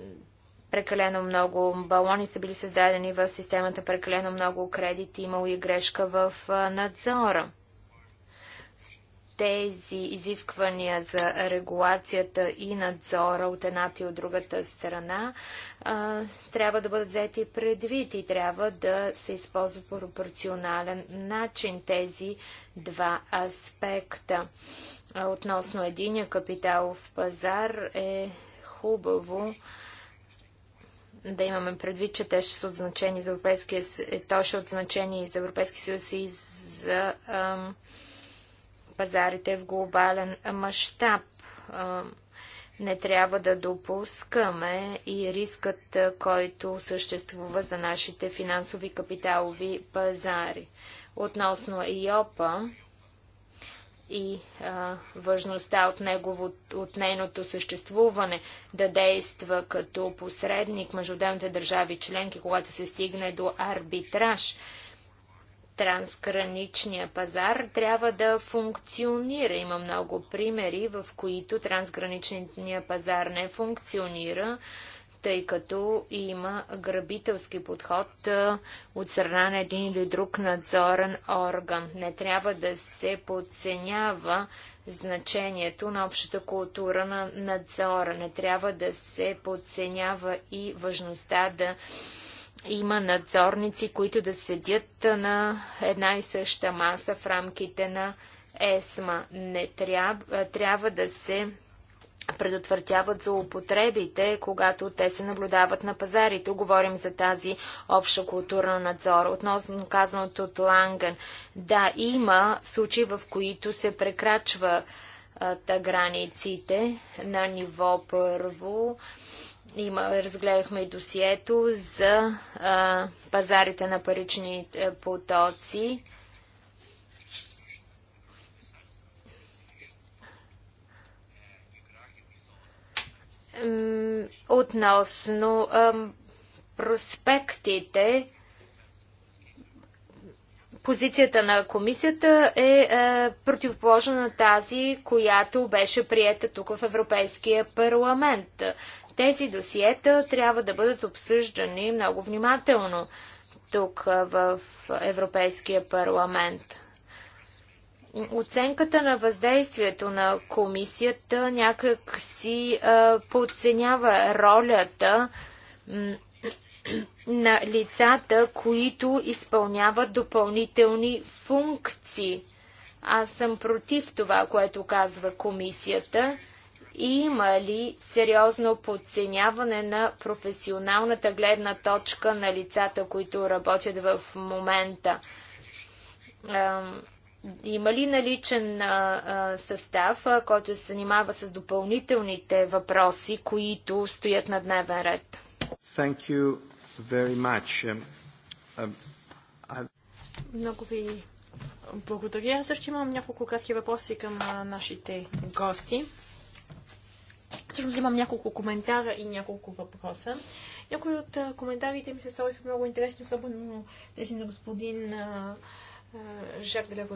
прекалено много балони са били създадени в системата, прекалено много кредити, имало и грешка в надзора тези изисквания за регулацията и надзора от едната и от другата страна трябва да бъдат взети предвид и трябва да се използват по пропорционален начин тези два аспекта. относно единия капиталов пазар е хубаво да имаме предвид, че те ще са от значение за Европейския, е, то ще е от значение за Европейския съюз и за ам, пазарите в глобален мащаб. Не трябва да допускаме и рискът, който съществува за нашите финансови капиталови пазари. Относно ИОПА, и а, важността от, негово, от нейното съществуване да действа като посредник между отделните държави членки, когато се стигне до арбитраж трансграничния пазар трябва да функционира. Има много примери, в които трансграничния пазар не функционира, тъй като има грабителски подход от страна на един или друг надзорен орган. Не трябва да се подценява значението на общата култура на надзора. Не трябва да се подценява и важността да има надзорници, които да седят на една и съща маса в рамките на ЕСМА. Не трябва, трябва да се предотвратяват злоупотребите, когато те се наблюдават на пазарите. Говорим за тази обща културна надзор. Относно казаното от Ланген, да, има случаи, в които се прекрачва границите на ниво първо. А, има, разгледахме досието за а, пазарите на парични е, потоци. Относно а, проспектите, Позицията на комисията е, е противоположна на тази, която беше приета тук в Европейския парламент. Тези досиета трябва да бъдат обсъждани много внимателно тук е, в Европейския парламент. Оценката на въздействието на комисията някак си е, подценява ролята на лицата, които изпълняват допълнителни функции. Аз съм против това, което казва комисията. Има ли сериозно подценяване на професионалната гледна точка на лицата, които работят в момента? Има ли наличен състав, който се занимава с допълнителните въпроси, които стоят на дневен ред? Thank you very much. Um, um, много ви благодаря. Също имам няколко кратки въпроси към нашите гости. Всъщност имам няколко коментара и няколко въпроса. Някои от коментарите ми се сториха много интересни, особено тези на господин Жак де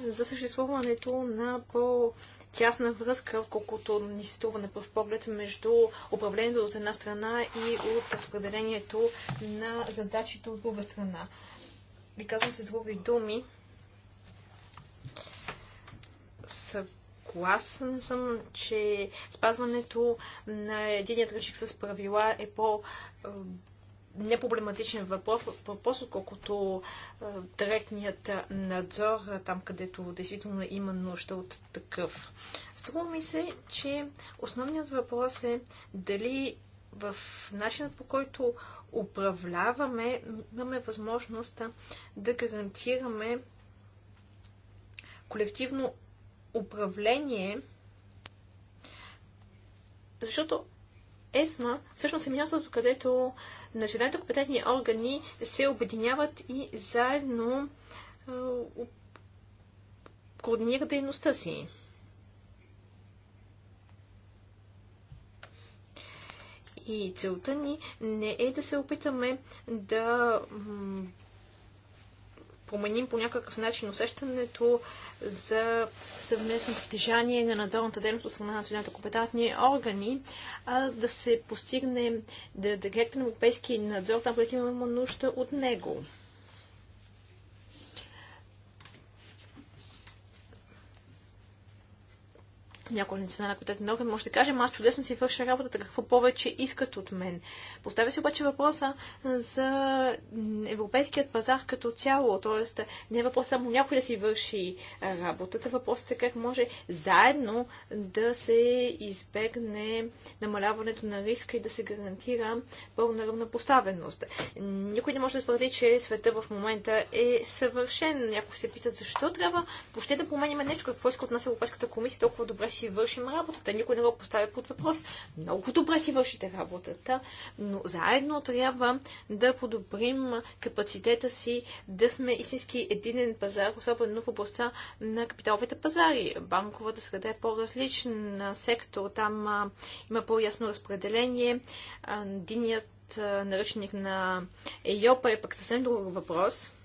за съществуването на по- тясна връзка, колкото ни се струва на пръв поглед, между управлението от една страна и от разпределението на задачите от друга страна. Ви казвам с други думи, съгласен съм, че спазването на единият ръчик с правила е по непроблематичен въпрос, въпрос отколкото директният надзор, там където действително има нужда от такъв. Струва ми се, че основният въпрос е дали в начинът по който управляваме, имаме възможността да гарантираме колективно управление, защото ЕСМА всъщност е мястото, където националните компетентни органи се обединяват и заедно координират дейността си. И целта ни не е да се опитаме да променим по някакъв начин усещането за съвместно притежание на надзорната дейност от страна на националните компетентни органи, а да се постигне да, да на европейски надзор там, където имаме нужда от него. някой на петата орган може да кажем, аз чудесно си върша работата, какво повече искат от мен. Поставя се обаче въпроса за европейският пазар като цяло, т.е. не е въпрос само някой да си върши работата, въпросът е как може заедно да се избегне намаляването на риска и да се гарантира пълна равнопоставеност. Никой не може да твърди, че света в момента е съвършен. Някои се питат защо трябва въобще да променяме нещо, какво иска от нас Европейската комисия, толкова добре си си вършим работата. Никой не го поставя под въпрос. Много добре си вършите работата, но заедно трябва да подобрим капацитета си да сме истински единен пазар, особено в областта на капиталовите пазари. Банковата среда е по-различен сектор. Там а, има по-ясно разпределение. Единият наръчник на ЕЙОПА е пък съвсем друг въпрос –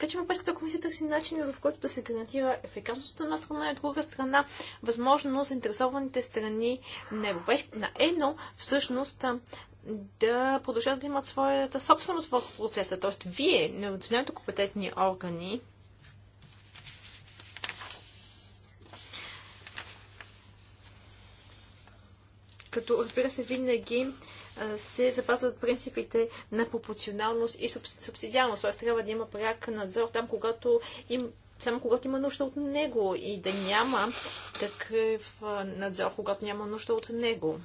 Така че Европейската комисия търси начин, в който да се гарантира ефикасност на една страна и от друга страна възможно заинтересованите страни на, европейск... на ЕНО всъщност да продължат да имат своята собственост в процеса. Тоест, вие, националните компетентни органи, като разбира се винаги се запазват принципите на пропорционалност и субсидиарност. Т.е. трябва да има пряк надзор там, когато им само когато има нужда от него и да няма такъв надзор, когато няма нужда от него.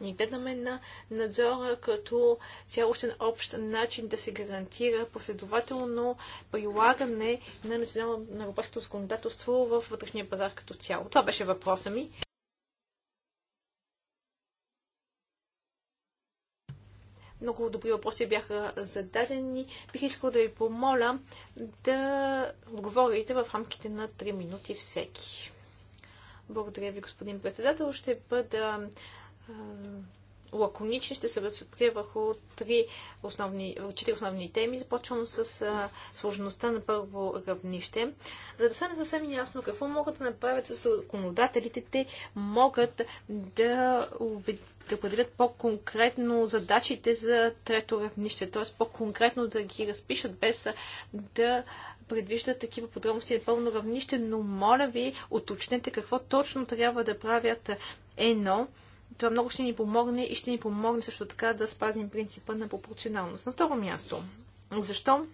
Ние гледаме на надзора като цялостен общ начин да се гарантира последователно прилагане на национално на европейското законодателство в вътрешния пазар като цяло. Това беше въпроса ми. Много добри въпроси бяха зададени. Бих искала да ви помоля да отговорите в рамките на 3 минути всеки. Благодаря ви, господин председател. Ще бъда лаконични. Ще се възприя върху три основни, четири основни теми. Започвам с а, сложността на първо равнище. За да стане съвсем ясно какво могат да направят с законодателите, те могат да, да определят по-конкретно задачите за трето равнище, т.е. по-конкретно да ги разпишат без да предвижда такива подробности на пълно равнище, но моля ви, уточнете какво точно трябва да правят едно това много ще ни помогне и ще ни помогне също така да спазим принципа на пропорционалност. На второ място, защо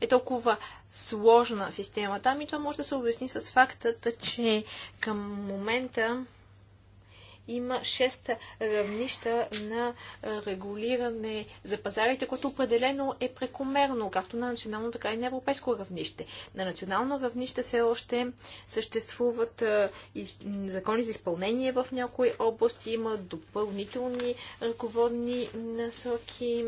е толкова сложна системата? Ами това може да се обясни с фактът, че към момента има 6 равнища на регулиране за пазарите, което определено е прекомерно, както на национално, така и на европейско равнище. На национално равнище все още съществуват закони за изпълнение в някои области, има допълнителни ръководни насоки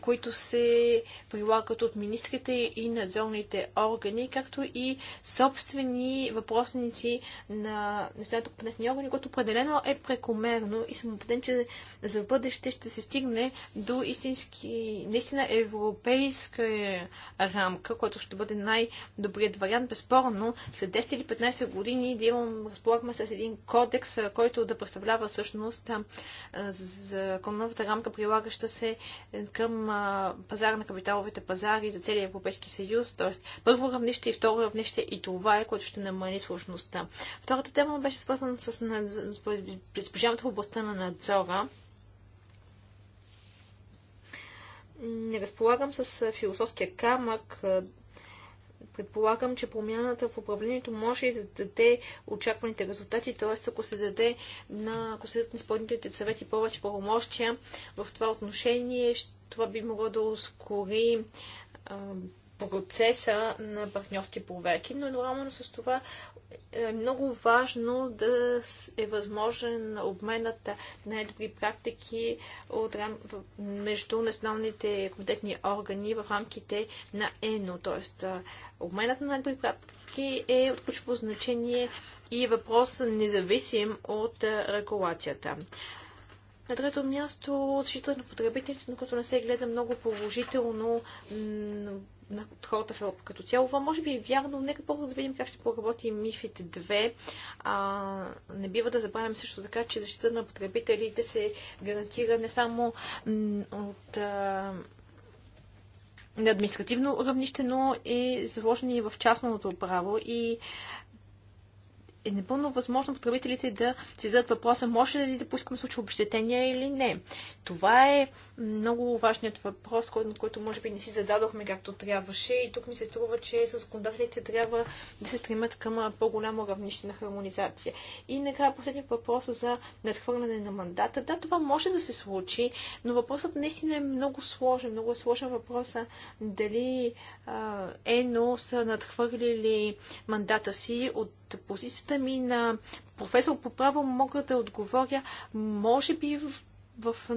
които се прилагат от министрите и надзорните органи, както и собствени въпросници на националните компетентни органи, което определено е прекомерно и съм убеден, че за бъдеще ще се стигне до истински, наистина европейска рамка, която ще бъде най-добрият вариант, безспорно, след 10 или 15 години да имам, разполагаме с един кодекс, който да представлява всъщност законовата рамка, прилагаща се към а, пазара на капиталовите пазари за целия Европейски съюз, т.е. първо равнище и второ равнище и това е, което ще намали сложността. Втората тема беше свързана с, с, в областта на надзора. Не разполагам с философския камък, Предполагам, че промяната в управлението може и да даде очакваните резултати, т.е. ако се даде на, ако се на изпълнителните съвети повече правомощия в това отношение, това би могло да ускори процеса на партньорски проверки, но едновременно с това е много важно да е възможен обменът на най-добри практики от, между националните компетентни органи в рамките на ЕНО. Тоест, обменът на най-добри практики е от ключово значение и е въпрос независим от регулацията. На трето място защита на потребителите, на което не се гледа много положително на хората в Европа като цяло. Това може би е вярно. Нека първо да видим как ще поработи МИФИТ 2. А, не бива да забравям също така, че защита на потребителите се гарантира не само от а, на административно равнище, но и заложени в частното право и е напълно възможно потребителите да си зададат въпроса, може ли да поискаме случай обещетения или не. Това е много важният въпрос, който, който може би не си зададохме както трябваше и тук ми се струва, че с законодателите трябва да се стремят към по-голямо равнище на хармонизация. И накрая последният въпрос за надхвърляне на мандата. Да, това може да се случи, но въпросът наистина е много сложен. Много е сложен въпроса дали ЕНО са надхвърлили мандата си от от позицията ми на професор по право мога да отговоря, може би в, в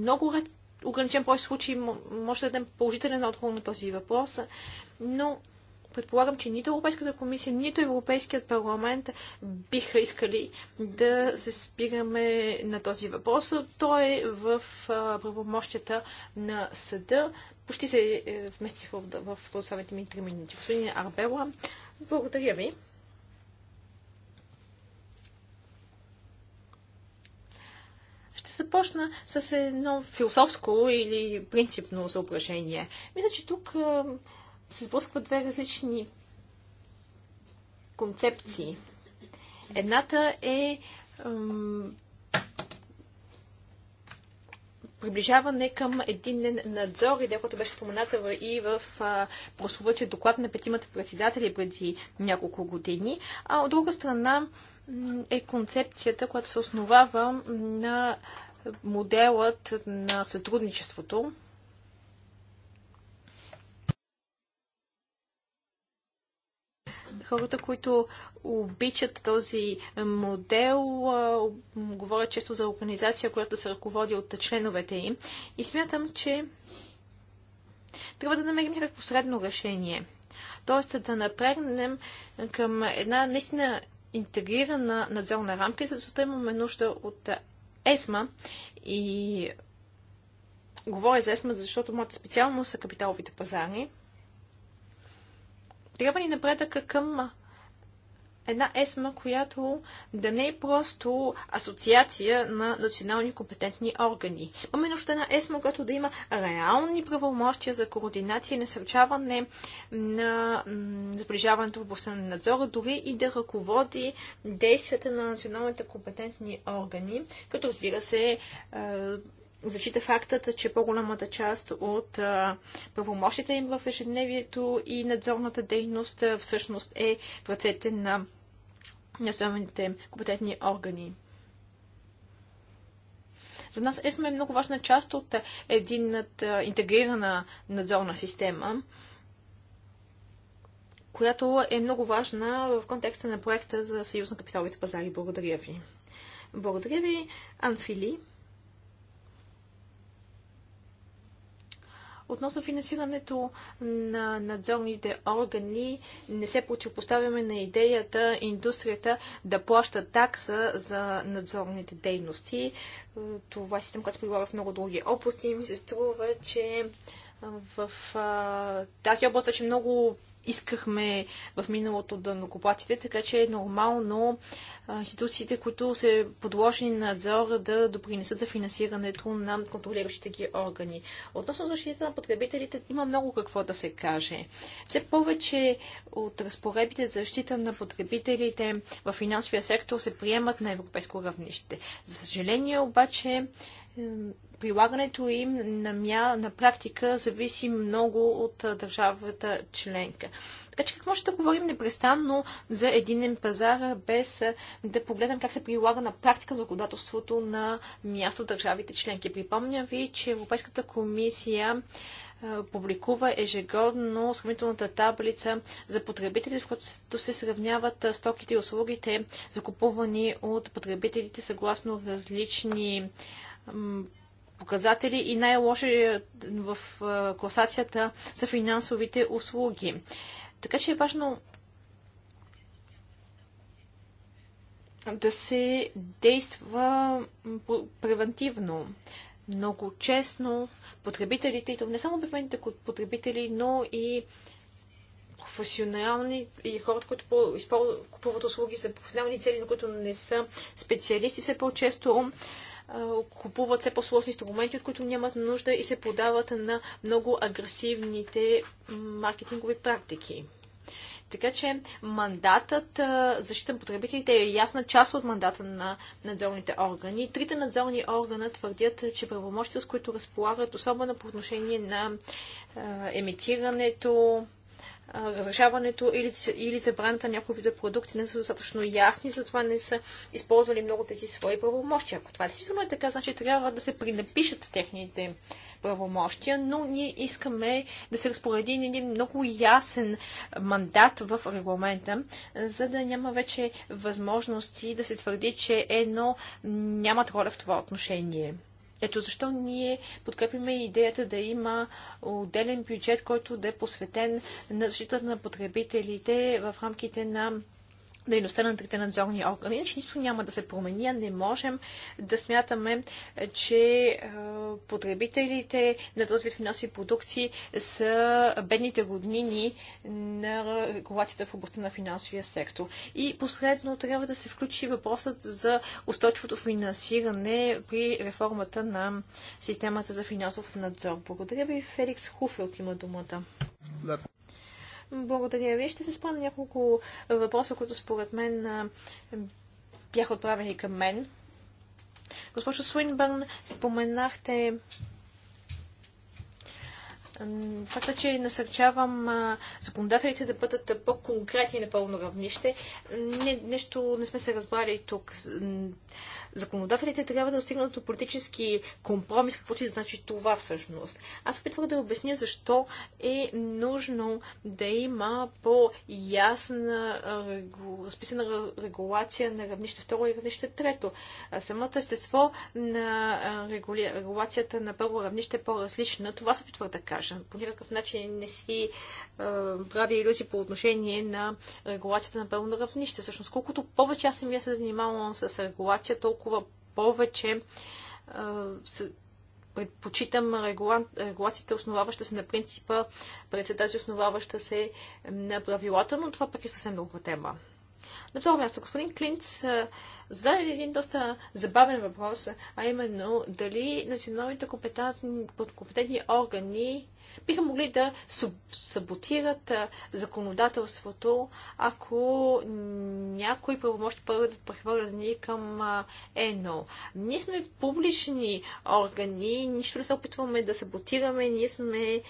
много ред, ограничен брой случаи може да дадем положителен отговор на този въпрос, но предполагам, че нито Европейската комисия, нито Европейският парламент биха искали да се спираме на този въпрос. Той е в правомощията на съда. Почти се е, вместих в, в, в ми в, минути. Господин Арбела, благодаря ви. Ще започна с едно философско или принципно съображение. Мисля, че тук се сблъскват две различни концепции. Едната е приближаване към единен надзор, идея, която беше спомената и в прословътия доклад на петимата председатели преди няколко години. А от друга страна е концепцията, която се основава на моделът на сътрудничеството, Хората, които обичат този модел, говорят често за организация, която се ръководи от членовете им. И смятам, че трябва да намерим някакво средно решение. Тоест да напрегнем към една наистина интегрирана надзорна рамка за да имаме нужда от ЕСМА и говоря за ЕСМА, защото моята специалност са капиталовите пазари. Трябва ни напредъка към една ЕСМА, която да не е просто асоциация на национални компетентни органи. Имаме нужда една ЕСМА, която да има реални правомощия за координация и насърчаване на сближаването в областта на надзора, дори и да ръководи действията на националните компетентни органи, като разбира се е, зачита фактът, че по-голямата част от правомощите им в ежедневието и надзорната дейност всъщност е в ръцете на националните компетентни органи. За нас ЕСМА е много важна част от единната интегрирана надзорна система, която е много важна в контекста на проекта за Съюз на капиталовите пазари. Благодаря ви. Благодаря ви, Анфили. Относно финансирането на надзорните органи, не се противопоставяме на идеята индустрията да плаща такса за надзорните дейности. Това е система, която се прилага в много други области ми се струва, че в тази област вече много искахме в миналото да данокоплатите, така че е нормално институциите, които се подложени на надзор да допринесат за финансирането на контролиращите ги органи. Относно защита на потребителите има много какво да се каже. Все повече от разпоредбите за защита на потребителите в финансовия сектор се приемат на европейско равнище. За съжаление обаче прилагането им на, мя... на практика зависи много от държавата членка. Така че как може да говорим непрестанно за единен пазар, без да погледам как се прилага на практика законодателството на място в държавите членки? Припомня ви, че Европейската комисия публикува ежегодно сравнителната таблица за потребители, в която се сравняват стоките и услугите, закупувани от потребителите съгласно различни показатели и най-лоши е, в е, класацията за финансовите услуги. Така че е важно да се действа превентивно. Много честно потребителите, и то не само обикновените потребители, но и професионални и хората, които купуват услуги за професионални цели, но които не са специалисти, все по-често купуват все по-сложни инструменти, от които нямат нужда и се подават на много агресивните маркетингови практики. Така че мандатът защита на потребителите е ясна част от мандата на надзорните органи. Трите надзорни органа твърдят, че правомощите, с които разполагат, особено по отношение на емитирането, разрешаването или, или забраната на някои вида продукти не са достатъчно ясни, затова не са използвали много тези свои правомощия. Ако това действително е така, значи трябва да се принапишат техните правомощия, но ние искаме да се разпореди един много ясен мандат в регламента, за да няма вече възможности да се твърди, че едно нямат роля в това отношение. Ето защо ние подкрепиме идеята да има отделен бюджет, който да е посветен на защита на потребителите в рамките на дейността на трите надзорни органи, иначе нищо няма да се промени, а не можем да смятаме, че потребителите на този вид финансови продукти са бедните роднини на регулацията в областта на финансовия сектор. И последно трябва да се включи въпросът за устойчивото финансиране при реформата на системата за финансов надзор. Благодаря ви, Феликс Хуфелт има думата. Благодаря ви. Ще се спомня няколко въпроса, които според мен бяха отправени към мен. Госпожо Суинбърн, споменахте факта, че насърчавам законодателите да бъдат по-конкретни на пълно равнище. Не, нещо не сме се разбрали тук законодателите трябва да достигнат до политически компромис, каквото и да значи това всъщност. Аз опитвах да обясня защо е нужно да има по-ясна разписана регулация на равнище второ и равнище трето. Самото естество на регулацията на първо равнище е по-различна. Това се опитвах да кажа. По никакъв начин не си прави иллюзии по отношение на регулацията на първо равнище. Всъщност, колкото повече аз самия се занимавам с регулация, толкова толкова повече предпочитам регулацията, основаваща се на принципа, пред основаваща се на правилата, но това пък е съвсем друга тема. На второ място, господин Клинц зададе един доста забавен въпрос, а именно дали националните компетентни, компетентни органи биха могли да саботират законодателството, ако някои правомощи бъдат прехвърлени към ЕНО. Ние сме публични органи, нищо не се опитваме да саботираме, ние сме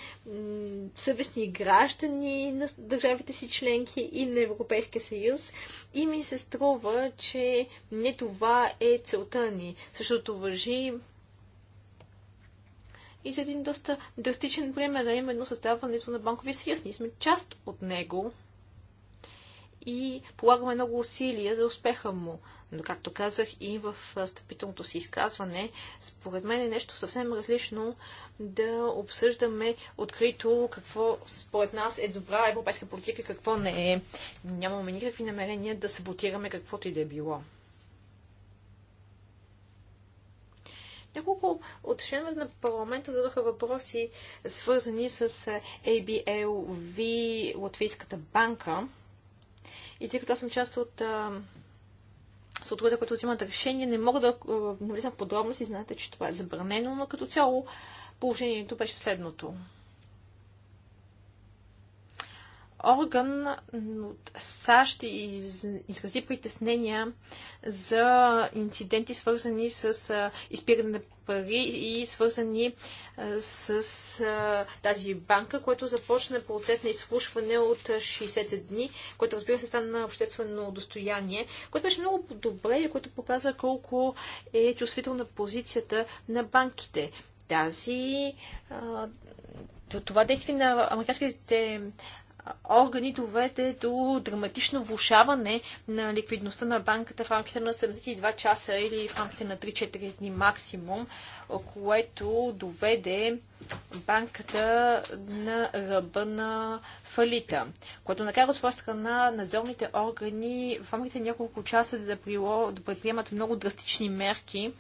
съвестни граждани на държавите си членки и на Европейския съюз и ми се струва, че не това е целта ни. Същото въжи и за един доста драстичен пример, а именно създаването на банковия съюз. Ние сме част от него и полагаме много усилия за успеха му. Но, както казах и в стъпителното си изказване, според мен е нещо съвсем различно да обсъждаме открито какво според нас е добра европейска политика, какво не е. Нямаме никакви намерения да саботираме каквото и да е било. Няколко от членовете на парламента задоха въпроси, свързани с е, ABLV, Латвийската банка. И тъй като аз съм част от е, съответно, които взимат решение, не мога да е, навлизам в подробности, знаете, че това е забранено, но като цяло положението беше следното орган от САЩ из, изрази притеснения за инциденти, свързани с изпиране на пари и свързани с тази банка, което започна процес на изслушване от 60 дни, което разбира се стана на обществено достояние, което беше много добре и което показа колко е чувствителна позицията на банките. Тази това действие на американските органи доведе до драматично влушаване на ликвидността на банката в рамките на 72 часа или в рамките на 3-4 дни максимум, което доведе банката на ръба на фалита, което накара от своя страна надзорните органи в рамките на няколко часа да, прило, да предприемат много драстични мерки,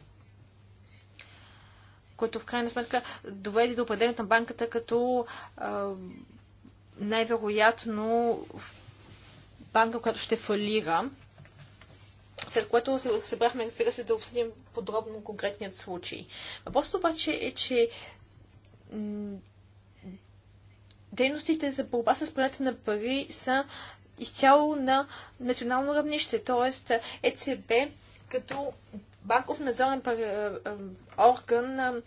което в крайна сметка доведе до определението на банката като а, най-вероятно банка, която ще фалира. След което се събрахме, разбира се, да обсъдим подробно конкретният случай. Въпросът обаче е, че дейностите за борба с прането на пари са изцяло на национално равнище, т.е. ЕЦБ като банков надзорен е, е, орган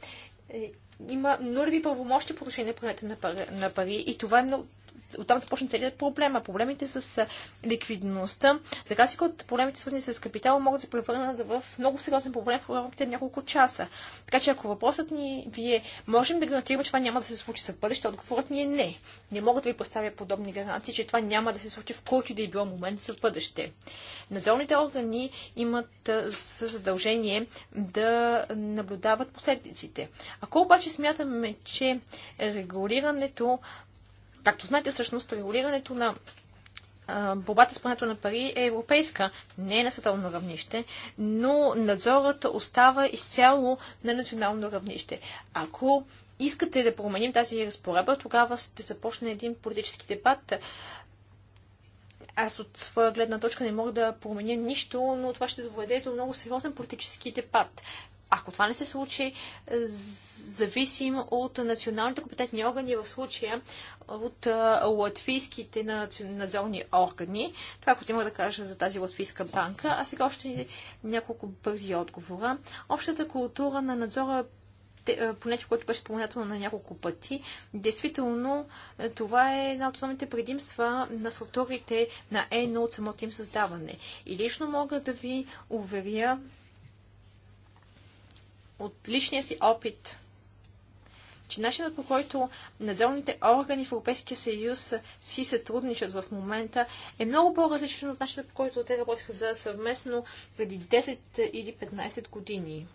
е, има нулеви правомощи по отношение на прането на пари и това е много оттам започна целият проблема. Проблемите с ликвидността, за си от проблемите свързани с капитала, могат да се превърнат в много сериозен проблем в рамките на няколко часа. Така че ако въпросът ни вие можем да гарантираме, че това няма да се случи за бъдеще, отговорът ни е не. Не мога да ви поставя подобни гаранции, че това няма да се случи в който и да е било момент за бъдеще. Надзорните органи имат задължение да наблюдават последиците. Ако обаче смятаме, че регулирането Както знаете, всъщност, регулирането на борбата с прането на пари е европейска, не е на световно равнище, но надзорът остава изцяло на национално равнище. Ако искате да променим тази разпоредба, тогава ще започне един политически дебат. Аз от своя гледна точка не мога да променя нищо, но това ще доведе до много сериозен политически дебат. Ако това не се случи, е, зависим от националните компетентни органи, в случая от е, латвийските надзорни органи. Това, което има да кажа за тази латвийска банка. А сега още няколко бързи отговора. Общата култура на надзора е, понятие, което беше споменато на няколко пъти. Действително, това е една от основните предимства на структурите на ЕНО от самото им създаване. И лично мога да ви уверя, от личния си опит, че начинът по който надзорните органи в Европейския съюз си сътрудничат в момента е много по-различен от начинът, по който те работиха за съвместно преди 10 или 15 години.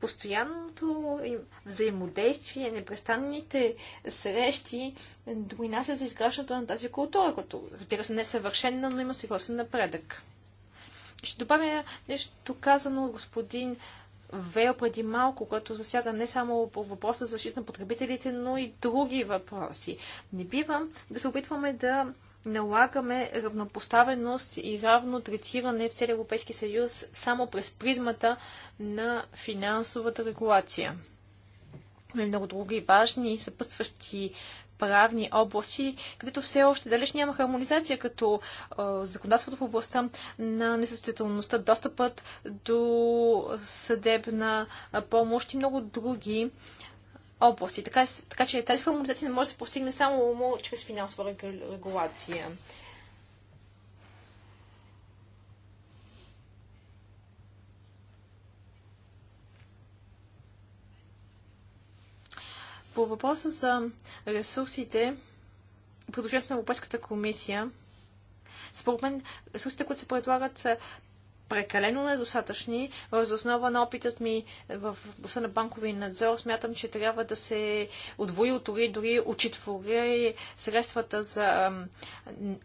Постоянното им взаимодействие, непрестанните срещи доминася за изграждането на тази култура, като разбира се не е съвършена, но има сериозен напредък. Ще добавя нещо казано от господин Вел преди малко, което засяга не само по въпроса за защита на потребителите, но и други въпроси. Не бива да се опитваме да налагаме равнопоставеност и равно третиране в целия Европейски съюз само през призмата на финансовата регулация. много други важни съпътстващи правни области, където все още далеч няма хармонизация, като а, законодателството в областта на несъстоятелността, достъпът до съдебна помощ и много други области. Така, така че тази хармонизация не може да се постигне само чрез финансова регулация. По въпроса за ресурсите, продължението на Европейската комисия, според мен ресурсите, които се предлагат, са прекалено недостатъчни. Въз основа на опитът ми в областта на банкови надзор смятам, че трябва да се отвои, отори, дори учитвори средствата за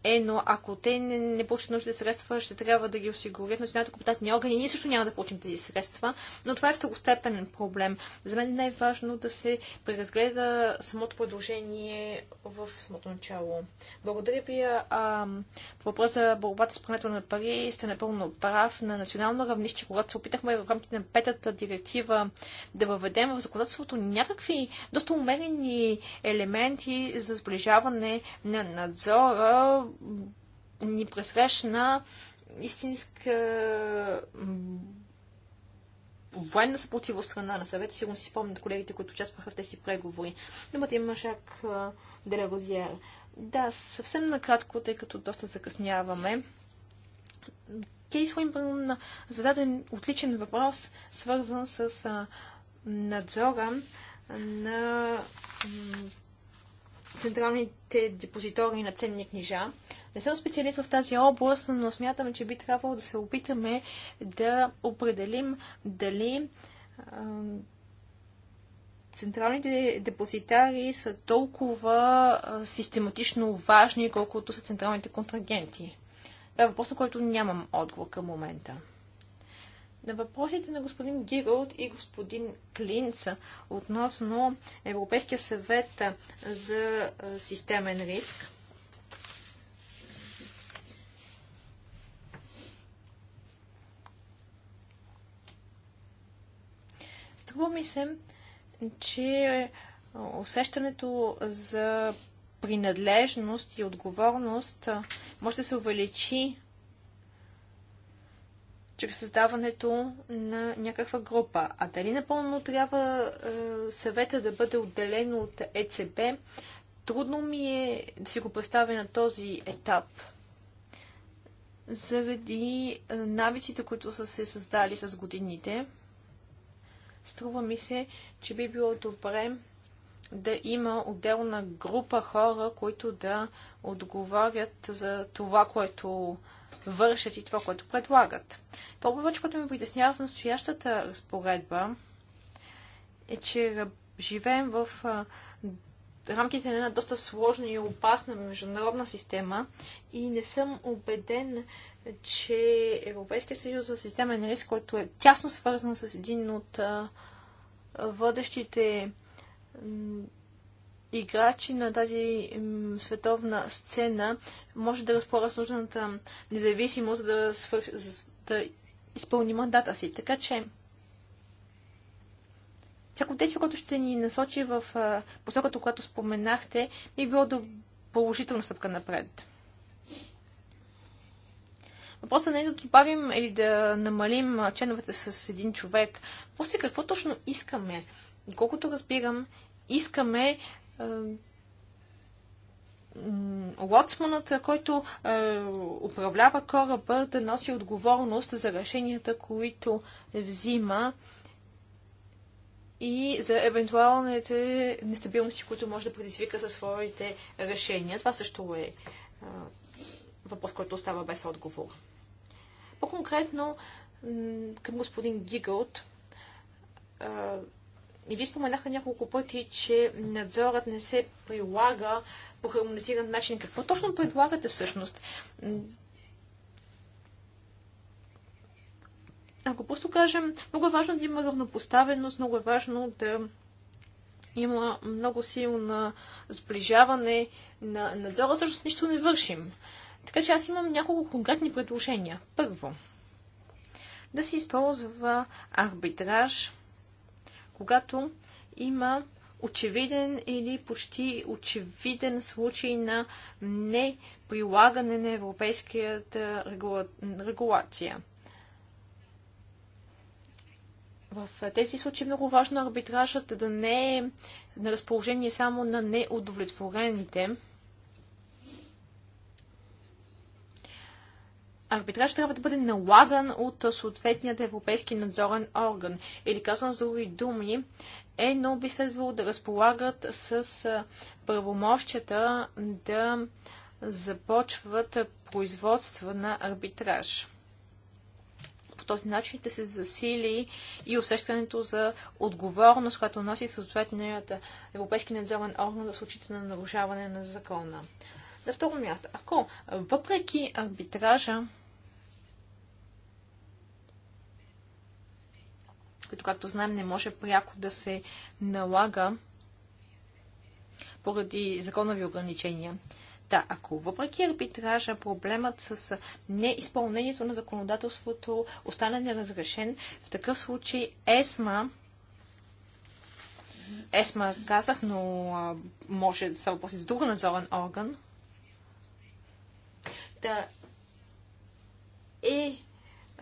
ЕНО. Ако те не, не получат нужните средства, ще трябва да ги осигурят националните компетентни органи. Ние също няма да получим тези средства, но това е второстепен проблем. За мен е най-важно да се преразгледа самото предложение в самото начало. Благодаря ви. А, въпрос за борбата с прането на пари сте напълно прав състав на национално равнище, когато се опитахме в рамките на петата директива да въведем в законодателството някакви доста умерени елементи за сближаване на надзора, ни пресрещна истинска военна съпротива страна на съвета. Сигурно си спомнят колегите, които участваха в тези преговори. Думата има шак Делерозиер. Да, съвсем накратко, тъй като доста закъсняваме. Кейс Уинбърн зададе отличен въпрос, свързан с а, надзора на централните депозитори на ценни книжа. Не съм специалист в тази област, но смятам, че би трябвало да се опитаме да определим дали централните депозитари са толкова систематично важни, колкото са централните контрагенти. Това е въпрос, на който нямам отговор към момента. На въпросите на господин Гиролд и господин Клинца относно Европейския съвет за системен риск. Струва ми се, че усещането за принадлежност и отговорност може да се увеличи чрез създаването на някаква група. А дали напълно трябва е, съвета да бъде отделен от ЕЦБ, трудно ми е да си го представя на този етап заради навиците, които са се създали с годините. Струва ми се, че би било добре да има отделна група хора, които да отговорят за това, което вършат и това, което предлагат. Това обаче което ми притеснява в настоящата разпоредба, е, че живеем в рамките на една доста сложна и опасна международна система и не съм убеден, че Европейския съюз за е риск, който е тясно свързан с един от водещите играчи на тази световна сцена може да разполага с нужната независимост за да, свър... да изпълни мандата си. Така че всяко действие, което ще ни насочи в посоката, която споменахте, би било до положителна стъпка напред. Въпросът не е да добавим или да намалим членовете с един човек. После какво точно искаме? колкото разбирам, искаме е, лоцманът, който е, управлява кораба, да носи отговорност за решенията, които взима и за евентуалните нестабилности, които може да предизвика със своите решения. Това също е, е въпрос, който остава без отговор. По-конкретно към господин Гигълт, е, и ви споменаха няколко пъти, че надзорът не се прилага по хармонизиран начин. Какво точно предлагате всъщност? Ако просто кажем, много е важно да има равнопоставеност, много е важно да има много силно сближаване на надзора, всъщност нищо не вършим. Така че аз имам няколко конкретни предложения. Първо, да се използва арбитраж когато има очевиден или почти очевиден случай на неприлагане на европейската регула... регулация. В тези случаи е много важно арбитражът да не е на разположение само на неудовлетворените, арбитраж трябва да бъде налаган от съответният европейски надзорен орган. Или казвам с други думи, едно би следвало да разполагат с правомощията да започват производства на арбитраж. По този начин ще се засили и усещането за отговорност, която носи съответният европейски надзорен орган в случаите на нарушаване на закона. На второ място, ако въпреки арбитража като, както знаем, не може пряко да се налага поради законови ограничения. Да, ако въпреки арбитража проблемът с неизпълнението на законодателството остане неразрешен, в такъв случай ЕСМА ЕСМА казах, но а, може да се въпроси с друг надзорен орган. Да е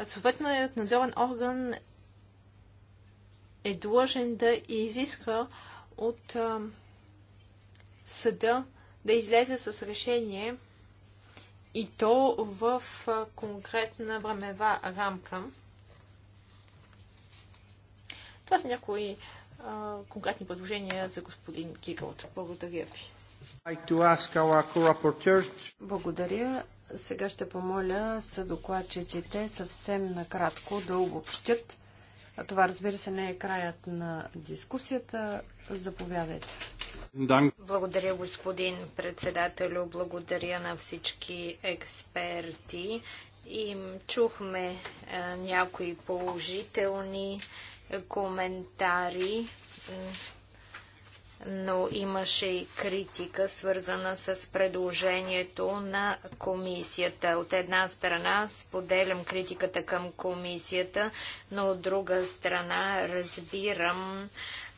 съответният е надзорен орган е длъжен да изисква от а, съда да излезе с решение и то в а, конкретна времева рамка. Това са някои а, конкретни предложения за господин Кигалт. Благодаря ви. Благодаря. Сега ще помоля съдокладчиците съвсем накратко да обобщят това, разбира се, не е краят на дискусията. Заповядайте. Благодаря, господин председателю. Благодаря на всички експерти. И чухме е, някои положителни е, коментари но имаше и критика, свързана с предложението на комисията. От една страна споделям критиката към комисията, но от друга страна разбирам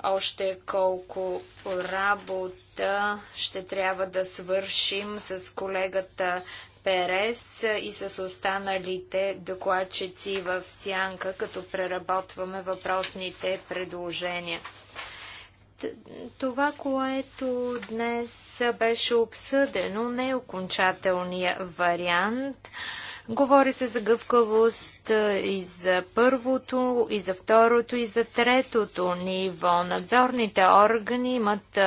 още колко работа ще трябва да свършим с колегата Перес и с останалите докладчици в Сянка, като преработваме въпросните предложения това, което днес беше обсъдено, не е окончателният вариант. Говори се за гъвкавост и за първото, и за второто, и за третото ниво. Надзорните органи имат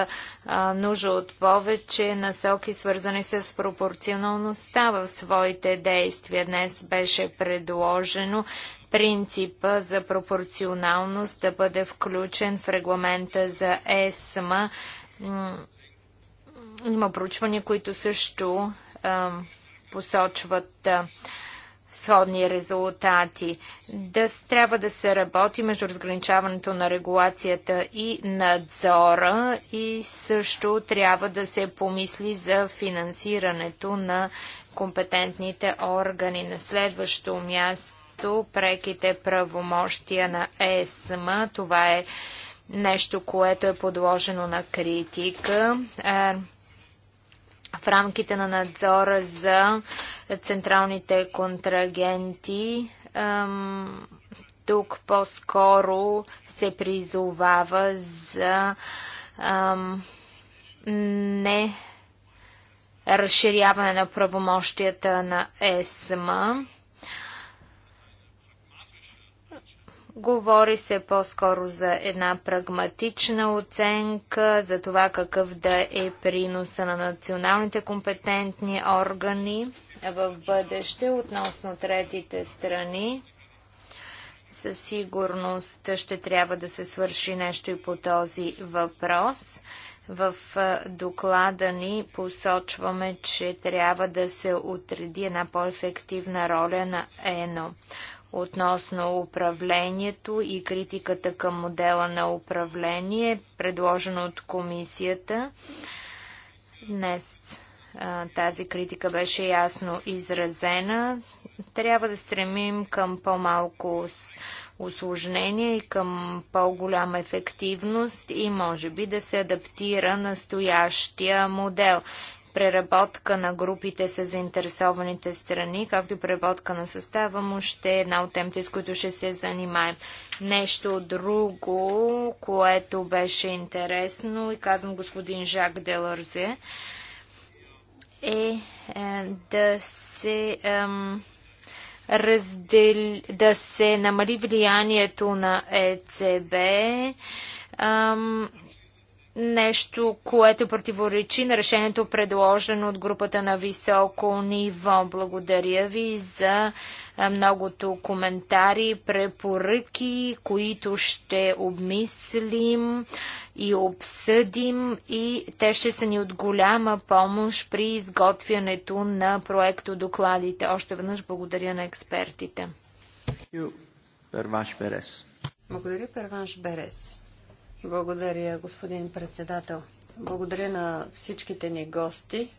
а, нужда от повече насоки, свързани с пропорционалността в своите действия. Днес беше предложено принципа за пропорционалност да бъде включен в регламента за ЕСМА. Има проучвания, които също а, посочват сходни резултати. Да, трябва да се работи между разграничаването на регулацията и надзора и също трябва да се помисли за финансирането на компетентните органи. На следващо място преките правомощия на ЕСМ. Това е нещо, което е подложено на критика. Е, в рамките на надзора за централните контрагенти. Тук по-скоро се призовава за не разширяване на правомощията на ЕСМА. Говори се по-скоро за една прагматична оценка, за това какъв да е приноса на националните компетентни органи в бъдеще относно третите страни. Със сигурност ще трябва да се свърши нещо и по този въпрос. В доклада ни посочваме, че трябва да се отреди една по-ефективна роля на ЕНО относно управлението и критиката към модела на управление, предложено от комисията. Днес тази критика беше ясно изразена. Трябва да стремим към по-малко осложнение и към по-голяма ефективност и може би да се адаптира настоящия модел преработка на групите с заинтересованите страни, както и преработка на състава му, ще е една от темите, с които ще се занимаем. Нещо друго, което беше интересно и казвам господин Жак Делързе, е, е да се раздел... да се намали влиянието на ЕЦБ нещо, което противоречи на решението предложено от групата на високо ниво. Благодаря ви за многото коментари, препоръки, които ще обмислим и обсъдим и те ще са ни от голяма помощ при изготвянето на проекто докладите. Още веднъж благодаря на експертите. Благодаря, Перванш Берес. Благодаря, господин председател. Благодаря на всичките ни гости.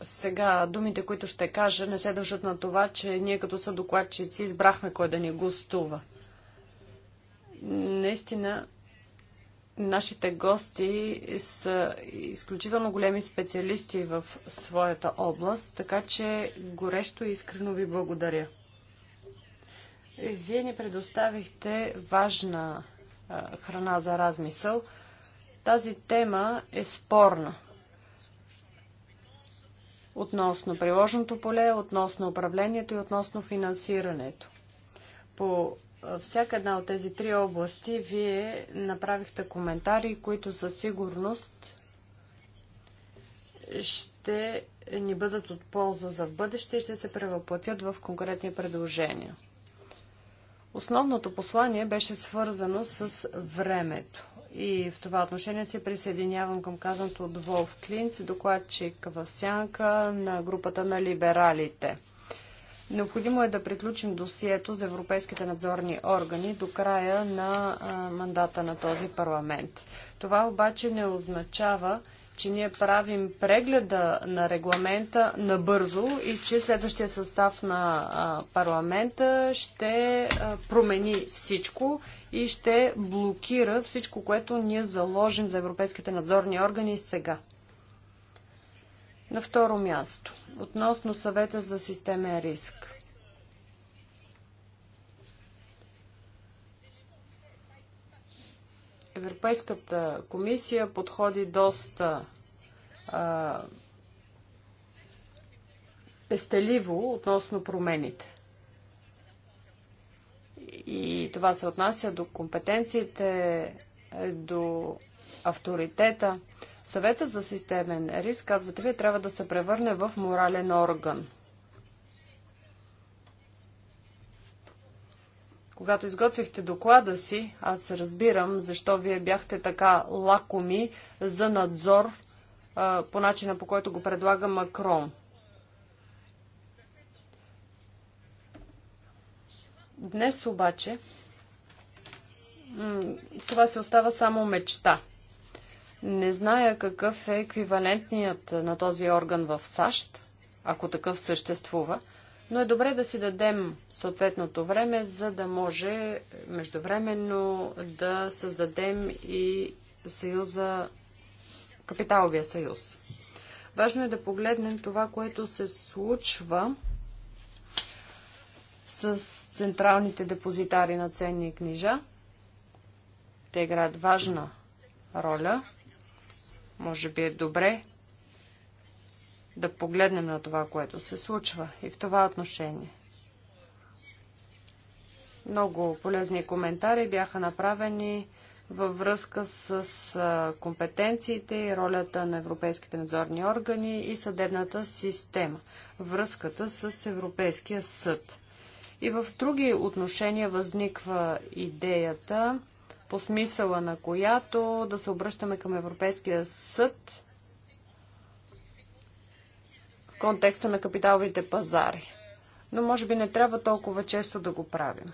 Сега думите, които ще кажа, не се дължат на това, че ние като са докладчици избрахме кой да ни гостува. Наистина, нашите гости са изключително големи специалисти в своята област, така че горещо и искрено ви благодаря. Вие ни предоставихте важна храна за размисъл. Тази тема е спорна относно приложното поле, относно управлението и относно финансирането. По всяка една от тези три области вие направихте коментари, които със сигурност ще ни бъдат от полза за в бъдеще и ще се превъплатят в конкретни предложения. Основното послание беше свързано с времето. И в това отношение се присъединявам към казаното от Волф Клинц, докладчик в сянка на групата на либералите. Необходимо е да приключим досието за европейските надзорни органи до края на а, мандата на този парламент. Това обаче не означава, че ние правим прегледа на регламента набързо и че следващия състав на парламента ще промени всичко и ще блокира всичко, което ние заложим за европейските надзорни органи сега. На второ място, относно съвета за системен риск. Европейската комисия подходи доста а, пестеливо относно промените. И това се отнася до компетенциите, до авторитета. Съветът за системен риск, казвате вие, трябва да се превърне в морален орган – Когато изготвихте доклада си, аз разбирам защо вие бяхте така лакоми за надзор по начина по който го предлага Макрон. Днес обаче това се остава само мечта. Не зная какъв е еквивалентният на този орган в САЩ, ако такъв съществува, но е добре да си дадем съответното време, за да може междувременно да създадем и съюза, капиталовия съюз. Важно е да погледнем това, което се случва с централните депозитари на ценни книжа. Те играят важна роля. Може би е добре да погледнем на това, което се случва и в това отношение. Много полезни коментари бяха направени във връзка с компетенциите и ролята на европейските надзорни органи и съдебната система, връзката с Европейския съд. И в други отношения възниква идеята, по смисъла на която да се обръщаме към Европейския съд контекста на капиталовите пазари. Но може би не трябва толкова често да го правим.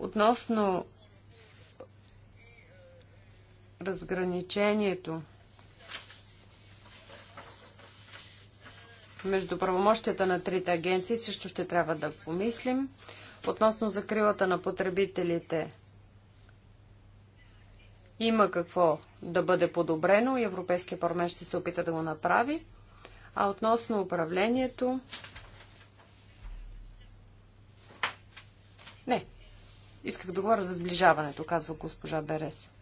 Относно разграничението между правомощията на трите агенции също ще трябва да помислим. Относно закрилата на потребителите, има какво да бъде подобрено и Европейския парламент ще се опита да го направи. А относно управлението. Не. Исках да говоря за сближаването, казва госпожа Берес.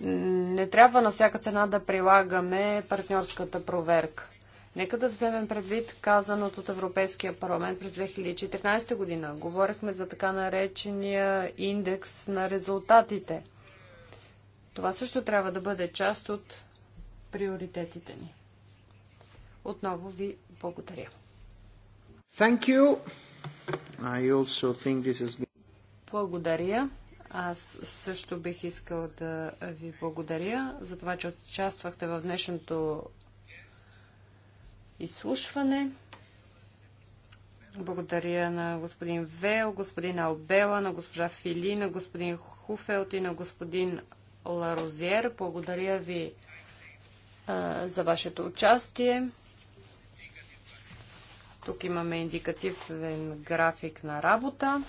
Не трябва на всяка цена да прилагаме партньорската проверка. Нека да вземем предвид казаното от Европейския парламент през 2014 година. Говорихме за така наречения индекс на резултатите. Това също трябва да бъде част от приоритетите ни. Отново ви благодаря. Thank you. I also think this has been... Благодаря. Аз също бих искал да ви благодаря за това, че участвахте в днешното изслушване. Благодаря на господин Вел, господин Албела, на госпожа Фили, на господин Хуфелт и на господин Ларозер. Благодаря ви а, за вашето участие. Тук имаме индикативен график на работа.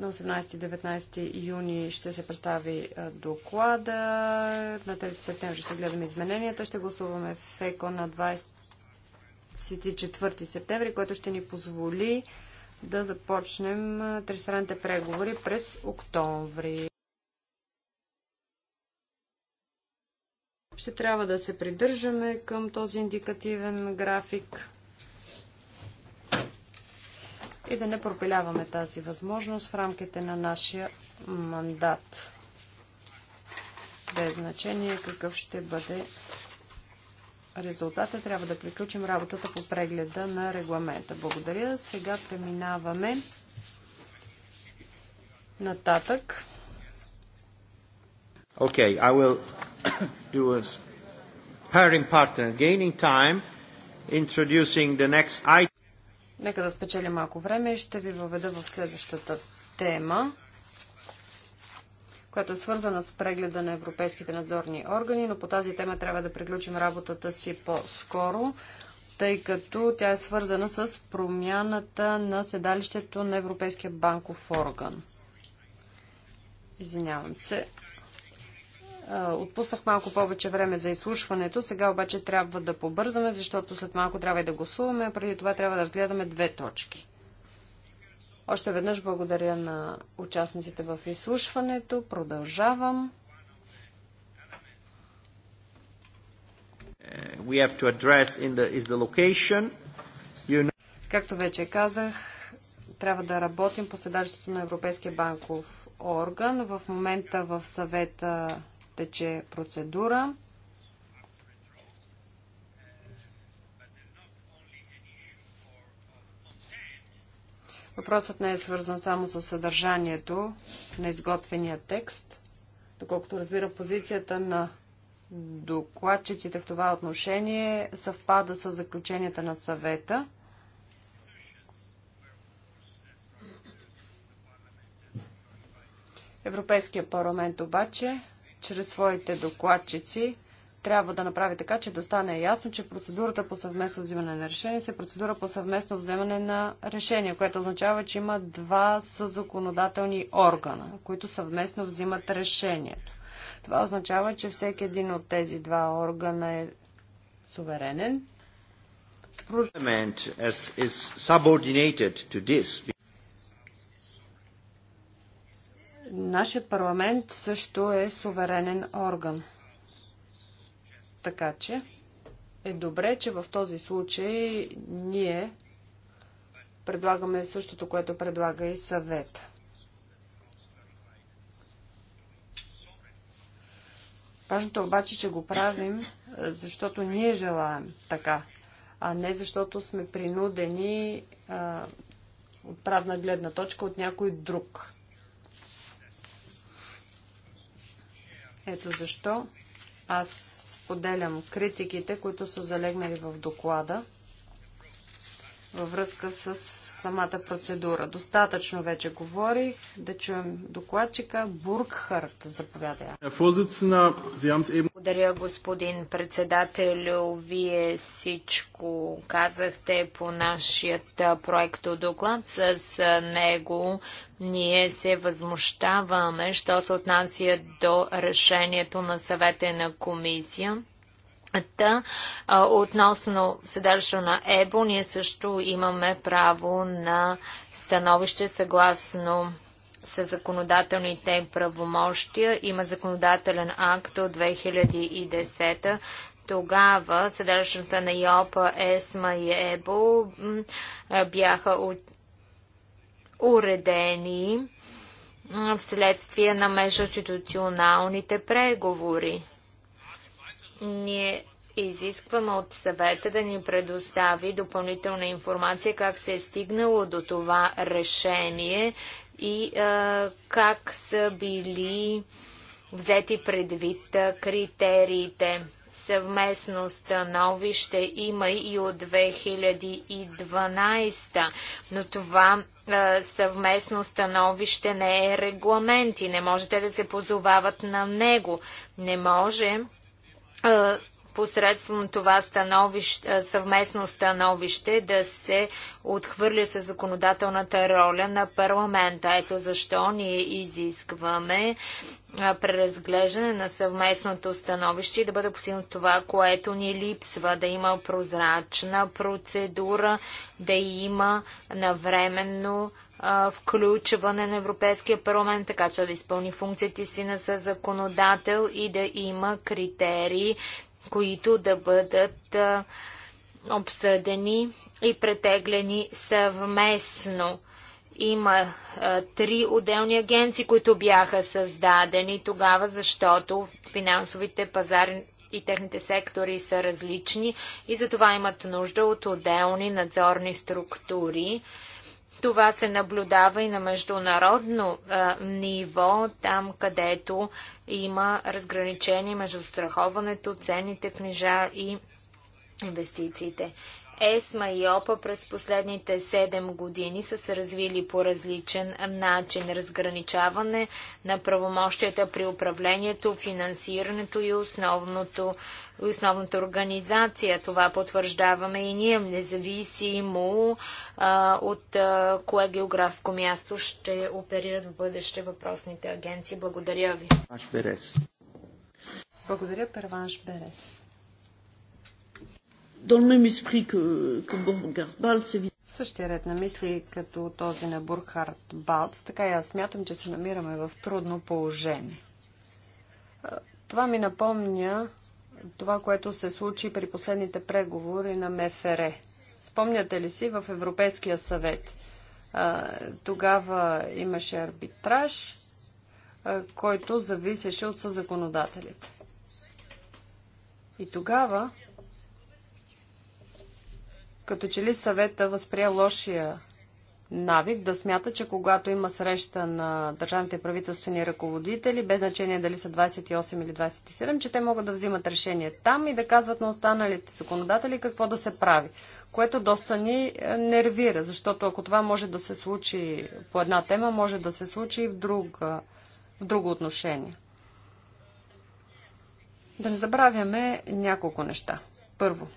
На 18-19 юни ще се представи доклада. На 3 септември ще гледаме измененията. Ще гласуваме в ЕКО на 24 септември, което ще ни позволи да започнем тристранните преговори през октомври. Ще трябва да се придържаме към този индикативен график и да не пропиляваме тази възможност в рамките на нашия мандат. Без значение какъв ще бъде резултата, трябва да приключим работата по прегледа на регламента. Благодаря. Сега преминаваме нататък. Okay, I will [coughs] do a pairing partner, gaining time, introducing the next item. Нека да спечеля малко време и ще ви въведа в следващата тема, която е свързана с прегледа на европейските надзорни органи, но по тази тема трябва да приключим работата си по-скоро, тъй като тя е свързана с промяната на седалището на Европейския банков орган. Извинявам се, Отпуснах малко повече време за изслушването, сега обаче трябва да побързаме, защото след малко трябва и да гласуваме, а преди това трябва да разгледаме две точки. Още веднъж благодаря на участниците в изслушването. Продължавам. Uh, the, the you know... Както вече казах, трябва да работим по седалището на Европейския банков орган. В момента в съвета тече процедура. Въпросът не е свързан само с съдържанието на изготвения текст. Доколкото разбира позицията на докладчиците в това отношение съвпада с заключенията на съвета. Европейския парламент обаче чрез своите докладчици трябва да направи така, че да стане ясно, че процедурата по съвместно взимане на решение се процедура по съвместно вземане на решение, което означава, че има два съзаконодателни органа, които съвместно взимат решението. Това означава, че всеки един от тези два органа е суверенен. Нашият парламент също е суверенен орган. Така че е добре, че в този случай ние предлагаме същото, което предлага и съвет. Важното обаче, че го правим, защото ние желаем така, а не защото сме принудени а, от правна гледна точка от някой друг. Ето защо аз споделям критиките, които са залегнали в доклада във връзка с самата процедура. Достатъчно вече говорих. Да чуем докладчика Бургхарт. заповядая. Благодаря, господин председател. Вие всичко казахте по нашият проект доклад. С него ние се възмущаваме, що се отнася до решението на съвета на комисия Та, относно седалището на ЕБО, ние също имаме право на становище съгласно с законодателните правомощия. Има законодателен акт от 2010. Тогава седалищата на ЙОПА, ЕСМА и ЕБО бяха уредени вследствие на междуинституционалните преговори. Ние изискваме от съвета да ни предостави допълнителна информация как се е стигнало до това решение и а, как са били взети предвид критериите. Съвместно становище има и от 2012, но това а, съвместно становище не е регламент и не можете да се позовават на него. Не може посредством това становище, съвместно становище да се отхвърля с законодателната роля на парламента. Ето защо ние изискваме преразглеждане на съвместното становище и да бъде посилно това, което ни липсва, да има прозрачна процедура, да има навременно включване на Европейския парламент, така че да изпълни функциите си на законодател и да има критерии, които да бъдат обсъдени и претеглени съвместно има а, три отделни агенции, които бяха създадени тогава, защото финансовите пазари и техните сектори са различни и затова имат нужда от отделни надзорни структури. Това се наблюдава и на международно а, ниво, там където има разграничение между страховането, ценните книжа и инвестициите. ЕСМА и ОПА през последните 7 години са се развили по различен начин. Разграничаване на правомощията при управлението, финансирането и основното основната организация. Това потвърждаваме и ние, независимо а, от а, кое географско място ще оперират в бъдеще въпросните агенции. Благодаря ви. Благодаря, Перванш Берес. Dans le même същия ред на мисли като този на Бурхард Балц, така и аз смятам, че се намираме в трудно положение. Това ми напомня това, което се случи при последните преговори на МФР. Спомняте ли си в Европейския съвет? Тогава имаше арбитраж, който зависеше от съзаконодателите. И тогава, като че ли съвета възприя лошия навик да смята, че когато има среща на държавните правителствени ръководители, без значение дали са 28 или 27, че те могат да взимат решение там и да казват на останалите законодатели какво да се прави, което доста ни е, нервира, защото ако това може да се случи по една тема, може да се случи и в, друг, в друго отношение. Да не забравяме няколко неща. Първо –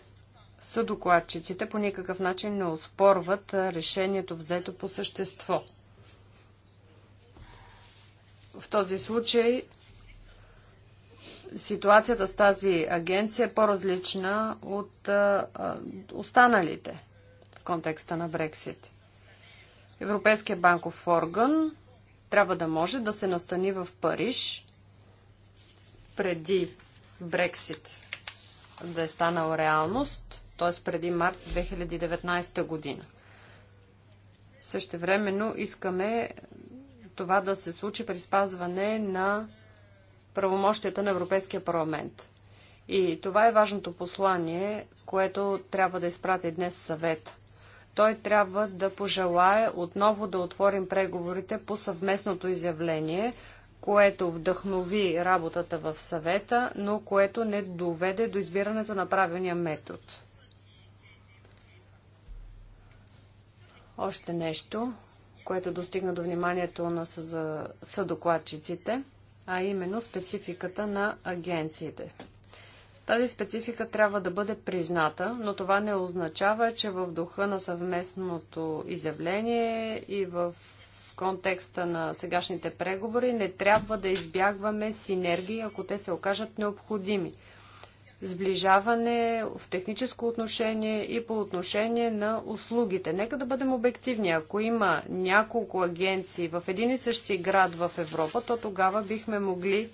съдокладчиците по никакъв начин не оспорват решението взето по същество. В този случай ситуацията с тази агенция е по-различна от останалите в контекста на Брексит. Европейския банков орган трябва да може да се настани в Париж преди Брексит да е станал реалност – т.е. преди март 2019 година. Същевременно искаме това да се случи при спазване на правомощията на Европейския парламент. И това е важното послание, което трябва да изпрати днес съвет. Той трябва да пожелае отново да отворим преговорите по съвместното изявление, което вдъхнови работата в съвета, но което не доведе до избирането на правилния метод. Още нещо, което достигна до вниманието на съдокладчиците, а именно спецификата на агенциите. Тази специфика трябва да бъде призната, но това не означава, че в духа на съвместното изявление и в контекста на сегашните преговори не трябва да избягваме синергии, ако те се окажат необходими сближаване в техническо отношение и по отношение на услугите. Нека да бъдем обективни. Ако има няколко агенции в един и същи град в Европа, то тогава бихме могли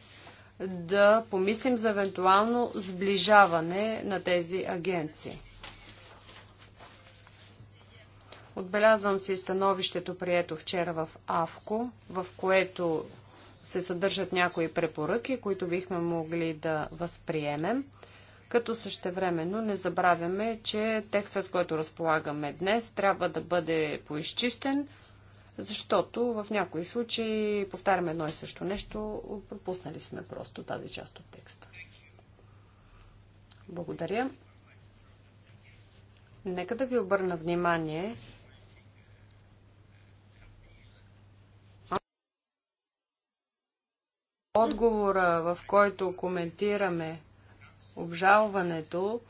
да помислим за евентуално сближаване на тези агенции. Отбелязвам си становището, прието вчера в АВКО, в което се съдържат някои препоръки, които бихме могли да възприемем като същевременно не забравяме, че текстът, с който разполагаме днес, трябва да бъде поизчистен, защото в някои случаи повтаряме едно и също нещо, пропуснали сме просто тази част от текста. Благодаря. Нека да ви обърна внимание, отговора, в който коментираме обжалването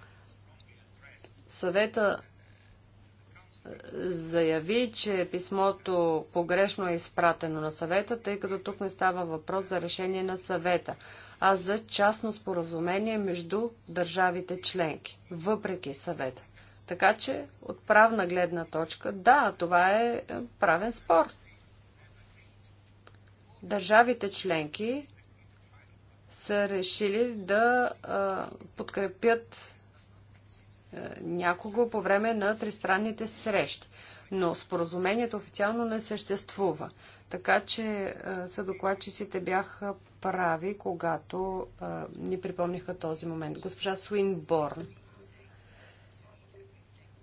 съвета е, заяви, че писмото погрешно е изпратено на съвета, тъй като тук не става въпрос за решение на съвета, а за частно споразумение между държавите членки, въпреки съвета. Така че, от правна гледна точка, да, това е, е правен спор. Държавите членки са решили да а, подкрепят а, някого по време на тристранните срещи. Но споразумението официално не съществува. Така че съдокладчиците бяха прави, когато а, ни припомниха този момент. Госпожа Суинборн.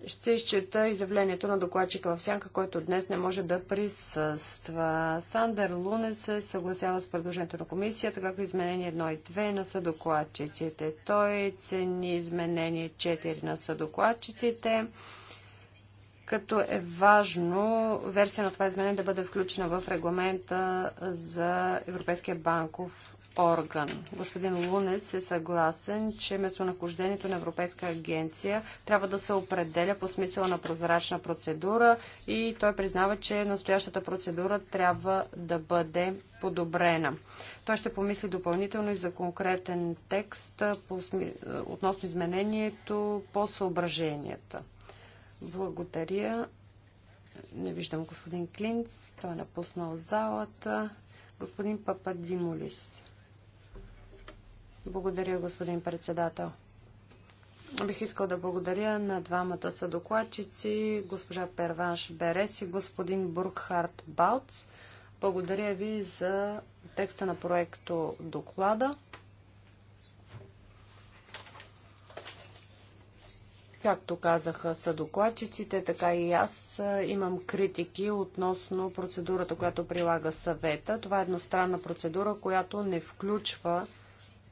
Ще изчета изявлението на докладчика в сянка, който днес не може да присъства. Сандер Луне се съгласява с предложението на комисията, както изменение 1 и 2 на съдокладчиците. Той цени изменение 4 на съдокладчиците, като е важно версия на това изменение да бъде включена в регламента за Европейския банков орган. Господин Лунец е съгласен, че местонахождението на Европейска агенция трябва да се определя по смисъла на прозрачна процедура и той признава, че настоящата процедура трябва да бъде подобрена. Той ще помисли допълнително и за конкретен текст относно изменението по съображенията. Благодаря. Не виждам господин Клинц. Той е напуснал залата. Господин Пападимолис. Благодаря, господин председател. Бих искал да благодаря на двамата съдокладчици, госпожа Перванш Берес и господин Бургхард Балц. Благодаря ви за текста на проекто доклада. Както казаха съдокладчиците, така и аз имам критики относно процедурата, която прилага съвета. Това е едностранна процедура, която не включва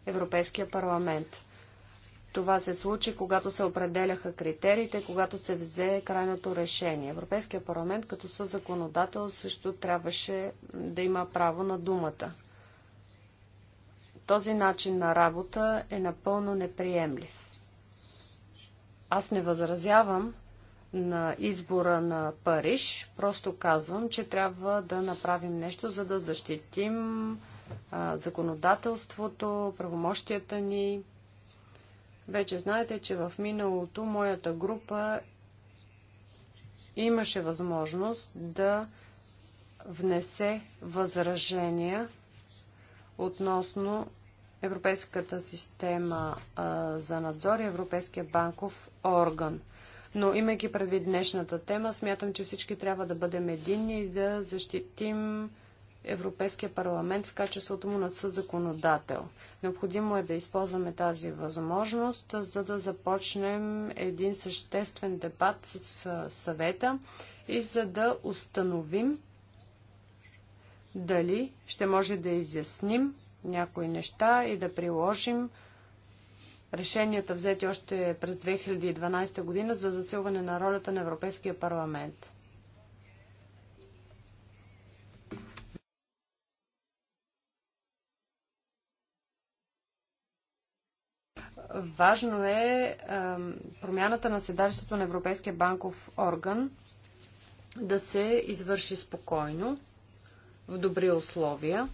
Европейския парламент. Това се случи, когато се определяха критериите, когато се взе крайното решение. Европейския парламент като със законодател също трябваше да има право на думата. Този начин на работа е напълно неприемлив. Аз не възразявам на избора на Париж, просто казвам, че трябва да направим нещо, за да защитим законодателството, правомощията ни. Вече знаете, че в миналото моята група имаше възможност да внесе възражения относно Европейската система за надзор и Европейския банков орган. Но имайки предвид днешната тема, смятам, че всички трябва да бъдем единни и да защитим Европейския парламент в качеството му на съзаконодател. Необходимо е да използваме тази възможност, за да започнем един съществен дебат с съвета и за да установим дали ще може да изясним някои неща и да приложим решенията взети още през 2012 година за засилване на ролята на Европейския парламент. Важно е промяната на седалището на Европейския банков орган да се извърши спокойно, в добри условия.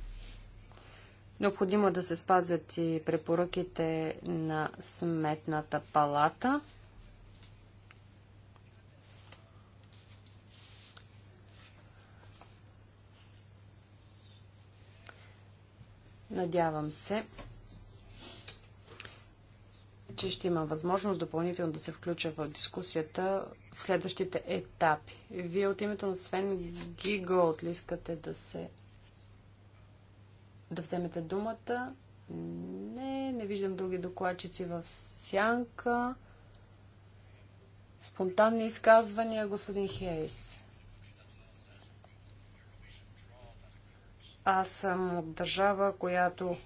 Необходимо е да се спазят и препоръките на Сметната палата. Надявам се, че ще имам възможност допълнително да се включа в дискусията в следващите етапи. Вие от името на Свен Гиголт ли искате да се да вземете думата? Не, не виждам други докладчици в сянка. Спонтанни изказвания, господин Хейс. Аз съм от държава, която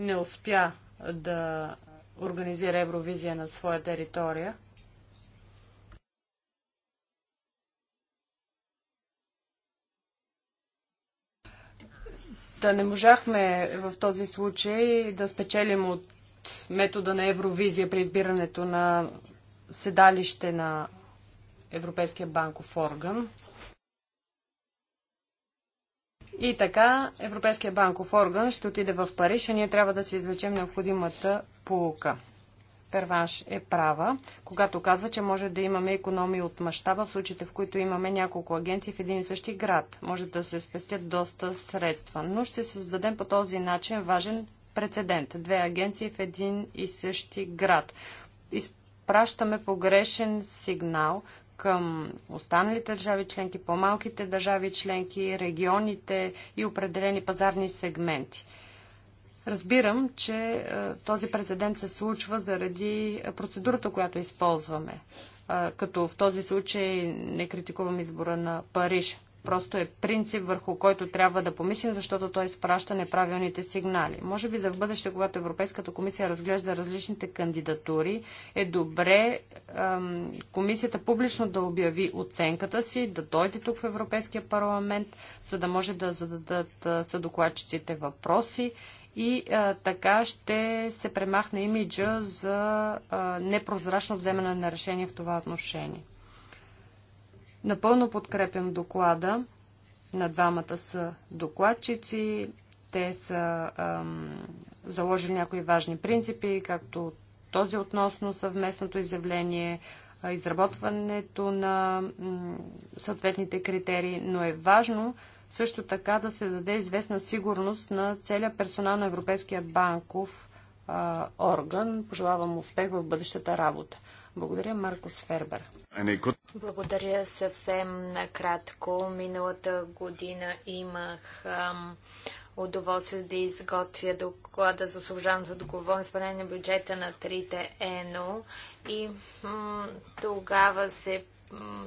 не успя да организира Евровизия на своя територия. Да не можахме в този случай да спечелим от метода на Евровизия при избирането на седалище на Европейския банков орган. И така Европейския банков орган ще отиде в Париж, а ние трябва да се извлечем необходимата полука. Перванш е права, когато казва, че може да имаме економии от мащаба в случаите, в които имаме няколко агенции в един и същи град. Може да се спестят доста средства, но ще създадем по този начин важен прецедент. Две агенции в един и същи град. Изпращаме погрешен сигнал към останалите държави членки, по-малките държави членки, регионите и определени пазарни сегменти. Разбирам, че е, този прецедент се случва заради процедурата, която използваме. Е, като в този случай не критикувам избора на Париж. Просто е принцип, върху който трябва да помислим, защото той изпраща неправилните сигнали. Може би за в бъдеще, когато Европейската комисия разглежда различните кандидатури, е добре ем, комисията публично да обяви оценката си, да дойде тук в Европейския парламент, за да може да зададат съдокладчиците въпроси и а, така ще се премахне имиджа за а, непрозрачно вземане на решение в това отношение. Напълно подкрепям доклада на двамата са докладчици. Те са ам, заложили някои важни принципи, както този относно съвместното изявление, изработването на съответните критерии, но е важно също така да се даде известна сигурност на целият персонал на Европейския банков а, орган. Пожелавам успех в бъдещата работа. Благодаря, Марко Фербер. Благодаря съвсем накратко. Миналата година имах ам, удоволствие да изготвя доклада за служаното договорно изпълнение на бюджета на трите ЕНО и тогава се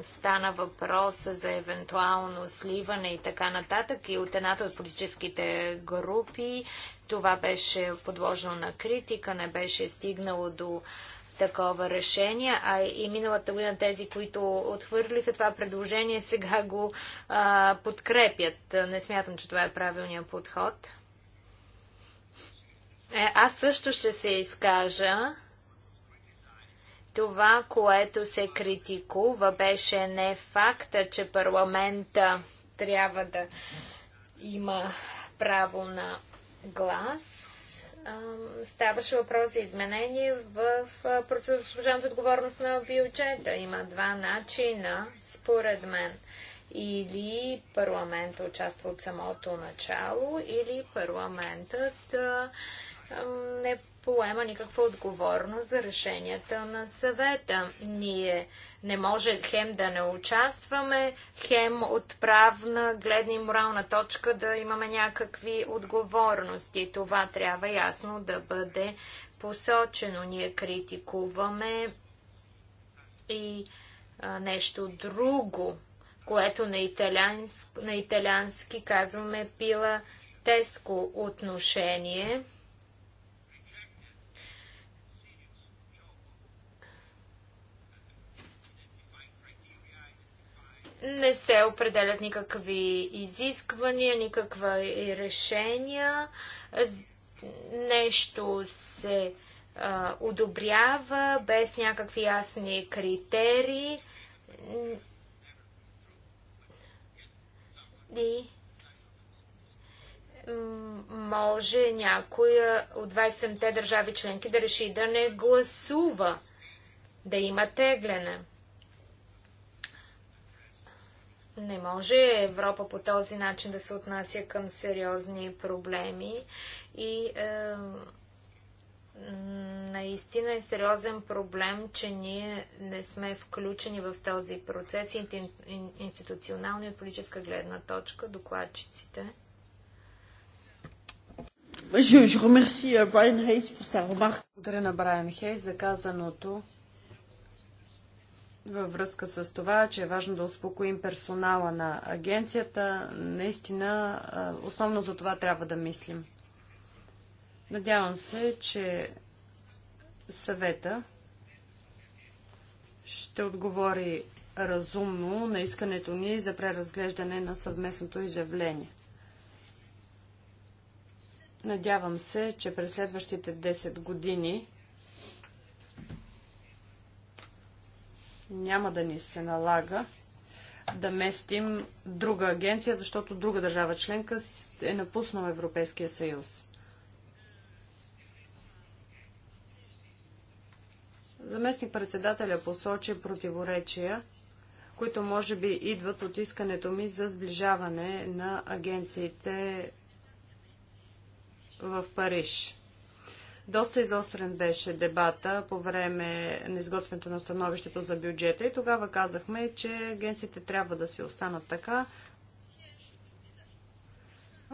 стана въпрос за евентуално сливане и така нататък. И от едната от политическите групи това беше подложено на критика, не беше стигнало до такова решение, а и миналата година тези, които отхвърлиха това предложение, сега го а, подкрепят. Не смятам, че това е правилният подход. Е, аз също ще се изкажа. Това, което се критикува, беше не факта, че парламента трябва да има право на глас, ставаше въпрос за изменение в процесуалната отговорност на бюджета. Има два начина, според мен. Или парламента участва от самото начало, или парламентът не поема никаква отговорност за решенията на съвета. Ние не може хем да не участваме, хем от правна, гледна и морална точка да имаме някакви отговорности. Това трябва ясно да бъде посочено. Ние критикуваме и а, нещо друго, което на, италянск, на италянски казваме пила теско отношение – не се определят никакви изисквания, никаква решения. Нещо се а, одобрява без някакви ясни критерии. И може някоя от 27-те държави членки да реши да не гласува, да има тегляне. Не може Европа по този начин да се отнася към сериозни проблеми и е, наистина е сериозен проблем, че ние не сме включени в този процес институционално и от политическа гледна точка, докладчиците. Euh, Благодаря на Брайан Хейс за казаното във връзка с това, че е важно да успокоим персонала на агенцията. Наистина, основно за това трябва да мислим. Надявам се, че съвета ще отговори разумно на искането ни за преразглеждане на съвместното изявление. Надявам се, че през следващите 10 години няма да ни се налага да местим друга агенция, защото друга държава членка е напуснала Европейския съюз. Заместник председателя посочи противоречия, които може би идват от искането ми за сближаване на агенциите в Париж. Доста изострен беше дебата по време на изготвянето на становището за бюджета и тогава казахме, че агенциите трябва да си останат така,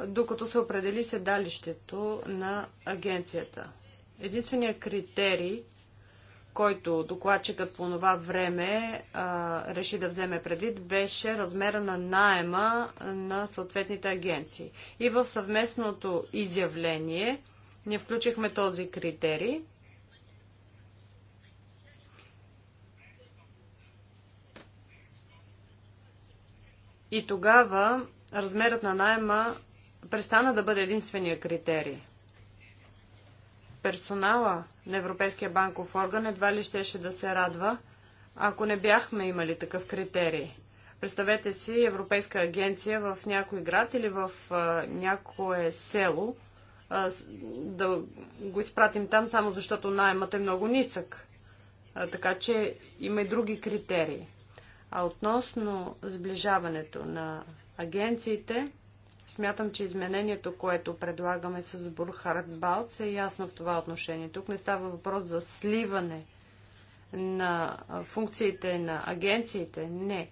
докато се определи седалището на агенцията. Единственият критерий, който докладчикът по това време а, реши да вземе предвид, беше размера на найема на съответните агенции. И в съвместното изявление – ние включихме този критерий. И тогава размерът на найема престана да бъде единствения критерий. Персонала на Европейския банков орган едва ли щеше да се радва, ако не бяхме имали такъв критерий. Представете си Европейска агенция в някой град или в а, някое село – да го изпратим там, само защото найемът е много нисък. Така че има и други критерии. А относно сближаването на агенциите, смятам, че изменението, което предлагаме с Бурхард Балц е ясно в това отношение. Тук не става въпрос за сливане на функциите на агенциите. Не.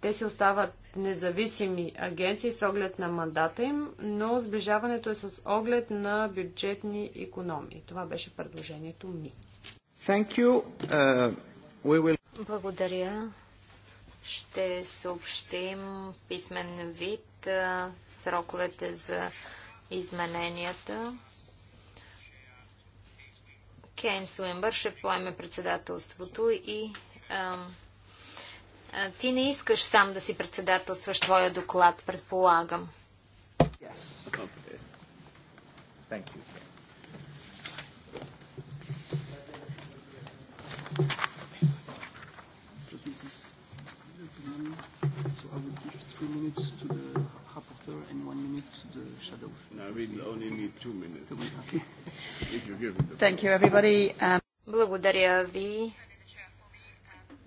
Те си остават независими агенции с оглед на мандата им, но сближаването е с оглед на бюджетни економии. Това беше предложението ми. Thank you. Uh, we will... Благодаря. Ще съобщим писмен вид сроковете за измененията. Кейн Суинбър ще поеме председателството и ти не искаш сам да си председателстваш твоя доклад, предполагам. Yes. Thank you. So this is so I will give three minutes to the rapporteur and one minute to the shadows. No, we only need two minutes. Okay. If you give me the Thank you everybody. Um... Благодаря ви.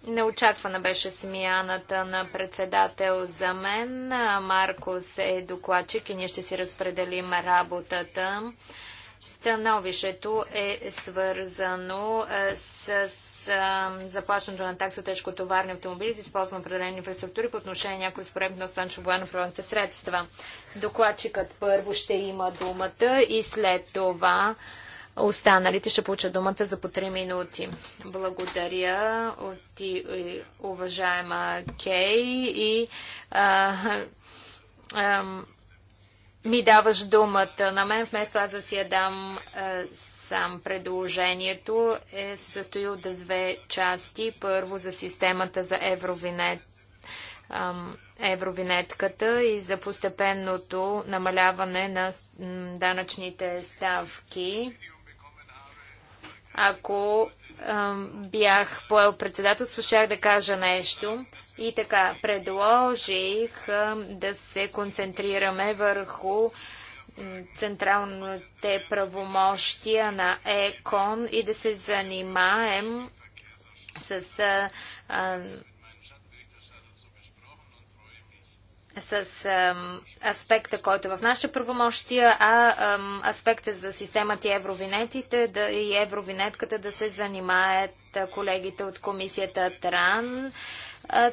Неочаквана беше смяната на председател за мен. Маркос е докладчик и ние ще си разпределим работата. Становището е свързано е, с, е, заплащането на такса от тежкотоварни автомобили за използване на определени инфраструктури по отношение на някои според на останчо военно-правните средства. Докладчикът първо ще има думата и след това Останалите ще получат думата за по 3 минути. Благодаря ти, е, уважаема Кей, и а, а, ми даваш думата на мен, вместо аз да си я дам а, сам. Предложението е състои от две части. Първо за системата за евровинет евровинетката и за постепенното намаляване на данъчните ставки. Ако а, бях поел председателство, щях да кажа нещо. И така, предложих а, да се концентрираме върху централните правомощия на ЕКОН и да се занимаем с а, с аспекта, който е в наше правомощия, а аспекта за системата и евровинетите да, и евровинетката да се занимаят колегите от комисията ТРАН.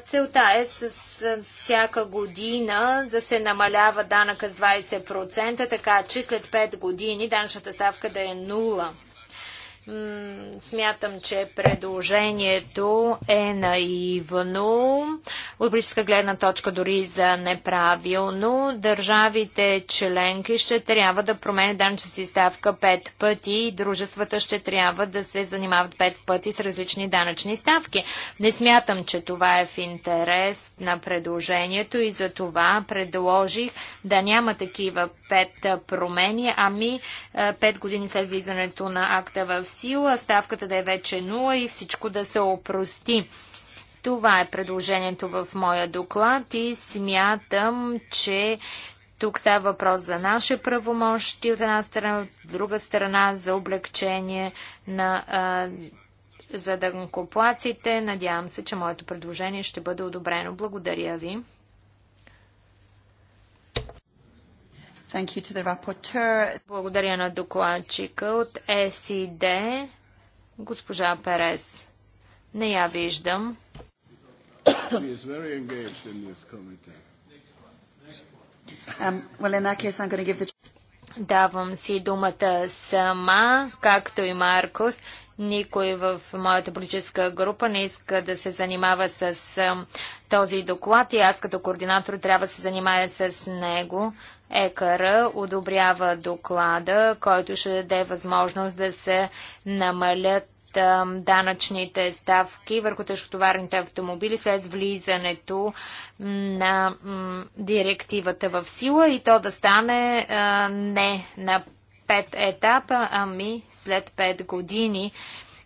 Целта е с, с всяка година да се намалява данъка с 20%, така че след 5 години данъчната ставка да е нула. Смятам, че предложението е наивно, от политическа гледна точка дори за неправилно. Държавите членки ще трябва да променят данъчна си ставка пет пъти и дружествата ще трябва да се занимават пет пъти с различни данъчни ставки. Не смятам, че това е в интерес на предложението и за това предложих да няма такива пет промени, ами е, пет години след влизането на акта в сила, ставката да е вече 0 и всичко да се опрости. Това е предложението в моя доклад и смятам, че тук става въпрос за наше правомощи от една страна, от друга страна за облегчение на а, за дънкоплаците. Надявам се, че моето предложение ще бъде одобрено. Благодаря ви. Thank you to the rapporteur. Благодаря на докладчика от СИД, госпожа Перес. Не я виждам. Um, Давам си думата сама, както и Маркос. Никой в моята политическа група не иска да се занимава с този доклад и аз като координатор трябва да се занимая с него. ЕКР одобрява доклада, който ще даде възможност да се намалят данъчните ставки върху тежкотоварните автомобили след влизането на директивата в сила и то да стане не на пет етапа, ами след пет години.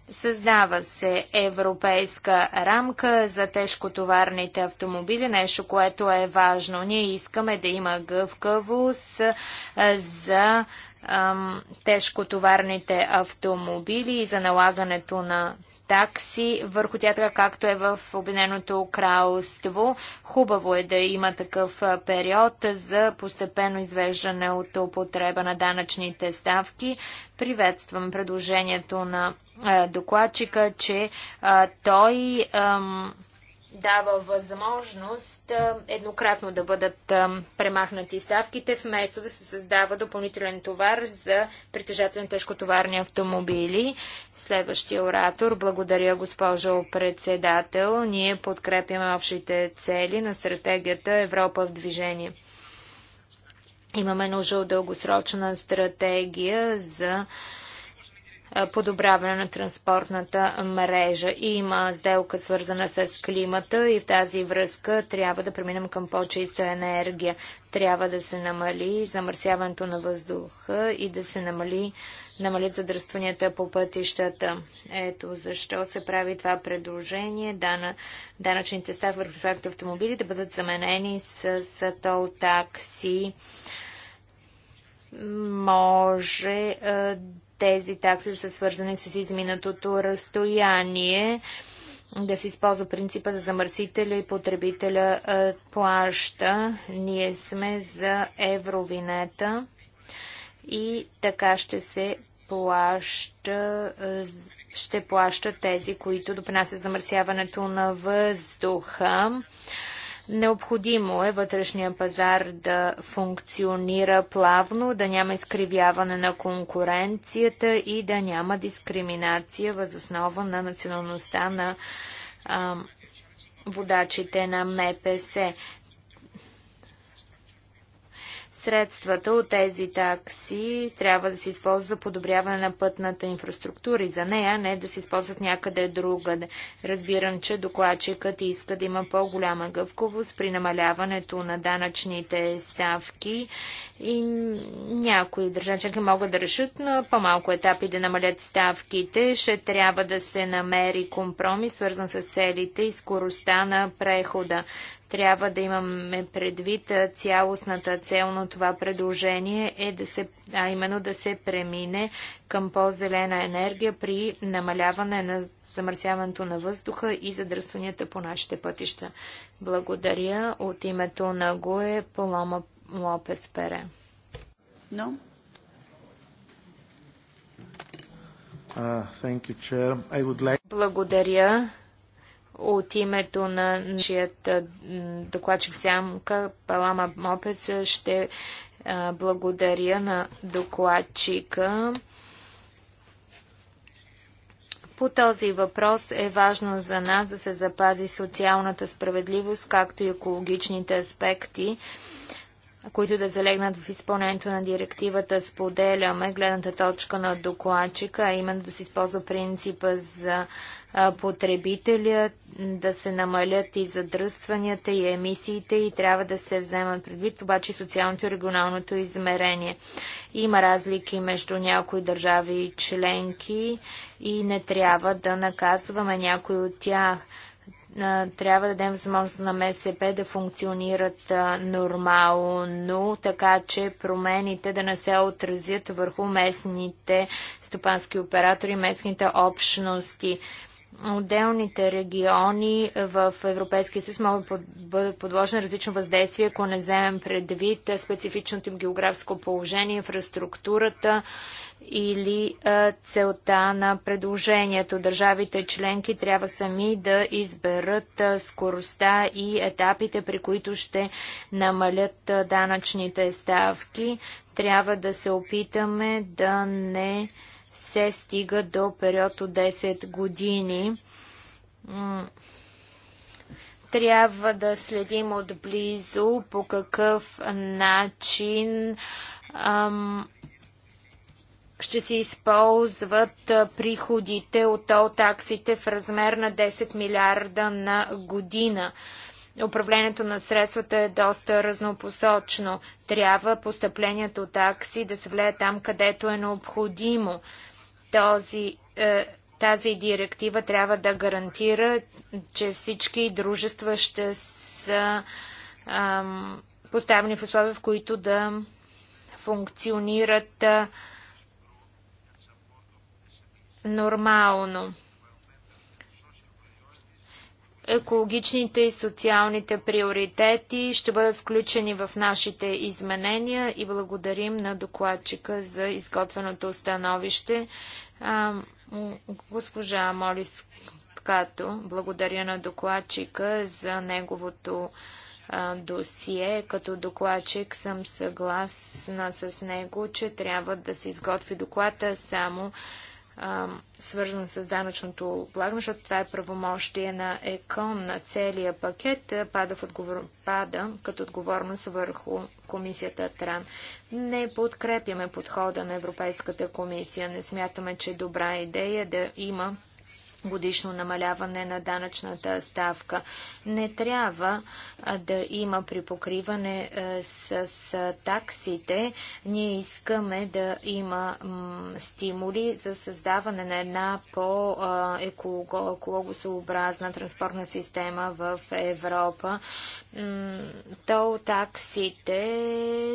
Създава се европейска рамка за тежкотоварните автомобили, нещо, което е важно. Ние искаме да има гъвкавост за тежкотоварните автомобили и за налагането на такси върху тях, така както е в Обединеното кралство. Хубаво е да има такъв период за постепенно извеждане от употреба на данъчните ставки. Приветствам предложението на докладчика, че той ам, дава възможност еднократно да бъдат премахнати ставките, вместо да се създава допълнителен товар за притежател на тежкотоварни автомобили. Следващия оратор. Благодаря, госпожо председател. Ние подкрепяме общите цели на стратегията Европа в движение. Имаме нужда от дългосрочна стратегия за подобряване на транспортната мрежа. Има сделка свързана с климата и в тази връзка трябва да преминем към по-чиста енергия. Трябва да се намали замърсяването на въздуха и да се намали, намалят задръстванията по пътищата. Ето защо се прави това предложение. Дана, данъчните ставки върху автомобили да бъдат заменени с, с тол такси може е, тези такси са свързани с изминатото разстояние, да се използва принципа за замърсителя и потребителя плаща. Ние сме за евровинета и така ще се плаща, ще плащат тези, които допринасят замърсяването на въздуха. Необходимо е вътрешния пазар да функционира плавно, да няма изкривяване на конкуренцията и да няма дискриминация възоснова на националността на а, водачите на МПС. Средствата от тези такси трябва да се използват за подобряване на пътната инфраструктура и за нея, не да се използват някъде другаде. Разбирам, че докладчикът иска да има по-голяма гъвковост при намаляването на данъчните ставки и някои държавчанки могат да решат на по-малко етапи да намалят ставките. Ще трябва да се намери компромис, свързан с целите и скоростта на прехода трябва да имаме предвид цялостната цел на това предложение е да се, а именно да се премине към по-зелена енергия при намаляване на замърсяването на въздуха и задръстванията по нашите пътища. Благодаря от името на ГОЕ Полома Лопес Пере. Но... Uh, Благодаря. От името на нашият докладчик Сямка Палама Мопец ще благодаря на докладчика. По този въпрос е важно за нас да се запази социалната справедливост, както и екологичните аспекти които да залегнат в изпълнението на директивата, споделяме гледната точка на докладчика, а именно да се използва принципа за потребителя, да се намалят и задръстванията и емисиите и трябва да се вземат предвид обаче социалното и регионалното измерение. Има разлики между някои държави и членки и не трябва да наказваме някой от тях трябва да дадем възможност на МСП да функционират нормално, така че промените да не се отразят върху местните стопански оператори, местните общности отделните региони в Европейския съюз могат да бъдат подложени различно въздействие, ако не вземем предвид специфичното им географско положение, инфраструктурата или целта на предложението. Държавите членки трябва сами да изберат скоростта и етапите, при които ще намалят данъчните ставки. Трябва да се опитаме да не се стига до период от 10 години. Трябва да следим отблизо по какъв начин ам, ще се използват приходите от тол таксите в размер на 10 милиарда на година управлението на средствата е доста разнопосочно. Трябва постъпленията от такси да се влеят там, където е необходимо. Този, е, тази директива трябва да гарантира, че всички дружества ще са ам, поставени в условия, в които да функционират е, нормално екологичните и социалните приоритети ще бъдат включени в нашите изменения и благодарим на докладчика за изготвеното установище. госпожа Молис Като, благодаря на докладчика за неговото досие. Като докладчик съм съгласна с него, че трябва да се изготви доклада само свързан с данъчното облагане, защото това е правомощие на ЕКОН на целия пакет, пада, в отговор... пада като отговорност върху комисията ТРАН. Не подкрепяме подхода на Европейската комисия. Не смятаме, че е добра идея да има годишно намаляване на данъчната ставка. Не трябва да има припокриване с, с таксите. Ние искаме да има стимули за създаване на една по-екологосообразна транспортна система в Европа тол таксите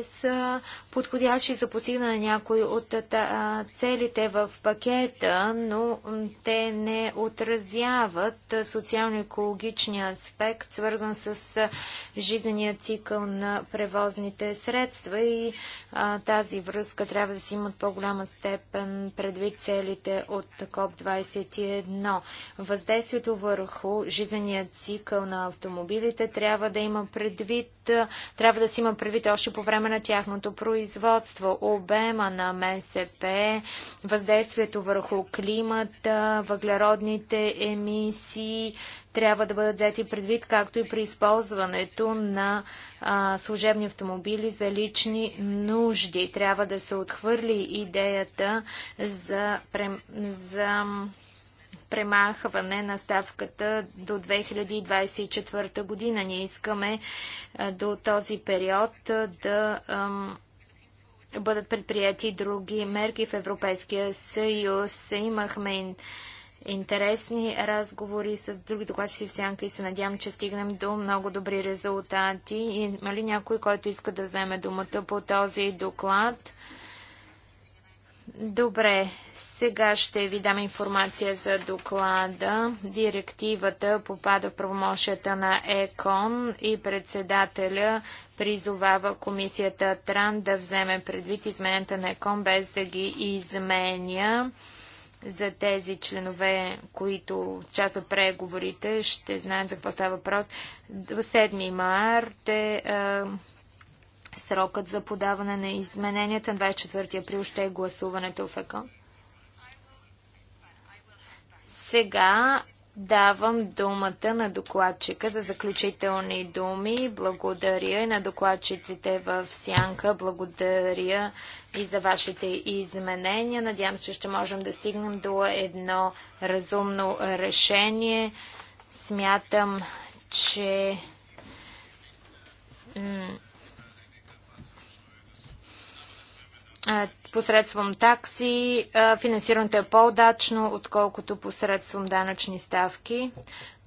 са подходящи за постигане на някои от целите в пакета, но те не отразяват социално-екологичния аспект, свързан с жизнения цикъл на превозните средства и тази връзка трябва да си имат по-голяма степен предвид целите от КОП-21. Въздействието върху жизнения цикъл на автомобилите трябва да има има предвид, трябва да се има предвид още по време на тяхното производство, обема на МСП, въздействието върху климата, въглеродните емисии трябва да бъдат взети предвид, както и при използването на а, служебни автомобили за лични нужди. Трябва да се отхвърли идеята за, за премахване на ставката до 2024 година. Ние искаме до този период да бъдат предприяти други мерки в Европейския съюз. Имахме интересни разговори с други докладчици в сянка и се надявам, че стигнем до много добри резултати. Има ли някой, който иска да вземе думата по този доклад? Добре, сега ще ви дам информация за доклада. Директивата попада в правомощията на ЕКОН и председателя призовава комисията Тран да вземе предвид измененията на ЕКОН без да ги изменя. За тези членове, които чакат преговорите, ще знаят за какво става въпрос. 7 марта е, е Срокът за подаване на измененията 24 април ще е гласуването в ЕКО. Сега давам думата на докладчика за заключителни думи. Благодаря и на докладчиците в Сянка. Благодаря и за вашите изменения. Надявам се, че ще можем да стигнем до едно разумно решение. Смятам, че посредством такси. Финансирането е по-удачно, отколкото посредством данъчни ставки.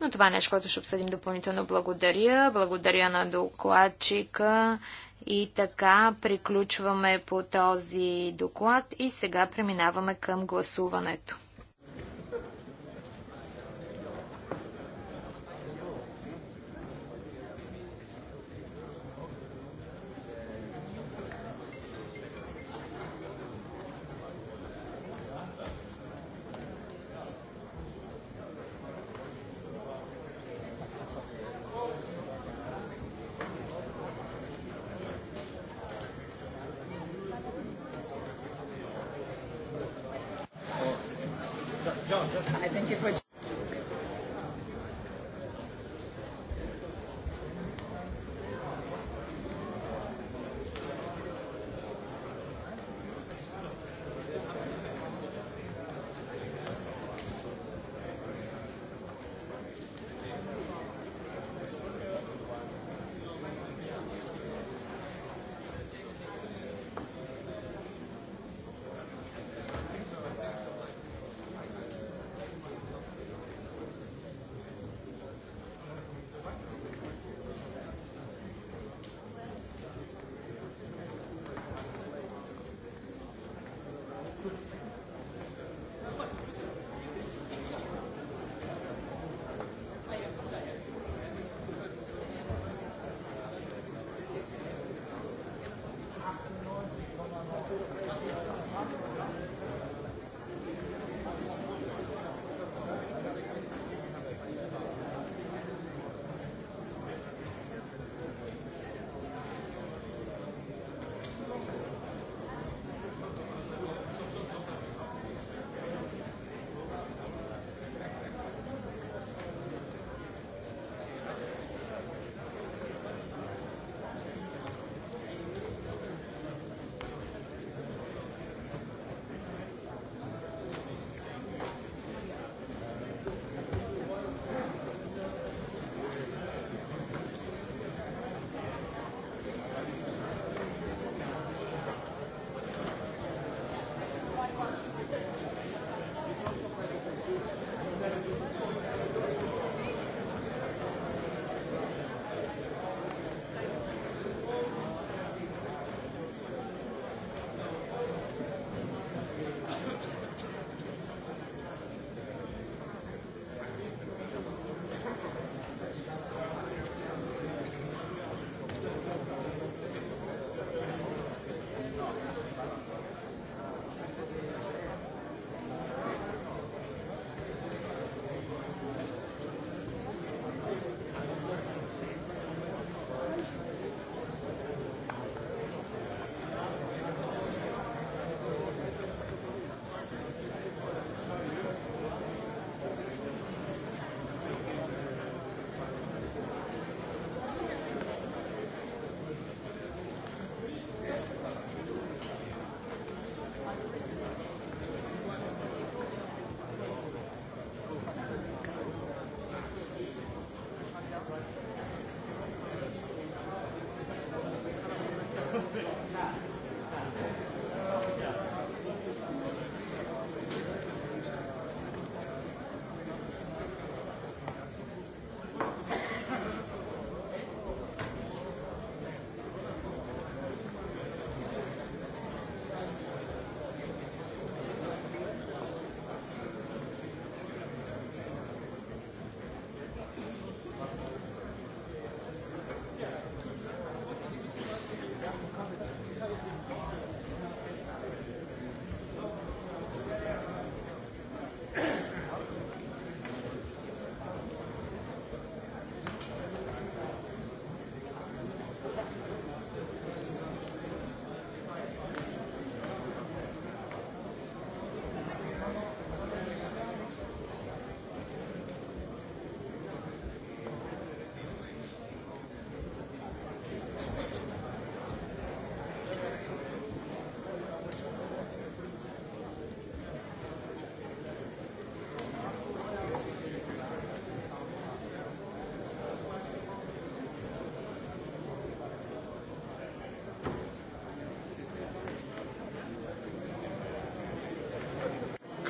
Но това е нещо, което ще обсъдим допълнително. Благодаря. Благодаря на докладчика. И така приключваме по този доклад и сега преминаваме към гласуването.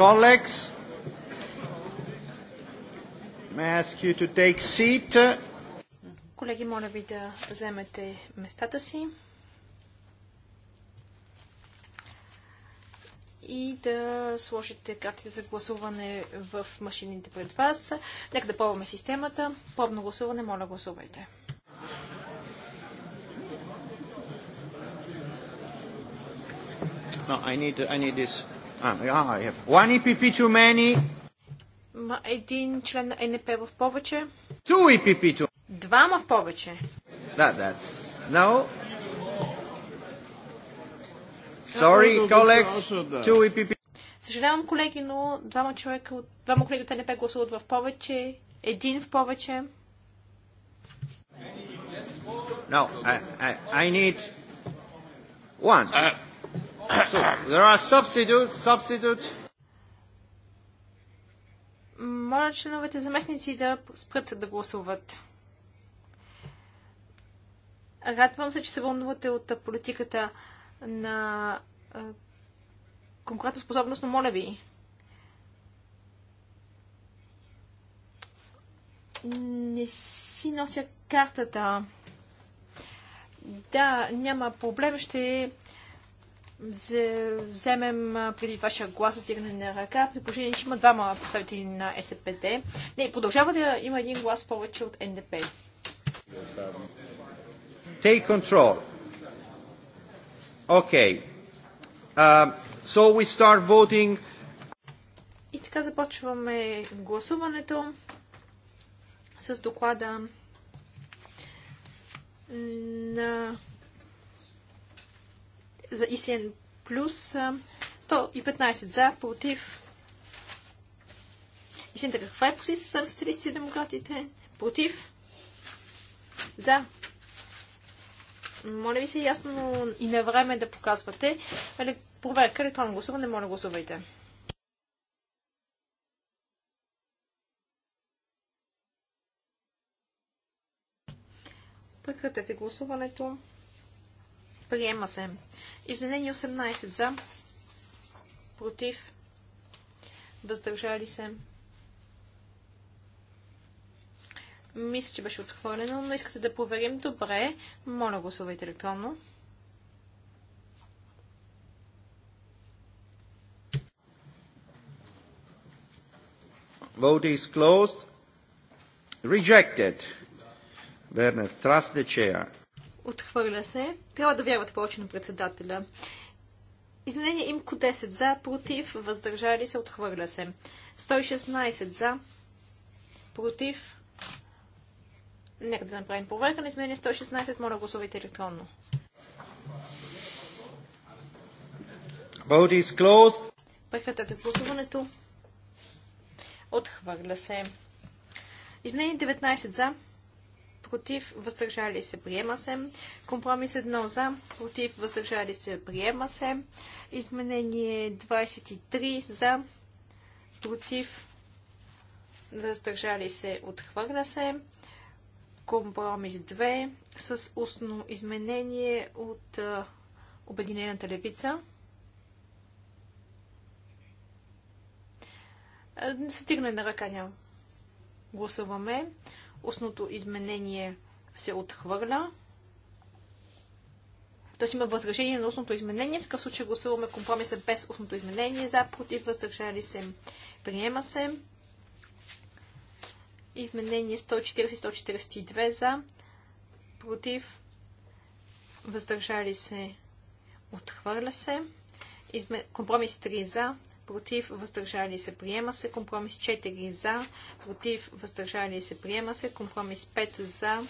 Colleagues, may I ask you to take seat? Колеги, моля ви да вземете местата си и да сложите картите за гласуване в машините пред вас. Нека да пробваме системата. Пробно гласуване, моля гласувайте. No, I need, I need this. Ah, one EPP too many. Ма един член на НП в повече. Two EPP too. Двама в повече. That, that's... No. Sorry, е, е colleagues. Е two EPP. Съжалявам, колеги, но двама, човека, двама колеги от НП гласуват в повече. Един в повече. No, I, I, I need one. Uh, So, there are substitutes, substitutes. Моля членовете заместници да спрат да гласуват. Радвам се, че се вълнувате от политиката на конкретна способност, но моля ви. Не си нося картата. Да, няма проблем. Ще вземем преди вашия глас за тигане на ръка, при положение, че има двама представители на СПД. Не, продължава да има един глас повече от НДП. Take control. Okay. Uh, so we start voting. И така започваме гласуването с доклада на за ИСН плюс 115 за, против. Извинете, каква е позицията на социалистите и демократите? Против. За. Моля ви се ясно и на време да показвате. Проверка електронно гласуване, моля гласувайте. Прекратете гласуването. Приема се. Изменение 18 за. Против. Въздържали се. Мисля, че беше отхвърлено, но искате да проверим добре. Моля, гласувайте електронно. Vote is closed. Rejected. Werner, trust the chair. Отхвърля се. Трябва да вярвате повече на председателя. Изменение имко 10 за, против, въздържали се, отхвърля се. 116 за, против. Нека да направим проверка на изменение 116. Моля, гласувайте електронно. Vote is closed. Прекратете гласуването. Отхвърля се. Изменение 19 за, против, въздържали се, приема се. Компромис 1 за, против, въздържали се, приема се. Изменение 23 за, против, въздържали се, отхвърля се. Компромис 2 с устно изменение от а, Обединената левица. Не се стигне на ръка няма. Гласуваме. Устното изменение се отхвърля. Тоест има възражение на устното изменение. В такъв случай гласуваме компромиса без устното изменение. За, против, въздържали се. Приема се. Изменение 140-142 за, против, въздържали се. Отхвърля се. Изме... Компромис 3 за, против, въздържали се, приема се. Компромис 4 за, против, въздържали се, приема се. Компромис 5 за,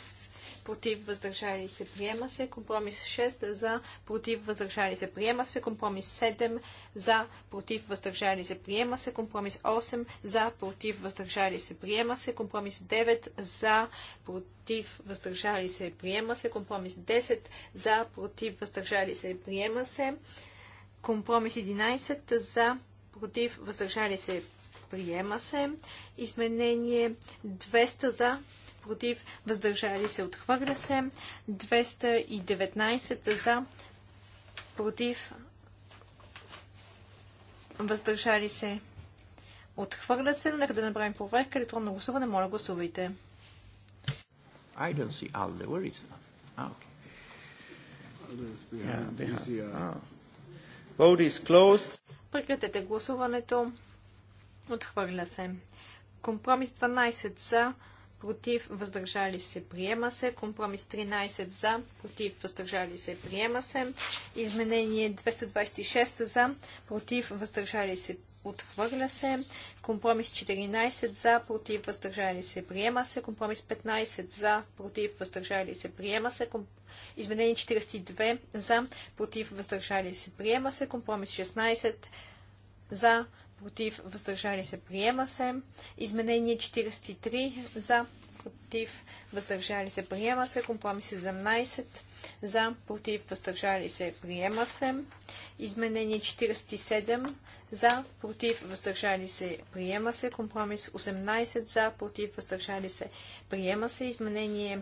против, въздържали се, приема се. Компромис 6 за, против, въздържали се, приема се. Компромис 7 за, против, въздържали се, приема се. Компромис 8 за, против, въздържали се, приема се. Компромис 9 за, против, въздържали се, приема се. Компромис 10 за, против, въздържали се, приема се. Компромис 11 за, против, въздържали се, приема се. Изменение 200 за, против, въздържали се, отхвърля се. 219 за, против, въздържали се, отхвърля се. Нека да направим проверка. Електронно гласуване, моля гласувайте. I don't see all the worries. Ah, okay. Yeah, Yeah, uh, Vote is closed. Прекратете гласуването. Отхвърля се. Компромис 12 за, против, въздържали се, приема се. Компромис 13 за, против, въздържали се, приема се. Изменение 226 за, против, въздържали се, Отхвърля се. Компромис 14 за, против, въздържали се, приема се. Компромис 15 за, против, въздържали се, приема се. Комп... Изменение 42 за, против, въздържали се, приема се. Компромис 16 за, против, въздържали се, приема се. Изменение 43 за, против, въздържали се, приема се. Компромис 17 за, против, въздържали се, приема се. Изменение 47 за, против, въздържали се, приема се. Компромис 18 за, против, въздържали се, приема се. Изменение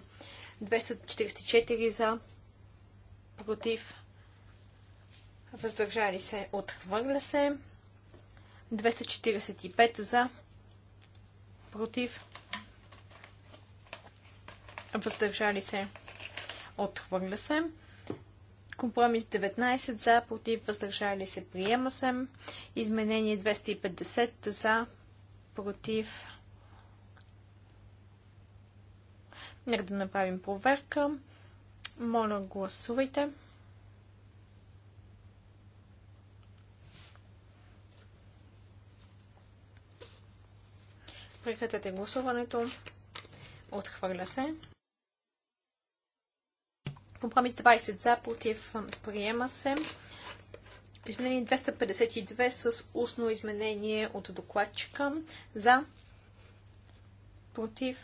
244 за, против, въздържали се, отхвърля се. 245 за, против, въздържали се, Отхвърля се. Компромис 19 за, против, въздържали се, приема се. Изменение 250 за, против. Нека да направим проверка. Моля, гласувайте. Прекратете гласуването. Отхвърля се. Компромис 20 за, против, приема се. Изменение 252 с устно изменение от докладчика. За, против.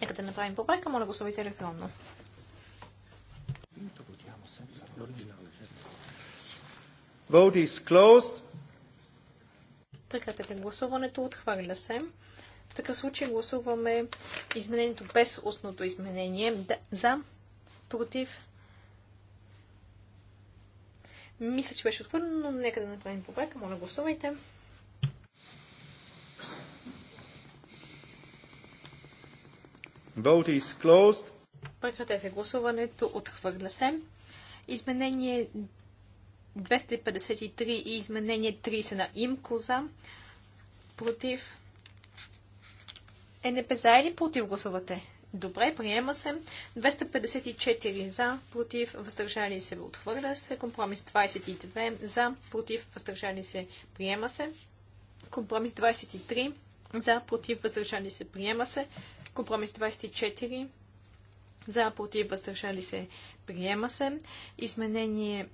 Нека да направим поправка, Моля, гласувайте електронно. Vote is closed. Прекратете гласуването. Отхвърля се. В такъв случай гласуваме изменението без устното изменение. За, против. Мисля, че беше отхвърлено, но нека да направим проверка. Моля, гласувайте. Vote is closed. Прекратете гласуването. Отхвърля се. Изменение 253 и изменение 30 на ИМКО за. Против. НП за или против гласувате? Добре, приема се. 254 за, против, въздържали се, Отвърля се. Компромис 22 за, против, въздържали се, приема се. Компромис 23 за, против, въздържали се, приема се. Компромис 24 за, против, въздържали се, приема се. Изменение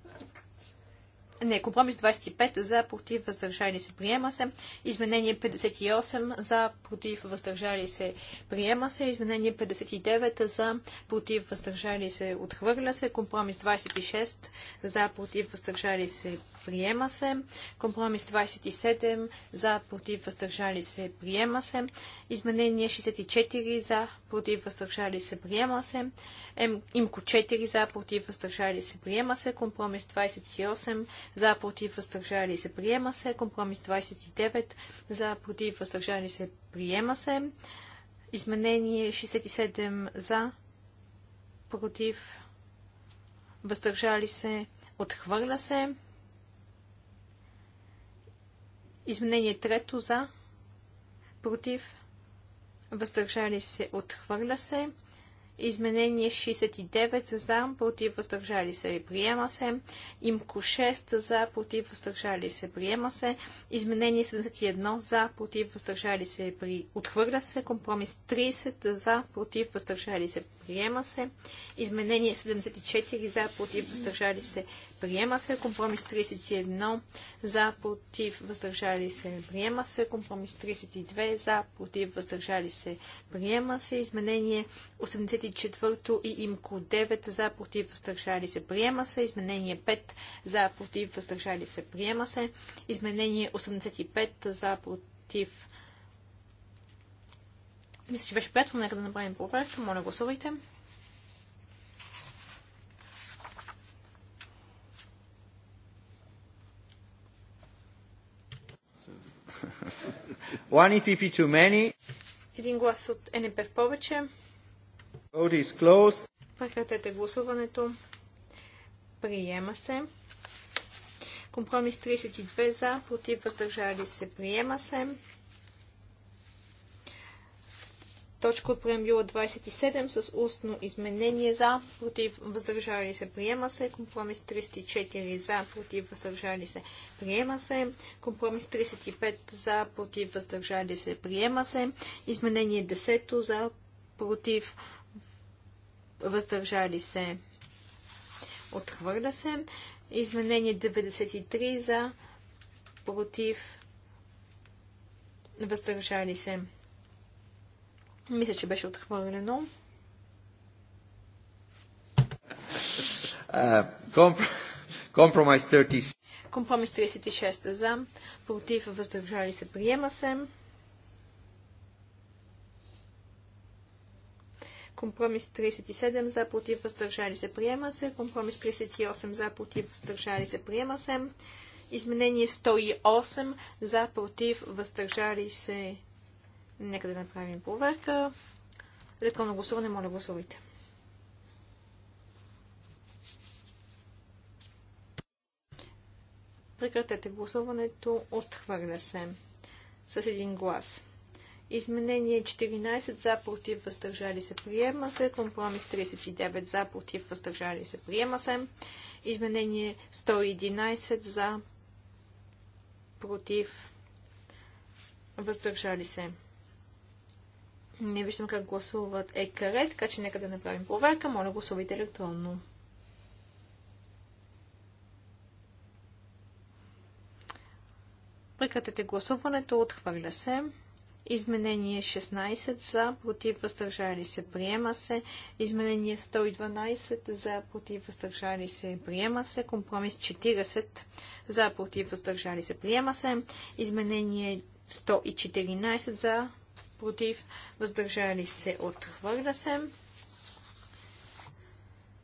не, компромис 25 за, против, въздържали се, приема се. Изменение 58 за, против, въздържали се, приема се. Изменение 59 за, против, въздържали се, отхвърля се. Компромис 26 за, против, въздържали се, приема се. Компромис 27 за, против, въздържали се, приема се. Изменение 64 за, против, въздържали се, приема се имко 4 за, против, въздържали се, приема се. Компромис 28 за, против, въздържали се, приема се. Компромис 29 за, против, въздържали се, приема се. Изменение 67 за, против, въздържали се, отхвърля се. Изменение 3 за, против, въздържали се, отхвърля се. Изменение 69 за против въздържали се, приема се. Имко 6 за, против въздържали се, приема се. Изменение 71 за, против въздържали се, при... отхвърля се. Компромис 30 за, против въздържали се, приема се. Изменение 74 за, против въздържали се, приема се. Компромис 31 за, против, въздържали се, приема се. Компромис 32 за, против, въздържали се, приема се. Изменение 84 и имко 9 за, против, въздържали се, приема се. Изменение 5 за, против, въздържали се, приема се. Изменение 85 за, против, мисля, че беше приятно. Нека да направим проверка. Моля, гласувайте. [laughs] One EPP too many. Един глас от НП в повече. Vote is closed. Прекратете гласуването. Приема се. Компромис 32 за, против, въздържали се. Приема се точка от преамбюла 27 с устно изменение за, против, въздържали се, приема се. Компромис 34 за, против, въздържали се, приема се. Компромис 35 за, против, въздържали се, приема се. Изменение 10 за, против, въздържали се, отхвърля се. Изменение 93 за, против, въздържали се. Мисля, че беше отхвърлено. Компромис 36. Компромис 36 за. Против въздържали се. Приема се. Компромис 37 за. Против въздържали се. Приема се. Компромис 38 за. Против въздържали се. Приема се. Изменение 108 за. Против въздържали се. Нека да направим проверка. Електронно гласуване, моля гласувайте. Прекратете гласуването. Отхвърля се. С един глас. Изменение 14 за против въздържали се приема се. Компромис 39 за против въздържали се приема се. Изменение 111 за против въздържали се. Не виждам как гласуват ЕКР, така че нека да направим проверка. Моля, гласувайте електронно. Прекратете гласуването. Отхвърля се. Изменение 16 за, против, въздържали се, приема се. Изменение 112 за, против, въздържали се, приема се. Компромис 40 за, против, въздържали се, приема се. Изменение 114 за, против, въздържали се, отхвърля се.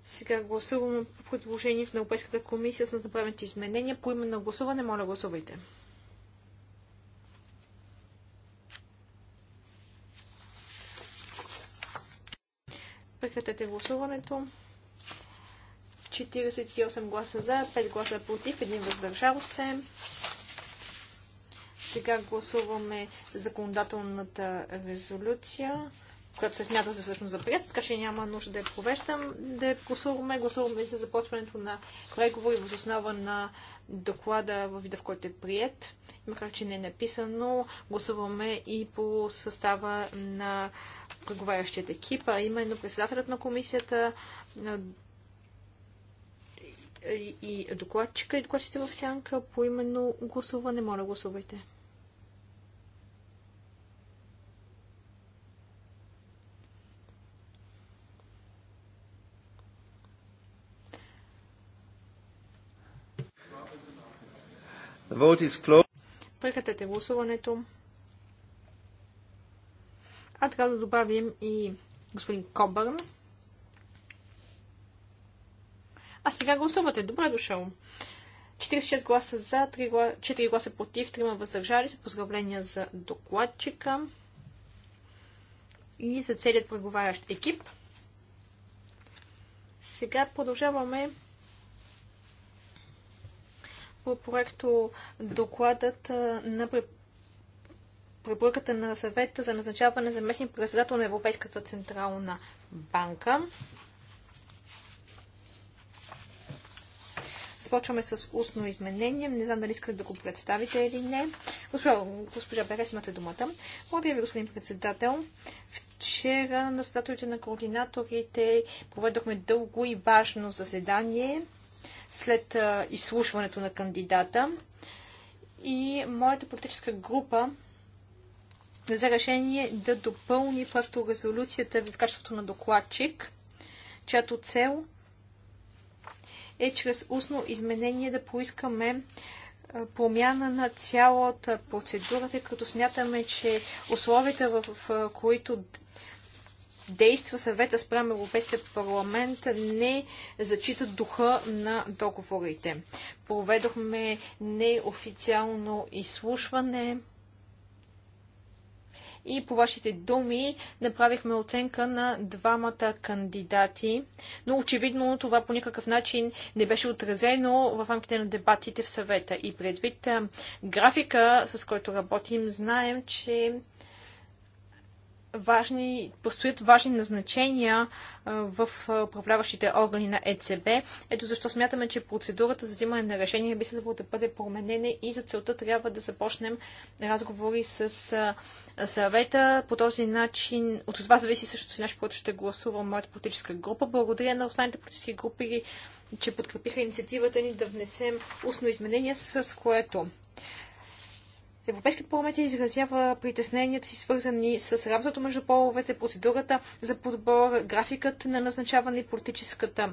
Сега гласуваме по предложение в на Европейската комисия за направените изменения. По име на гласуване, моля гласувайте. Прекратете гласуването. 48 гласа за, 5 гласа против, 1 въздържал се. Сега гласуваме законодателната резолюция, която се смята за всъщност за прият, така че няма нужда да я провеждам. Да я гласуваме. Гласуваме за започването на преговори въз основа на доклада във вида, в който е прият. Макар, че не е написано, гласуваме и по състава на преговарящият екип, а именно председателят на комисията, и докладчика и докладчите в сянка по именно гласуване. Моля, гласувайте. Прекратете гласуването. А така да добавим и господин Кобърн. А сега гласувате. Добре дошъл. 46 гласа за, 4 гласа против, 3 въздържали се. Поздравления за докладчика и за целият преговарящ екип. Сега продължаваме по проекто докладът на препоръката на съвета за назначаване за местни председател на Европейската централна банка. Започваме с устно изменение. Не знам дали искате да го представите или не. Госпожа, госпожа Берес, имате думата. Благодаря ви, господин председател. Вчера на статуите на координаторите проведохме дълго и важно заседание след изслушването на кандидата. И моята политическа група за решение да допълни просто резолюцията в качеството на докладчик, чиято цел е чрез устно изменение да поискаме промяна на цялата процедура, тъй като смятаме, че условията, в които действа съвета спрямо Европейския парламент не зачита духа на договорите. Проведохме неофициално изслушване и по вашите думи направихме оценка на двамата кандидати, но очевидно това по никакъв начин не беше отразено в рамките на дебатите в съвета. И предвид графика, с който работим, знаем, че важни, постоят важни назначения в управляващите органи на ЕЦБ. Ето защо смятаме, че процедурата за взимане на решение би следвало да бъде променена и за целта трябва да започнем разговори с съвета. По този начин, от това зависи също си наш който ще гласува моята политическа група. Благодаря на останалите политически групи, че подкрепиха инициативата ни да внесем устно изменение, с което Европейският парламент изразява притесненията си, свързани с работата между половете, процедурата за подбор, графикът на назначаване и политическата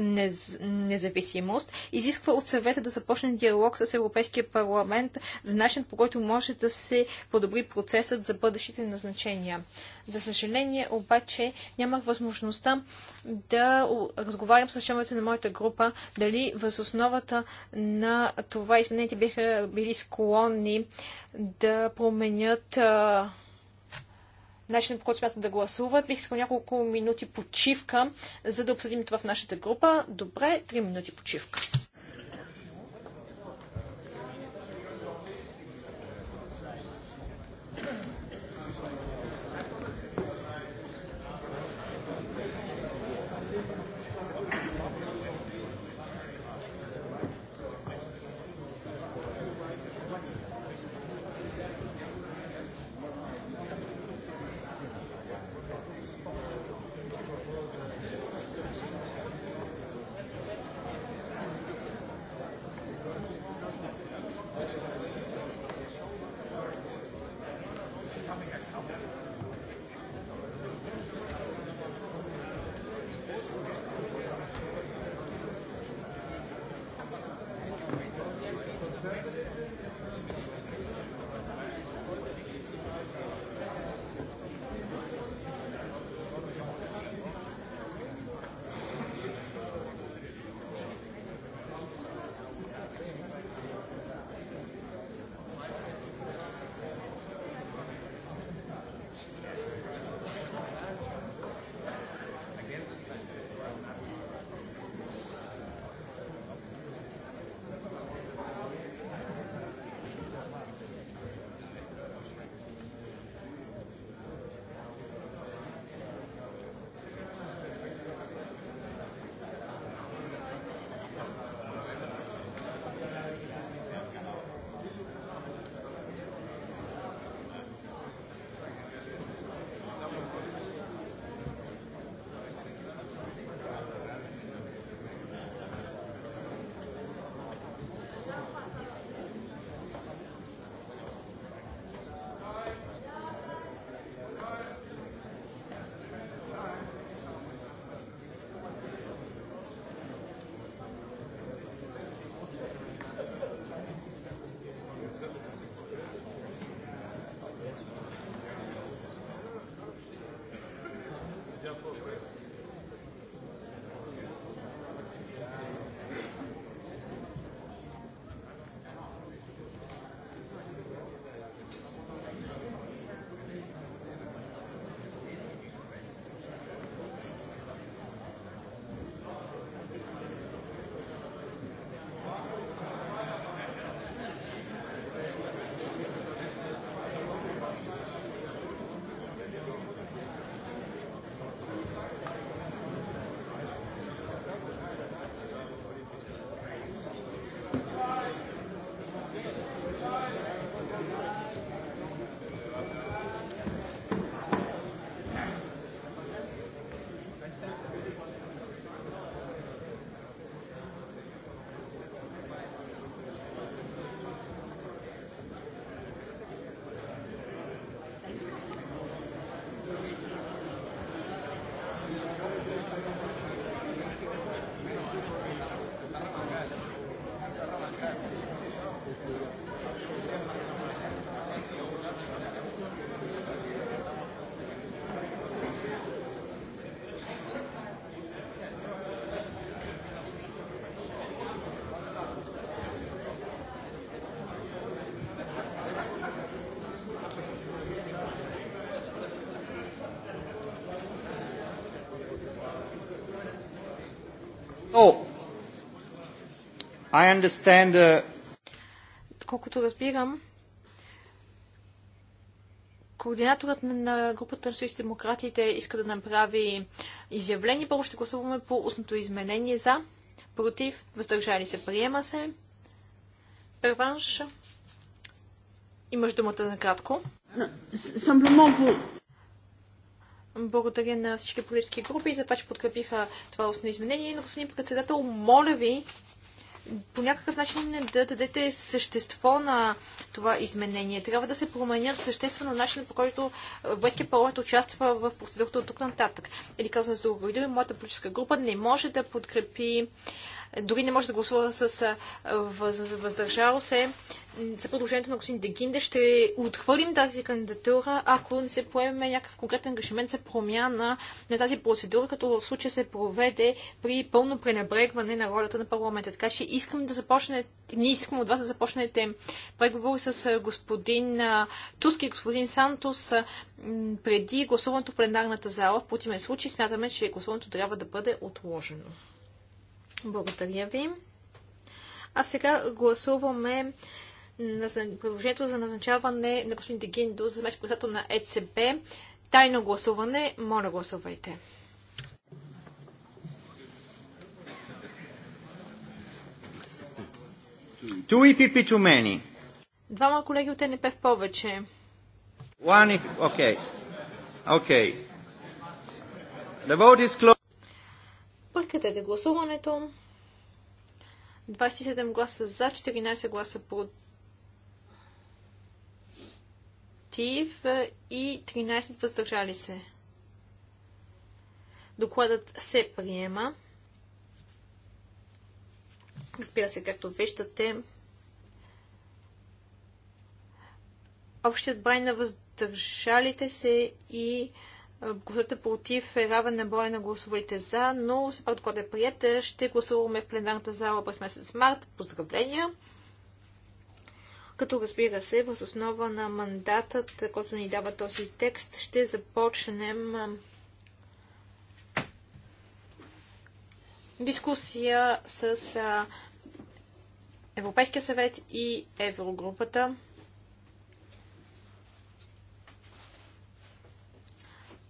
нез, независимост, изисква от съвета да започне диалог с Европейския парламент за начин по който може да се подобри процесът за бъдещите назначения. За съжаление, обаче, нямах възможността да разговарям с членовете на моята група, дали въз основата на това изменените биха били склонни да променят а, начинът по който смятат да гласуват. Бих искал няколко минути почивка, за да обсъдим това в нашата група. Добре, 3 минути почивка. I understand the... Колкото разбирам, координаторът на групата на социалистите демократите иска да направи изявление. Първо ще гласуваме по устното изменение за, против, въздържали се, приема се. Перванш, имаш думата накратко. Simplement pour благодаря на всички политически групи за това, че подкрепиха това основно изменение. Но, господин председател, моля ви по някакъв начин да дадете същество на това изменение. Трябва да се променят съществено начин, по който Европейския парламент участва в процедурата от тук нататък. Или казвам с друго думи, моята политическа група не може да подкрепи, дори не може да гласува с въздържал се за предложението на господин Дегинде ще отхвърлим тази кандидатура, ако не се поеме някакъв конкретен ангажимент за промяна на тази процедура, като в случая се проведе при пълно пренебрегване на ролята на парламента. Така че искам да започнете, ние искам от вас да започнете преговори с господин Туски и господин Сантос преди гласуването в пленарната зала. В противен случай смятаме, че гласуването трябва да бъде отложено. Благодаря ви. А сега гласуваме предложението за назначаване на господин дегин за заместник председател на ЕЦБ. Тайно гласуване. Моля, гласувайте. Two EPP too many. Двама колеги от е НП в повече. One, e okay. Okay. The vote is Прекратете гласуването. 27 гласа за, 14 гласа против против и 13 въздържали се. Докладът се приема. Разбира се, както виждате, общият брой на въздържалите се и гласовете против е равен на броя на гласовете за, но след когато е прият, ще гласуваме в пленарната зала през месец март. Поздравления! като разбира се, въз основа на мандатът, който ни дава този текст, ще започнем дискусия с Европейския съвет и Еврогрупата.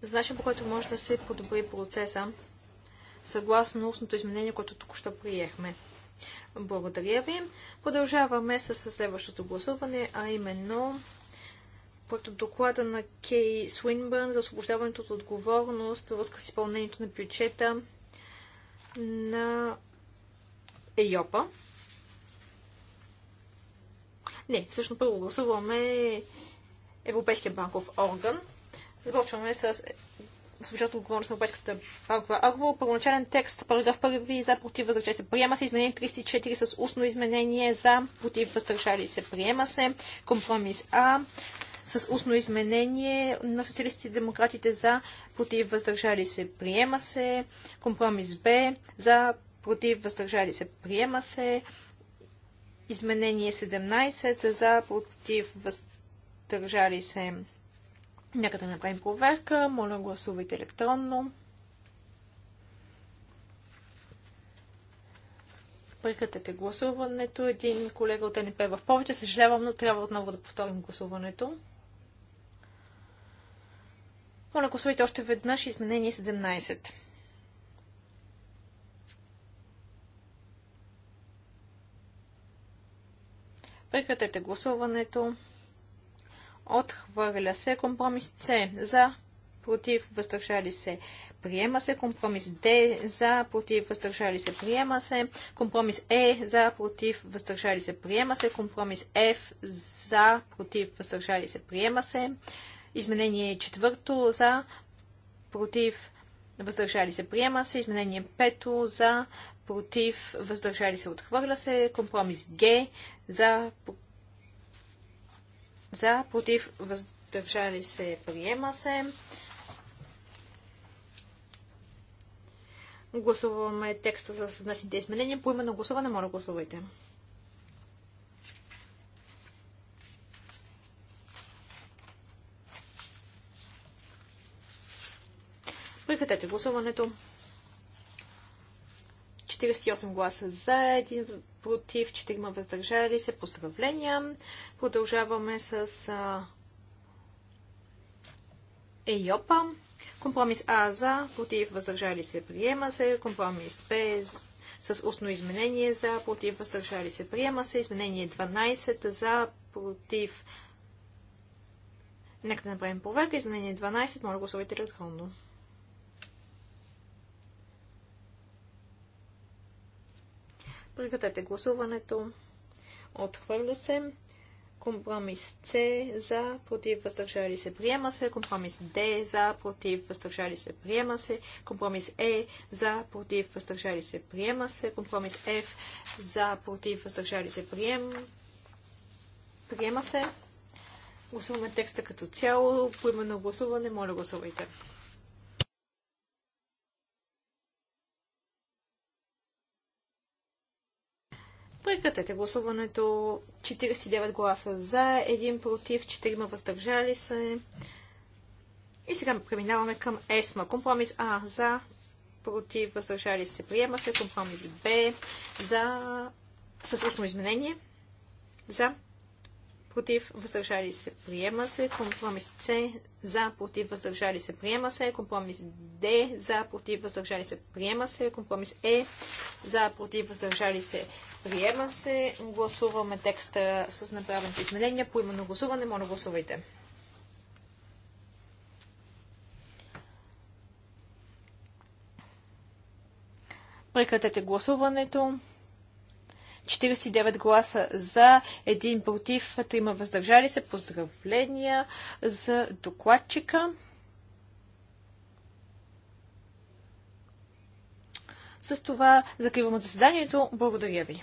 за начин по който може да се подобри процеса, съгласно устното изменение, което току-що приехме. Благодаря ви. Продължаваме с следващото гласуване, а именно проекто доклада на Кей Свинбърн за освобождаването от отговорност във връзка с изпълнението на бюджета на ЕЙОПА. Не, всъщност първо гласуваме Европейския банков орган. Започваме с Служат отговорност на Европейската банкова агро. Първоначален текст, параграф първи за против въздържали се. Приема се изменение 34 с устно изменение за против въздържали се. Приема се компромис А с устно изменение на социалистите и демократите за против въздържали се. Приема се компромис Б за против въздържали се. Приема се изменение 17 за против въздържали се. Нека да направим проверка. Моля, гласувайте електронно. Прекратете гласуването. Един колега от НП в повече. Съжалявам, но трябва отново да повторим гласуването. Моля, гласувайте още веднъж изменение 17. Прекратете гласуването. Отхвърля се компромис С за против въздържали се. Приема се компромис Д за против въздържали се. Приема се компромис Е за против въздържали се. Приема се компромис Ф за против въздържали се. Приема се. Изменение четвърто за против въздържали се. Приема се. Изменение пето за против въздържали се. Отхвърля се. Компромис Г за против за, против, въздържали се, приема се. Гласуваме текста за внесените изменения. По именно гласуване, моля гласувайте. Прекратете гласуването. 48 гласа за, 1 против, 4 въздържали се. Поздравления! Продължаваме с а, ЕЙОПА. Компромис А за, против, въздържали се, приема се. Компромис Б с устно изменение за, против, въздържали се, приема се. Изменение 12 за, против. Нека да направим проверка. Изменение 12. Моля гласувайте електронно. Прекратете гласуването. Отхвърля се. Компромис С за, против, въздържали се, приема се. Компромис Д за, против, въздържали се, приема се. Компромис Е за, против, въздържали се, приема се. Компромис Ф за, против, въздържали се, прием... приема се. Гласуваме текста като цяло. По именно гласуване, моля гласувайте. Прекратете гласуването. 49 гласа за, 1 против, 4 въздържали се. И сега преминаваме към ЕСМА. Компромис А за, против, въздържали се, приема се. Компромис Б за, с устно изменение. За, против, въздържали се, приема се. Компромис С, за, против, въздържали се, приема се. Компромис Д, за, против, въздържали се, приема се. Компромис Е, за, против, въздържали се, приема се. Гласуваме текста с направените изменения. По именно гласуване, моля гласувайте. Прекратете гласуването. 49 гласа за, 1 против, 3 въздържали се. Поздравления за докладчика. С това закриваме заседанието. Благодаря ви.